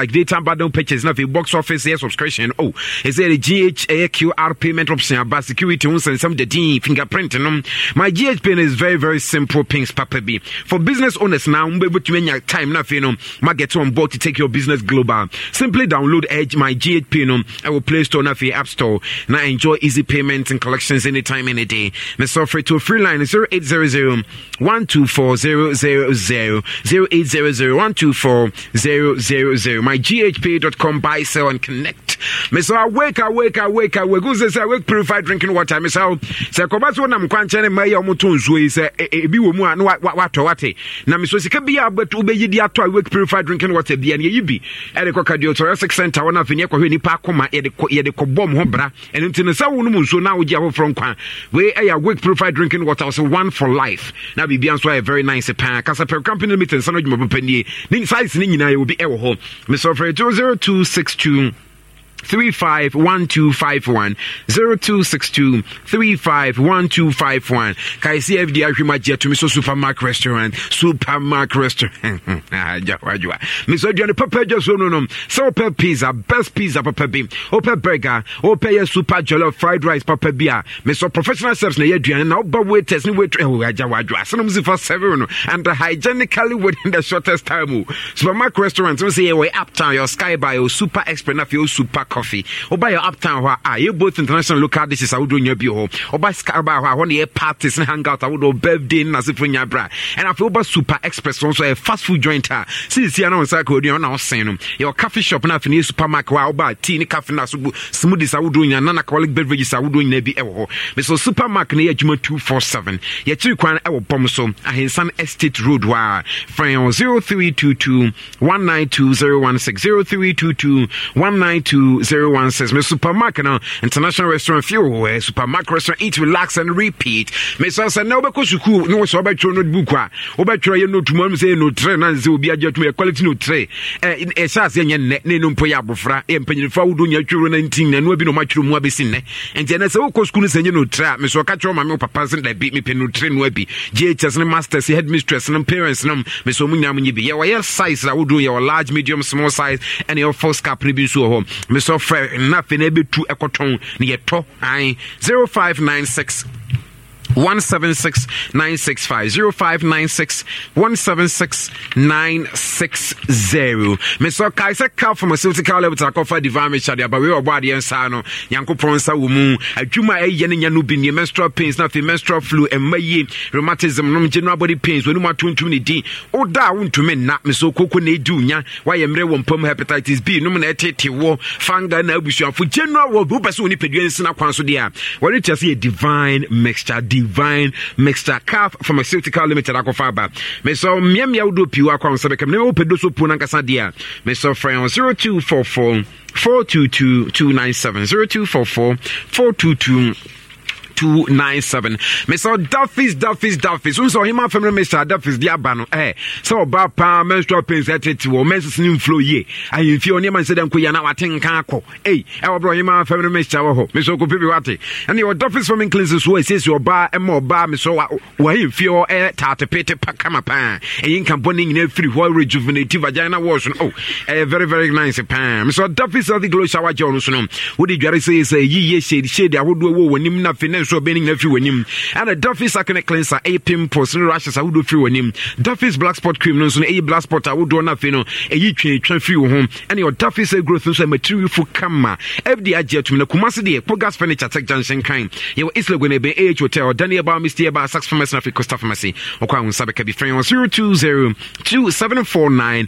like data bundle purchase, nothing. box office yeah, subscription. Oh, is there a GHAQR payment option about security ones and some the D fingerprint? my GH pin is very, very simple. Pings Papa B for business owners now. Um, able to time nothing. You know, market on board to take your business global. Simply download Edge my GH pin um, our Play Store na App Store. Now enjoy easy payments and collections anytime, any day. My software to a free line 0800 124 0800 124 myghpa.com buy, sell, and connect. mesɛ awake awake awake awake wo sɛ sɛ awake purified drinking water mesɛ wo sɛ oh. kɔba so wonam kwankyɛ ne ma yi a wɔmoto nsuo yi sɛ ebi wɔ mu a na watɔ wate na mesɛ sika bia wobɛyi de atɔ wake purified drinking water bia ne yɛyi bi ɛde kɔ cardiothoracic center wɔ no afei ne yɛkɔhwɛ nnipa akoma yɛde kɔbɔ m ho bra ɛno nti no sɛ wo nom nsuo na wogye ahoforɔ nkwa wei ɛyɛ e, awake purified drinking water wo sɛ one for life na biribia nso ayɛ e, very nice e, paa kasapɛ company limited nsa no adwuma papa nie ne size ne nyinaa yɛwɔ bi ɛwɔ hɔ mesɛ frɛ 00262 351251 0262 351251 kai CFD ahwema gye to me so supermarket restaurant supermarket restaurant ajwa ajwa me so dwano papa gye so no no so pe pizza best pizza papa bi ope burger super jollof fried rice papa bi a me so professional chefs na ye aduane na oba waiters ni wait eh ajwa ajwa so no mzi for seven no and hygienically within <laughs> the shortest time oh. supermarket restaurant so say we uptown your sky by your super expert na your super coffee ɔba yɛ uptown hɔ a ah, yɛ both international local dishes I would do in your bio. hɔ a hɔ ne yɛ parties ne hangout ahodoɔ birthday ne nasefo nya bra ɛna afei woba super express nso a fast food joint see, ah. sisia na ɔnsa ka odua ɔna ɔsɛn no Your coffee shop and afei ne supermarket hɔ a woba tea ne cafe no asobu smoothies in your. Non alcoholic beverages I would do in your bio. So supermarket near no yɛ Yet 247 yɛkyiri kwan ɛwɔ bɔm so ahensan estate road hɔ a frɛn 0322 192016 0322 192 says, Miss supermarket no international restaurant fuel eh, supermarket restaurant eat relax and repeat. Me so say na obekɔ no so obetwo notebook a obetwo yɛ note mu say no tre na be a agye to quality no tre. Eh in eh, sha ase nyɛ nne na no mpo yɛ abofra e eh, mpanyin fa wodo nya twero na ntin na no bi no matwero mu abesi nne. Enti na sɛ wokɔ sukuu no sɛ nyɛ no tre a me so me papa sɛ da bi me pe no tre no abi. GHS parents nom me so mu nyam nyi bi. Yɛ wɔyɛ size a large medium small size and your first cap ne so hɔ. Me sɛ frɛ nna afei na ɛkɔtɔn na yɛtɔ an 0596 176965 0596 176960 mesɛ kae sɛ ka pharmaceutical labta kɔfa divine richard but ɔbɔ adeɛ about no I'm wɔ mu adwuma a ɛyɛ no nya no bi neɛ menstrual pains not a menstrual flu and yie rheumatism nom general body pains w'anom atontum ne din woda a to nna mesɛ koko na ɛdi I nya woayɛ mmerɛ wɔ mpam hepatitis b nom na ɛtetewɔ fanga na abusuafo general wɔ wopɛ sɛ wo nipadua nsina kwan so deɛ a divine mixture d divine mixture calf from limited akɔfa aba mesɛ mmeammea wodoɔ pii wɔ akɔ a nsɛ bɛkam nema wopɛ dɔ so puo no ankasa deɛ a mesɛ frɛ 0244 422297 0244 422 0297 mesɛ dafis Duffys dafis wom sɛ ɔhema family mr Duffys de aba eh. So sɛ ɔba menstrual pains ɛtete wɔ mensese no mflo yie ahemfie ɔnneɛma nsɛ dɛ nkɔyia na wate nka akɔ ei ɛwɔ berɛ ɔhema family mr wɔ hɔ mesɛ ɔkɔpɛ bi wate ɛne ɔdafis famin cleanses wɔ ɛsiesie ɔbaa ɛma ɔbaa mesɛ wahemfie hɔ ɛ pakama pa kama paa eh, ɛyɛ nkampɔ ne nyinaa firi hɔ rejuvenati vagina wash oh ɛyɛ eh, very very nice paa mesɛ ɔdafis healthy glow shower gel no so no wode say sɛ ye sɛ yiyɛ shade shade ahodoɔ wɔ w'anim na afei ne pimples wɔ bɛni nyinaa firi w'anim ɛna duffy's acne cleanser ɛyɛ pimples ne rashes ahodoɔ firi w'anim duffy's black spot cream no nso no ɛyɛ black spot ahodoɔ no afei no ɛyɛ twɛtwa firi wo ho ɛne yɛ duffy's hair growth nso ɛmatiri fo kama fda agye atum na kumase deɛ pogas furniture tech junction kan yɛwɔ isla gwen ɛbɛn ah hotel daniel baa mr baa sax pharmacy na afei costa pharmacy ɔkɔ one four zero two zero seven four nine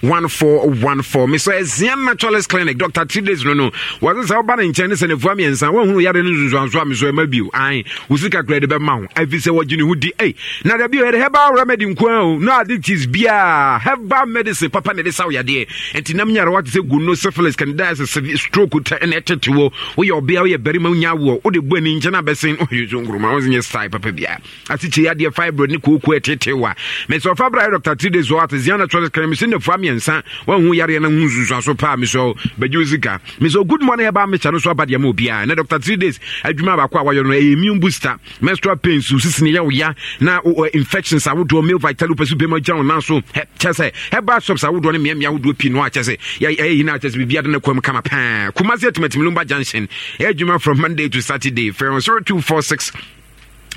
one four one four mesɛ ɛzia naturalist clinic doctor three days no no wɔdze sɛ woba no nkyɛn ne sɛ nefua miɛnsa woahunu yare no nsusuanso a mesɔɛma bio ae wo sika kora de bɛma wo ɛfiri sɛ wɔgye ne ho di ei na da bio yɛde heba remedy nkoa o na aditis biaa hɛba medicine papa ne de sa wo yadeɛ nam nyare woate sɛ gono syphilis candidiasis stroke ɛne ɛtete wɔ woyɛ ɔbea woyɛ barima wonya woɔ wode bu ani nkyɛn abɛsen ɔyɛso nkuruma wo nyɛ sae papa biaa asikyi adeɛ fibroid ne kooko ɛtete wa mesɛ ɔfa bra yɛ dr tide so ate ziana trɔsɛ kra mesɛ nafua miɛnsa woahu yareɛ no ho nsusuaso paa mesɛ bɛgye wo sika mesɛ good morning aba mecha no so aba deɛ ma obiara na dr three days adwuma baako a wayɛ no ɛyɛ immune booster menstrual pains osisi ne yɛ ya na infections ahodoɔ male vital pɛ so bɛma gyina wo nan so kyɛ sɛ herbal shops ahodoɔ no mmeammea ahodoɔ pii no a kyɛ sɛ ɛyɛ yi no a kyɛ sɛ biribiade no kwam kama paa kumase atumatumi lumba junction ɛyɛ adwuma from monday to saturday frɛ 0246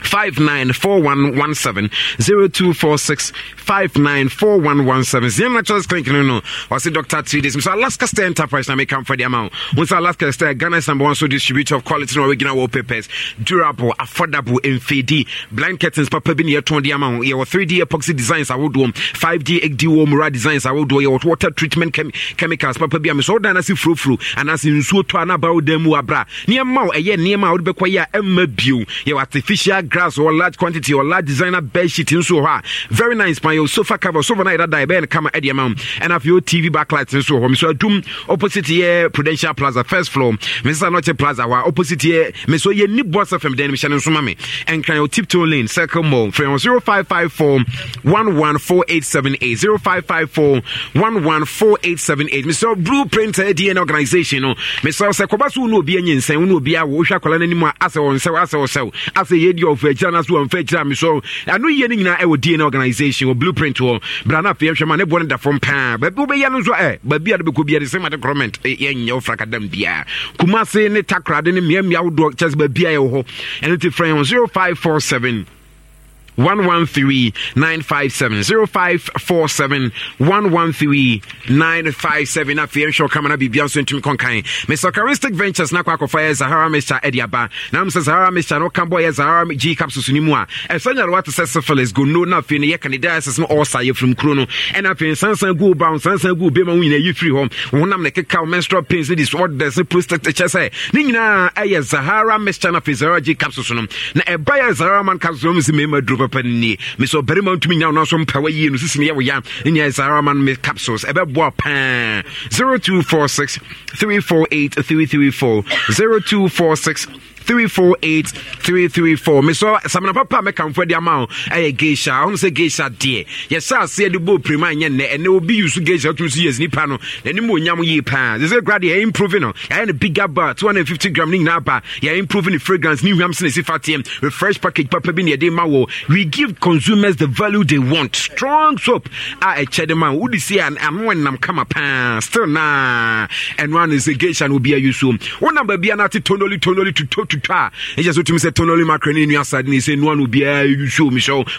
594117 0246 594117 Zian Naturalist Clinic no no or say Dr. T this Mr. Alaska Star Enterprise na make come for the amount once Alaska Star Ghana's number one so distributor of quality no original wallpapers durable affordable MFD blind curtains papa bi ne yɛtɔn de ama ho yɛwɔ 3D epoxy designs awodoɔ 5D HD wɔ mura designs awodoɔ yɛwɔ water treatment chemicals papa bi a mesɛ wodan ase furofuro anaasɛ nsuo tɔ anaba wodan mu abra nneɛma a ɛyɛ nneɛma a wode bɛkɔ yɛ a ɛmma bio yɛwɔ artificial grass or large quantity or large designer bed sheet in hɔ a very nice pan yɛ sofa cover sofa na yɛ dada yɛ bɛyɛ no kama your ɛma wo ɛna afei o tv backlight nso hɔ mesɛ adum opposite here, prudential plaza first floor mesesa nɔkye plaza Wa opposite here. mesɛ yɛ ni boss fm dan mehyɛ no nso ma me tiptoe lane circle mall frɛ wɔ 0554 114878 0554 114878 mesɛ blueprint adn organization no mesɛ sɛ kɔba so wo ne obi anyɛ nsɛn wo ne obi awo wohwɛ akwadaa no anim a asɛ wɔ nsɛw wɔfa akyira no so wɔmfa akyira me so ɛno yie no nyinaa ɛwɔ dna organisation wɔ blueprint hɔ bra no afei hwɛ ma ne boɔ no da fam paa baabi wobɛyɛ no nso ɛ baabi a no bɛkɔ biade sɛ made comment yɛnyɛ wo frakadam biaa kumase ne takrade ne mmeammea wodoɔ kyɛ sɛ baabia yɛwɔ hɔ ɛno nti frɛ yɛ ho 0547 113 957 0547 113 957 afei ɛnhwɛ ɔkama no biribia nso ntumi kɔnkan mesocaristic ventures na akɔ akɔfa yɛ zahara mixture ɛde aba nam sɛ zahara mixture no woka bɔ zahara g capsules no mu a ɛsɛ nyarewa te sɛ syphilis gono na afei no yɛ candidiasis no ɔsa yɛfirim kuro no ɛna afei sansan gu wo ba wo sansan gu wo bema wo nyina yi firi hɔ honam ne keka wo menstrual pains ne disorders zahara mixture no afei zahara g na ɛba zahara man capsules no mu papa nie me sɛ ɔbarima ntumi nya no nso mpawa yie no sisini yɛ wo ya nya saa ara ma no me capsules ɛbɛboa paa 0246 348 334 0246 348 334 mesɔ samina papa a mɛkamfo geisha ɔhu sɛ geisha deɛ yɛsɛ aseɛ de bɔɔ pirima ɛnyɛ nnɛ ɛnɛ obi geisha wotumi so yes nipa no n'anim onyam yie paa sɛ sɛ kora deɛ yɛimprove no ɛyɛ no bigger bar 250 gram ne nyinaa ba ne fragrance refresh package papa bi ne we give consumers the value they want strong soap ah, eh, ah, a ɛkyɛ de ma wode sie a still naa ɛno ano sɛ geisha no obiaa use o oh. tonoli tonoli tutoto twitwa a ɛgya sɛ wotumi sɛ tonoli macra ne asade ne sɛ no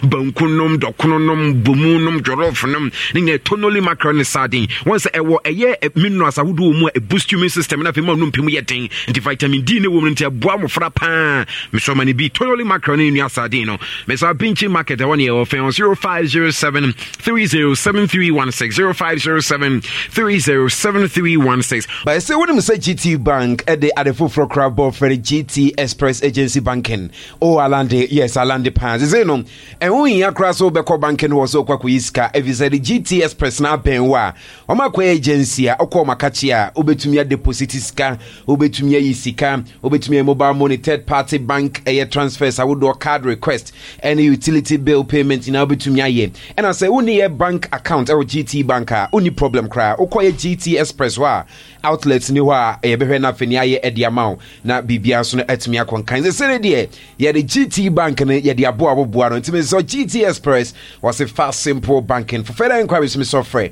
banku nom dɔkono nom bomu nom dwɔrɔf nom ne nyɛ tonoli ne wɔn sɛ ɛwɔ ɛyɛ minerals ahodoɔ mu a ɛboost human system na afei ma no mu yɛ den nti vitamin d ne wɔ mu no nti ɛboa mmɔfra paa mesɔma bi tonoli macra ne nua asaden no mesa market ɛwɔ ne yɛwɔ fɛn 0507 307316 ba wonim sɛ gt bank ɛde ade foforɔ koraa bɔ gt bt express agency banking o oh, alande yes alande paa sese no ɛho e, hia koraa so wobɛkɔ banking wɔ so wokɔ akɔyi sika ɛfiri sɛ de gt express no abɛn wo a ɔma agency a ɔkɔ ɔmakakye a wobɛtumi adeposit sika wobɛtumi ayi sika wobɛtumi mobile money third party bank ɛyɛ uh, transfers awodoɔ card request ɛne utility bill payment nyinaa wobɛtumi ayɛ ɛna sɛ wonni yɛ bank account ɛwɔ oh, gt bank a wonni problem koraa wokɔyɛ gt express wa outlets ni hɔ a yɛbɛhwɛ no afei ne ayɛ de ama wo na biribiara nso no atumi akɔnkan sɛ sɛne deɛ yɛde gt bank no yɛde aboa boboa no ntimi sɛ gt express wɔ se fa simple banking for further inquiries mi sɛ frɛ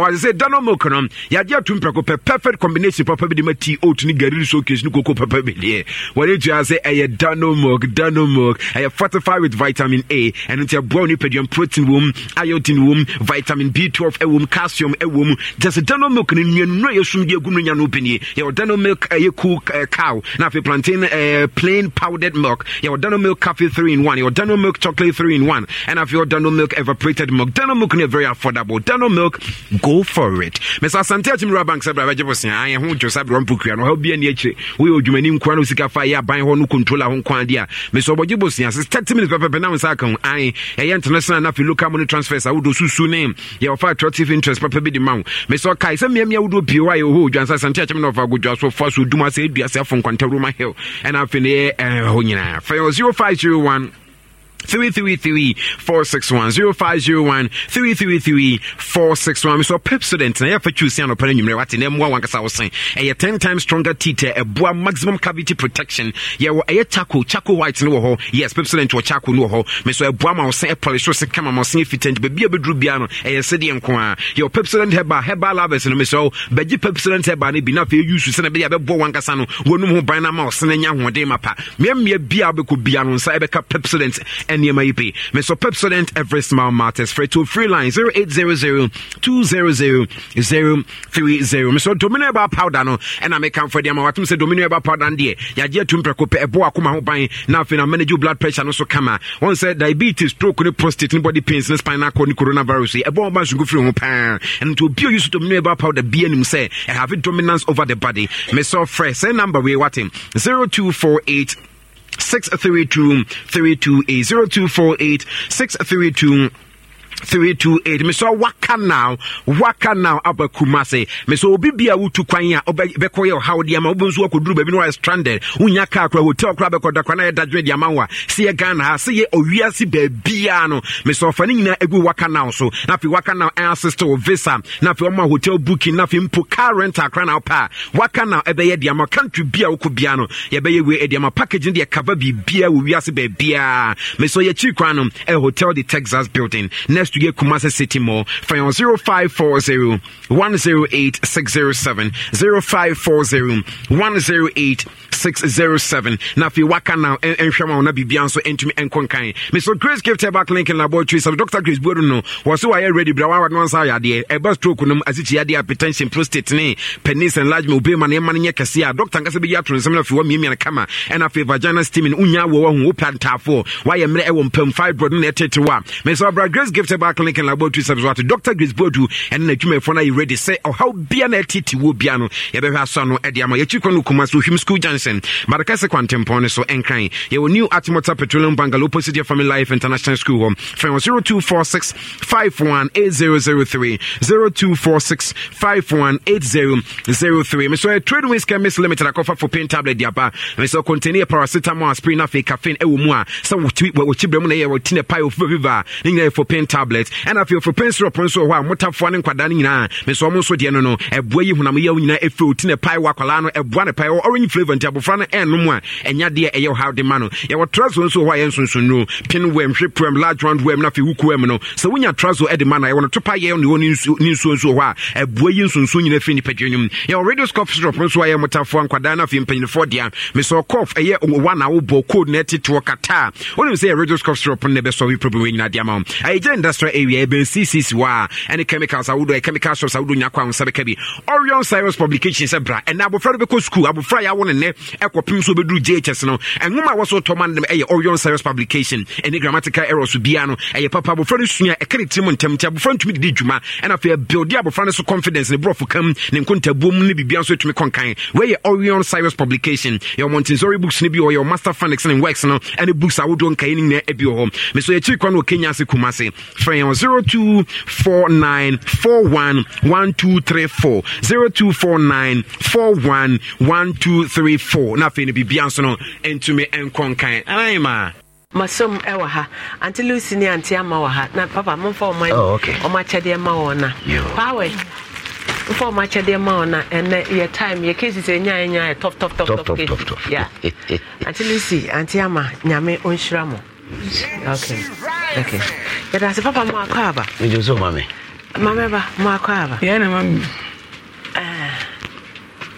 I sɛ dano milk no yɛagye atom prɛko pɛ perfect combination papa bi de ma tea gari so case ne koko papa bi deɛ wɔde tua dano milk dano milk ɛyɛ fortified with vitamin a ɛno nti ɛboa wo protein wom iodine wom vitamin b12 ɛwom calcium ɛwom just dano milk no nnuanura yɛsom de agu no nya no wopɛnie yɛwɔ dano milk ɛyɛ eh, cool eh, cow na afei plantain eh, plain powdered milk yɛwɔ dano milk coffee 3 in 1 yɛwɔ dano milk chocolate 3 in 1 and afei yɛwɔ dano milk evaporated milk dano milk no very affordable dano milk go for it Mr. Santia Chimura bank sɛ brabɛgye bo sea yɛ ho dwo sa berɛ mpokua no ɔhaw bia ni akyire woyɛ odwumani nkoa no sika fire. yɛ aban hɔ no control a ho nkoa deɛ a mesɛ ɔbɔgye bo sea sɛ 30 minutes pɛpɛpɛ na wo sa aka ho ae ɛyɛ international na afei local money transfers a wodo susu ne yɛwɔfa attractive interest papa bi de ma wo mesɛ ɔkae sɛ mmeamia wodoɔ pie hɔ a yɛwɔhɔ odwan sɛ asante akyem na ɔfa agodwa so fa so dum asɛ adua sɛ afo nkwanta roma hill ɛna afei ne yɛ ɛhɔ nyinaa fa 0501 three three three four six one zero five zero one three three three four six one. Mr. Pepsodent na yɛfɛ tuusi ano pɛrɛ nyimire wate na ɛmoa wankasa wosen ɛyɛ ten times stronger teeth ɛboa maximum cavity protection yɛwɔ ɛyɛ charcoal charcoal white no wɔ yes Pepsodent wɔ charcoal no wɔ hɔ mɛ ɛboa ma wosen ɛpolish wosen kama ma wosen efitɛnt beebi a beduru bia no ɛyɛ sɛdeɛ nko a yɛwɔ Pepsodent herbal herbal labels no mɛ bɛgye Pepsodent herbal no bi na afei yusu sɛnɛ bɛyɛ ɛbɛboa wankasa no wɔnum ho ban na ma wosen anya ahoɔden ma pa mmea mmea bia bɛkɔ bia no nsa ɛbɛka Pepsodent and you may be. Mr. Pepsodent every small matters. Free to free line 0800 Mr. Domino about powder no, and I may come for them. I say Domino about powder and dear. Yadia Tumpreco, a boa kuma who buying nothing. I manage blood pressure no so kama. One said diabetes, stroke, no prostate, body pains, no spinal cord, coronavirus. A bomb should go through and to be used to Domino about powder, be and say, and have dominance over the body. Mr. Fresh, say number we what him 0248 632 328 0248 632 328 mesɛ waka now waka now aba kumase mesɛ obi bia wotu kwan a bɛkɔyɛ ɔhaw deɛ ma wobɛnso wakɔduru baabi no wayɛ stranded wonya kaa kora hotel kora bɛkɔda kora na yɛda dwene deɛ ama wo a sɛ yɛ ghana ha sɛ yɛ owiase baabiaa no mesɛ ɔfa no nyinaa ɛgu waka now so na afei waka now ɛassist wo visa na afei ɔma hotel booking na afei mpo car rental kora na wopɛ a waka now ɛbɛyɛ deɛ ama country bia wokɔ bia no yɛbɛyɛ wei e deɛ ama package no deɛ kaba biribiaa wɔ wiase baabiaa mesɛ yɛkyiri kwan no ɛ hotel the texas building na next to get Kumasi City Mall. Find on 0540 108 607. 0540 108 607. Now, if you walk now, and Shama will not be beyond so me and conkai. Mr. Grace gave back link in laboratory. So, Dr. Grace Boduno was so I already brawa no say idea. A bus stroke no as it idea hypertension, prostate, ne, penis enlargement, obey man, man, yakasia, doctor, and Casabi Yatron, some of you want me and a camera, and after vagina steaming, unya, who open tafo, why am I one pump five, brother, net to one. Mr. Grace gave dr barclinic and laboratory service wato dr grace bodu ɛne n'adwumayɛfoɔ no ayɛ ready sɛ ɔhaw bia na ɛtete wɔ bia no yɛbɛhwɛ asoa no school junction madakase kwantempɔn no so ɛnkran yɛwɔ new atimota petroleum bangal opposite yɛ family life international school hɔ frɛ 0246 51 0246 51 8003 trade wins limited akɔfa for pain tablet de aba mesɛ container paracetamol aspirin caffeine ɛwɔ mu a sɛ wɔkyibrɛ mu na yɛwɔtine pa ɔfibabiba ne nyinayɛ for pain tablet tablet ɛna afei ɔfropɛn sorɔpɔn nso hɔ a motafoɔ ne nkwadaa no nyinaa mesɛ ɔmo nso deɛ no no ɛboa yi honamyɛw nyinaa ɛfiri ɔti ne pae wɔ akwadaa no ɛboa ne pae wɔ orange flavour nti abɔfra no ɛnom a ɛnya deɛ ɛyɛ ɔhaw de ma no yɛwɔ traso nso hɔ a yɛ nsonsonno pin wɛm hwe pram large round wɛm na afei wokuo no sɛ wonya traso ɛde ma no ɛwɔ no topa yɛ ne wɔ ne nsuo nso hɔ a ɛboa yi nsonson nyinaa firi nipadwa nwum yɛwɔ radio scop sorɔpɔn nso a yɛ motafoɔ nkwadaa no afei mpanyinifoɔ dea mesɛ ɔkɔf ɛyɛ wa na eh, um, wobɔ code na ɛtetoɔ kata wonim sɛ yɛ radio scop sorɔpɔn na ɛbɛsɔre problem nyinaa de ama wo um. ɛyɛgya nda industrial area ɛbɛn ccc hɔ ɛne chemicals ahodoɔ chemical shops ahodoɔ nya kwan bɛka bi orion cyrus publication sɛ bra ɛnna abɔfra no bɛkɔ school abɔfra yɛ awo ne nnɛ ɛkɔpem so bɛduru jhs no ɛnwoma a wɔso tɔ ma no ɛyɛ eh, orion cyrus publication ɛne grammatical errors biara no ɛyɛ papa abɔfra no sua ɛka ne eh, tirim ntɛm nti abɔfra no tumi didi dwuma ɛna afei eh, ɛbɛlde abɔfra no so confidence ne borɔfo kam ne nkontabuom ne biribia nso atumi kɔnkan wɔyɛ orion cyrus publication yɛ ɔmɔntensori books ne bi ɔyɛ master phonics ne works no ɛne books ahodoɔ nkaeɛ no nyinaa bi wɔ hɔ mesɛ yɛkyiri kwa kenya ase kumase for 0249 41 1234 0249 41 1234 na afei no biribia nso no ntumi nkɔ nkan anayima masom ɛwɔ eh, ha ante lucy ne ante ama wɔ ha na papa momfa ɔma ɔma oh, akyɛdeɛ ma wɔ na pawe mfa ɔma akyɛdeɛ ma wɔ na ɛnɛ yɛ time yɛ kesi sɛ ɛnya ɛnya yɛ tɔftɔftɔftɔf kesi ya anti lucy anti ama nyame ɔnhyira mo yɛda ase papa mo akɔ aba megye so mame mame ba mo akɔ aba yɛna mame eh,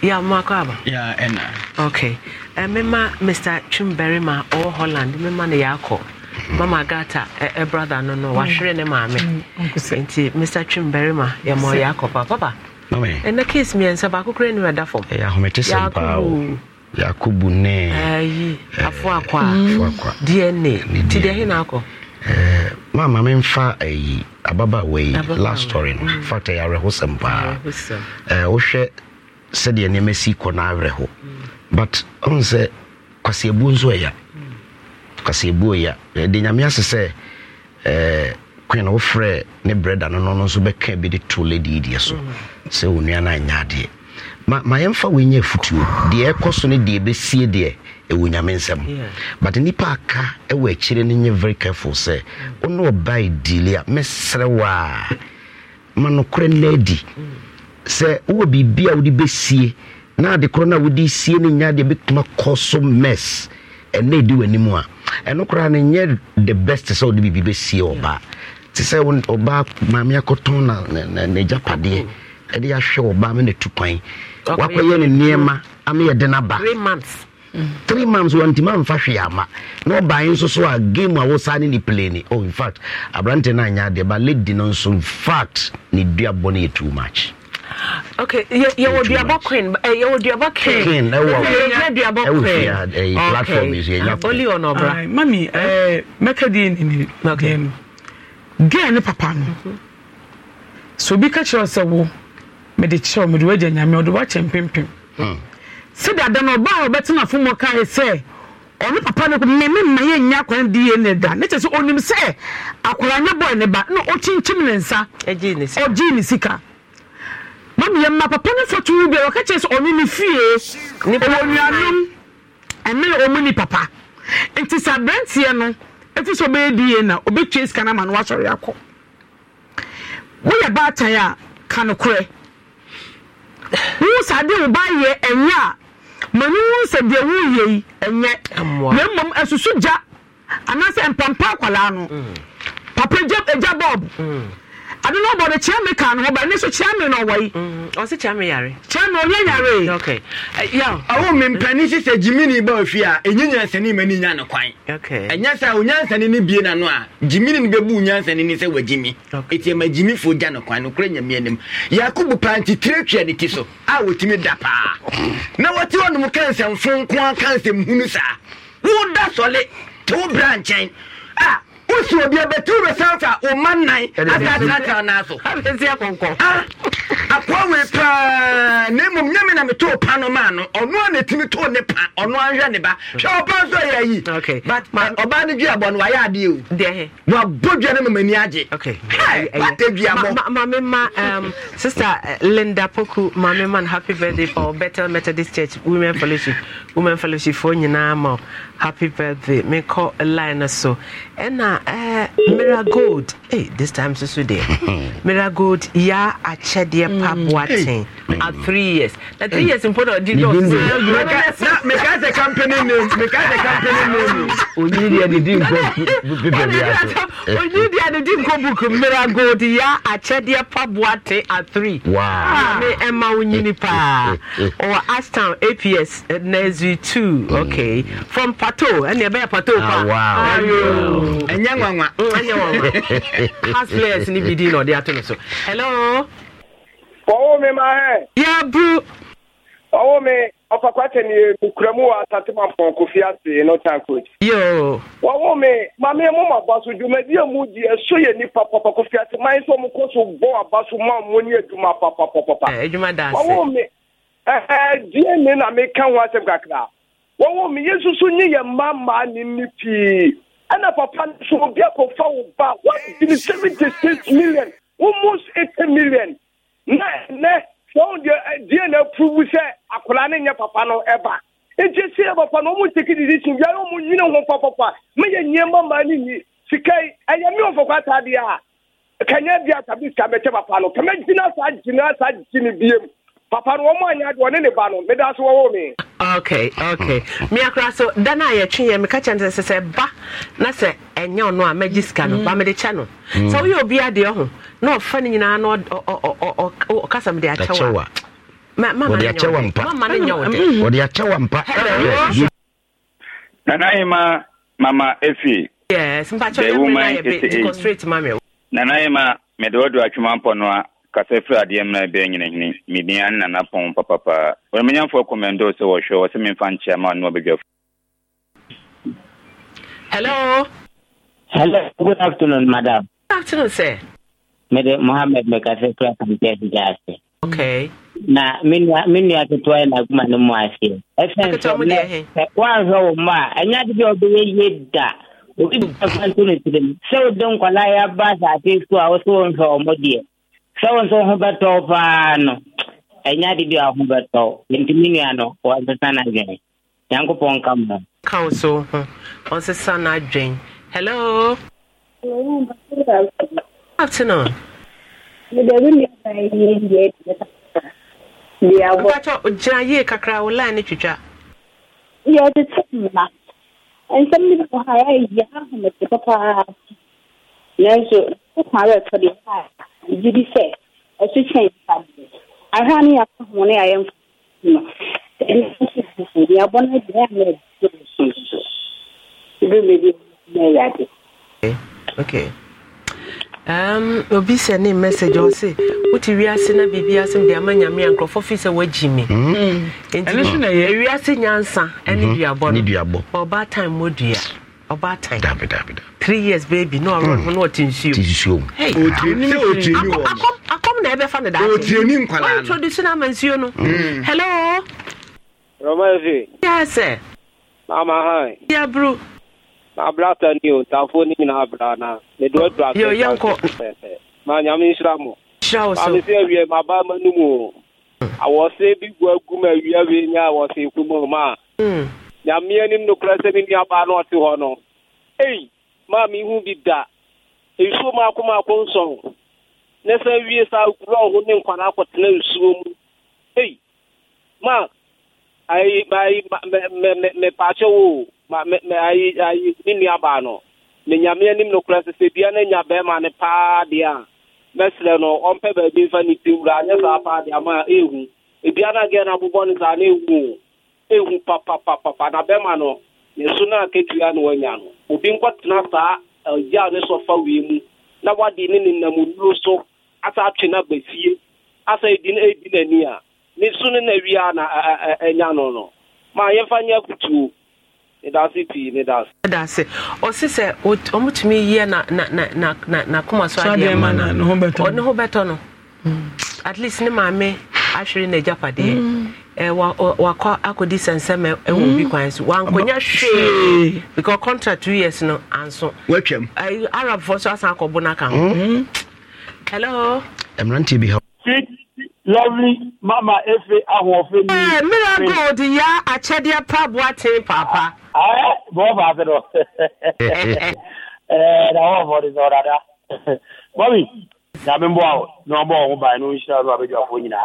ya mo akɔ aba ya ɛna ok uh, eh, mema mr twimberima ɔwɔ holland mema no yɛakɔ mama agata ɛ eh, brother no no wahwere ne maame mm, mm, mm, nti mr twimberima yɛma ɔyɛ akɔ pa papa ɛnɛ case mmiɛnsa baako kora ni ɛda fam ɛyɛ ahometesɛm paa o yakubu ne ayi eh, afọ akwa dna na ayi ababaawa yi last story no fata yɛ awerɛhosɛm paa wohwɛ sɛdeɛ nneɛma si kɔ na awerɛho hmm. but ɔn sɛ kwasiabu nso ɛya hmm. kwasiabu ya ɛde eh, nyame ase sɛ ɛɛ eh, wofrɛ ne brɛda no no nso bɛka bi de to yi deɛ so hmm. sɛ no adeɛ. ma ma yɛmfa wei nyɛ afutuo deɛ ɛkɔ so no deɛ ɛbɛsie deɛ ɛwɔ nyame nsɛm but nnipa aka ɛwɔ akyire no nyɛ very careful sɛ wo ne ɔbae diili a mɛserɛ wo a ma nokorɛ nna adi sɛ wowɔ biribi a wode bɛsie na ade korɔ no a wode sie no nya deɛ bɛtuma kɔ so mess ɛnɛ ɛdi w'anim a ɛno koraa no nyɛ the best sɛ wode biribi bɛsie ɔbaa te sɛ ɔbaa maame akɔtɔn na n'agyapadeɛ ɛde ahwɛ ɔbaa ma no tu kwan wakɔyɛ ne nneɛma ama yɛde no ba three months wantima mfa hwee ama na ɔbae nso so a game a wosaa ne ne play oh infact aberante no anyɛ adeɛ ba lady no nso infact ne duabɔ no yɛ too much Okay, yɛwɔ duaba queen yɛwɔ duaba queen yɛnya duaba queen platform yi so yɛnya ah, queen only on ɔbra mami eh? eh, mɛka deɛ nini deɛ no girl ne papa no mm-hmm. so obi ka kyerɛ sɛ wo mede kyerɛ mede wagya nyame ɔde wakyɛ mpempem hmm. sɛde ada no ɔbaa a ɔbɛtena fom ɔkae sɛ ɔno papa no meme mma yɛnya akwan de yɛ ne da ne kyɛ sɛ ɔnim sɛ akwara nyɛ bɔɔ ne ba na ɔkyinkyim ne nsa ɔgyee ne sika mami yɛ ma papa no fɔtu bi a wɔka kyerɛ sɛ ɔno ne fie ɔwɔ nuanom ɛmɛ ɔmu ne papa nti sɛ aberanteɛ no ɛfi sɛ ɔbɛyɛ die na ɔbɛtue sika no ama no wasɔre akɔ woyɛ baatan a ka nokorɛ wosade wo ba yɛ ɛnyɛ a mani wo sɛ deɛ woyɛ yi ɛnyɛ na mmom ɛsusu gya anaasɛ mpampa akwalaa no mm. papa gya bɔɔbo ade na ɔbɔ de kyerɛme ka no ho ba ne so kyerɛme na ɔwɔ yi. ɔsi kyerɛme yare. kyerɛme ɔyɛ yare. okay yaw. awo mi mpanyin sisan jimini ba ofi a enyi nyansani ma ni nya ne kwan. okay ɛnyɛ sɛ o nyansani ni bie na a jimini ni bɛ bu nyansani ni sɛ wa jimi. okay eti ɛma jimi fo gya ne kwan no kura nyamia nim yakubu panti tire tia ne ti so a wotumi da paa na wɔte hɔ nom kansa nfo a kansa muhunu saa wɔda sɔle te wo bra nkyɛn wosi obi abɛtu result a ɔma nnan atatata naa so akoa wei paa na mmom nyɛ me na metoo pa no maa no ɔno a natumi too ne pa ɔno anhwɛ ne ba hwɛ ɔba nso ayɛ yi but eh, ɔba no dwuabɔ no wayɛ adeɛ o wabɔ dwa no mamani agye wata dwuabɔ mamema sister eh, linda poku mamema no happy birthday for betel methodist church women fellowship women fellowship foɔ nyinaa ma happy birthday mekɔ line so ɛna uh, eh, Mira Hey, eh, this time so so there. <laughs> Mira Gold, ya akyɛdeɛ mm. paboaten mm. at three years. Na three years mpo na ɔdi dɔs. Na meka sɛ company name, meka sɛ company name. Onyi deɛ ne di nkɔ pepa bi ase. Onyi deɛ ne di nkɔ book Mira Gold ya akyɛdeɛ at three. Wow. Ah, me ɛma onyini paa. Ɔwɔ Ashtown APS Nursery two. Mm. Okay. From Pato, ɛnna ɛbɛyɛ Pato pa. Ɛnyɛ ah, nwanwa ɛyɛ mm, nwanwa house <laughs> ni bi na ɔde ato no so hello. ɔwɔ mi ma hɛ. yabu. ɔwɔ mi ɔfakwate ni ekuramu wa asate ma kofi ase no tan yoo. ɔwɔ mi maame mo ma ba so mu di eso yɛ nipa papa kofi ase maa nso mo ko so bɔ maa mo ni edwuma papapapa. ɛɛ edwuma eh, dansi. ɔwɔ mi ɛɛ eh, eh, diɛ mi na mi ka ho asɛm kakra. wɔwɔ mi yesu so nye yɛ mmaa mmaa ni mi pii ɛna papa no so obi akɔfa wo ba woadini seventy six million almost eighty million na ɛnɛ wɔn deɛ eh, deɛ na apurubu sɛ akwadaa ne nyɛ papa no ɛba nti si yɛ papa no wɔn teki didi si biara wɔn nyina wɔn fa papa meyɛ nneɛma maa ne nyi sika yi ɛyɛ mi wɔn fɔkɔ ataadeɛ a kanyɛ bi atabi sika mɛkyɛ papa no kɛmɛ gyina saa gyina saa gyina biem. papa no ɔmo anya de ɔne ne ba no meda so wɔwɔ me okay okay so dana no a yɛ meka kyɛ sɛ sɛ ba na sɛ ɛnyɛ ɔno a sika no ba mede mm. kyɛ no mm. sɛ woyɛ obi adeɛ ho na ɔfa no nyinaa na ɔkasa mm. mede akyɛw mama efie yes mede wɔdo atwuma mpɔ kasa firi adeɛ mmerɛ bɛɛ nyina hene medin ane nana pɔn papapaa ɔmanyamfoɔ kɔmmɛndɔ sɛ wɔhwɛ wɔ sɛ memfa nkyea ma ano abɛdwafo hello hello good afternoon madam good afternoon sir mede mohammed mekasa firi akamtɛse ase okay na me nua ketewa yɛ n'agoma no mu aseɛ ɛfɛn sɛ nɛ woanhwɛ wo mu a ɛnyɛ ade bi a wobɛyɛ yie da obi bi bɛfa nto no tirim sɛ wode nkwalaa yɛ asase so a wo sɛ wonhwɛ ɔmo deɛ sɛ wo nso ho bɛtɔw paa no ɛnyɛ ade bi a ho bɛtɔw nti me nua no wɔasesa no adwene nyankopɔn ka mmɔ kaw so ho ɔnsesa no adwen hello afternoon gyina yie kakra wo line no twitwa yɛdete mma nsɛm ne bi wɔ ha ɛyɛ e ahomete papaa nanso wokwa bɛtɔ deɛ gidi sɛ ɛso kyɛn ntadeɛ aha ne yɛaka hone a yɛmfa no ɛnɛabɔ no adi a na ɛdɛ so so bɛmɛbi na awurade okay um obi sɛ ne message ɔ sɛ wote wiase na biribi asɛm de ama nyame a nkurɔfoɔ fi sɛ woagyi me hmm. nti wiase nyansa ne mhm. duabɔ no ɔba time mɔdua ɔbaatan dabi three years baby na ɔrɔ ho na ɔte nsuo nsuo mu otieni sɛ otieni wɔ akɔm akɔm na ɛbɛfa ne daa otieni nkwalaa no ɔntroduce na ama nsuo no hello. rọmọ efe. yà mama hi. yà bro. abrata ni o ntafo ni nyina abra na ne do adura. yóò yẹ nkọ. ma nyame nsira mu. nsira o so. maame sẹ wiye ma ba ma numu o. Hmm. awọsẹ bi gu agum awia wi nye awọsẹ ekuma o ma nyame anim nokorɛ sɛ me nuabaa no ɔte hɔ no ei maa mehu bi da nsuo maako maako nsɔn ne sɛ wie saa kura ɔho ne nkwana akɔtena nsuo mu ei ma ayi ayi me me me paakyɛ wo ma me me ayi ayi me nuabaa no ne nyame anim nokorɛ sɛ sɛ bia ne nya bɛrima ne paa deɛ a mɛsrɛ no ɔmpɛ baabi mfa ne ti wura anyɛ saa paa deɛ ma, ehu ebia na agɛ na abobɔ ne saa na ehu o ewu papapapapa na bɛrima no ne nso no a ketua na wanya no obi nkɔtena saa agya ne sɔfa wei mu na wadị wade ne nenam nuro so asa atwe na aba fie asa edi na edi n'ani a ne nso no na wia na anya no no ma yɛmfa nyɛ akutuo nedase pii nedase nedase ɔse sɛ ɔmotumi yɛ na na na na na na koma so adeɛ ma na ne ho bɛtɔ no at least ne maame ahwere n'agyapadeɛ mm. Eh, wakɔ akɔdi sɛnsɛm eh, ɛwɔ bi hmm. kwan so wankɔnya hwee because contract two years no anso watwam arabfoɔ so asan akɔbo bona kan ho hmm? Hmm? hello mmeranteɛ bi ha lovely mama efe ahoɔfɛ ni. ɛɛ eh, miracle di ya akyɛdeɛ pa buaten paapa. ɛɛ ah, bɔn paase dɔ ɛɛ <laughs> na wɔn fɔ de sɔrɔ dada mɔmi nyame bɔ awɔ n'an bɔ ɔmo ban n'o n sira do a bɛ jɔ a fo ɲinan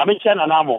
a bɛ tiɲɛ nana mɔ.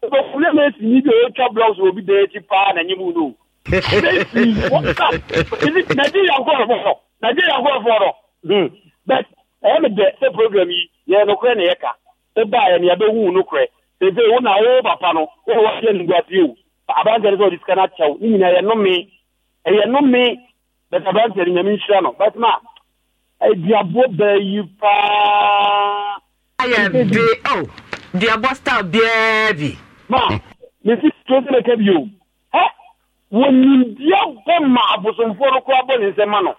Problem is, you need to chop blocks will be there, chip pan, and you move. No. What's up? Is it Nigeria going for? Nigeria going for? But I am the program, yeah, no crane, yeka. The buy and yabe woo no cray. They say, one hour, papa, no, or what you got you. Abandon is all this cannot chow. You mean know me. You know me. But abandon, you mean, Shano. But ma, I diabo bear you pa. I am the, oh, diabo star, baby ma mesi tuo sɛ bɛka bio ɛ wɔnimdia bɔ ma abosomfoɔ no koraa bɔ ne nsɛm ma no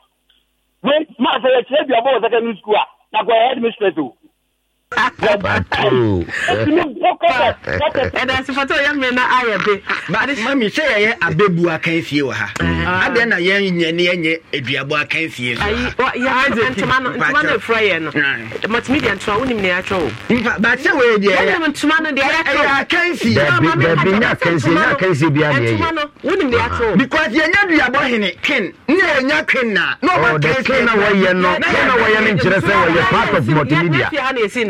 wei ma sɛ yɛkyerɛ duabɔ wɔ secondary school a na kɔ yɛ head mistress o ɛdansefoto yɛ mmere na ayɛ be mami sɛ yɛyɛ abɛbu akan fie wɔ ha adɛn na yɛnyɛ ne yɛnyɛ aduabɔ akan fie nntoma no ɛfura yɛ no matumi deɛ ntoma wonim ne yɛatwɛ o bakyɛ wei deɛyɛnim ntoma no deɛyɛ akan fientoma no wonim ne yɛatwɛ o because yɛnya duabɔ hene twen ne yɛnya twen na na ɔba kan fie na wɔyɛ no nkyerɛ sɛ wɔyɛ part of multimedia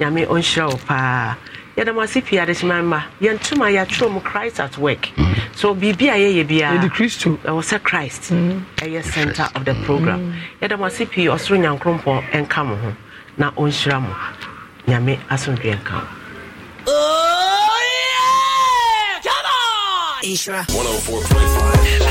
nyame ɔnhyira wo paa yɛda mo ase pii adekyima mma yɛntom yɛatwerɛ mu christ at work mm-hmm. so biribi a yɛyɛ biara ɛwɔ sɛ christ mm-hmm. ɛyɛ center of the program mm-hmm. yɛda mo ase pii ɔsoro nyankrompɔn ɛnka mo ho na ɔnhyira mo nyame asomdwe nka wo Oh yeah! Come on! Ishra. 104.5.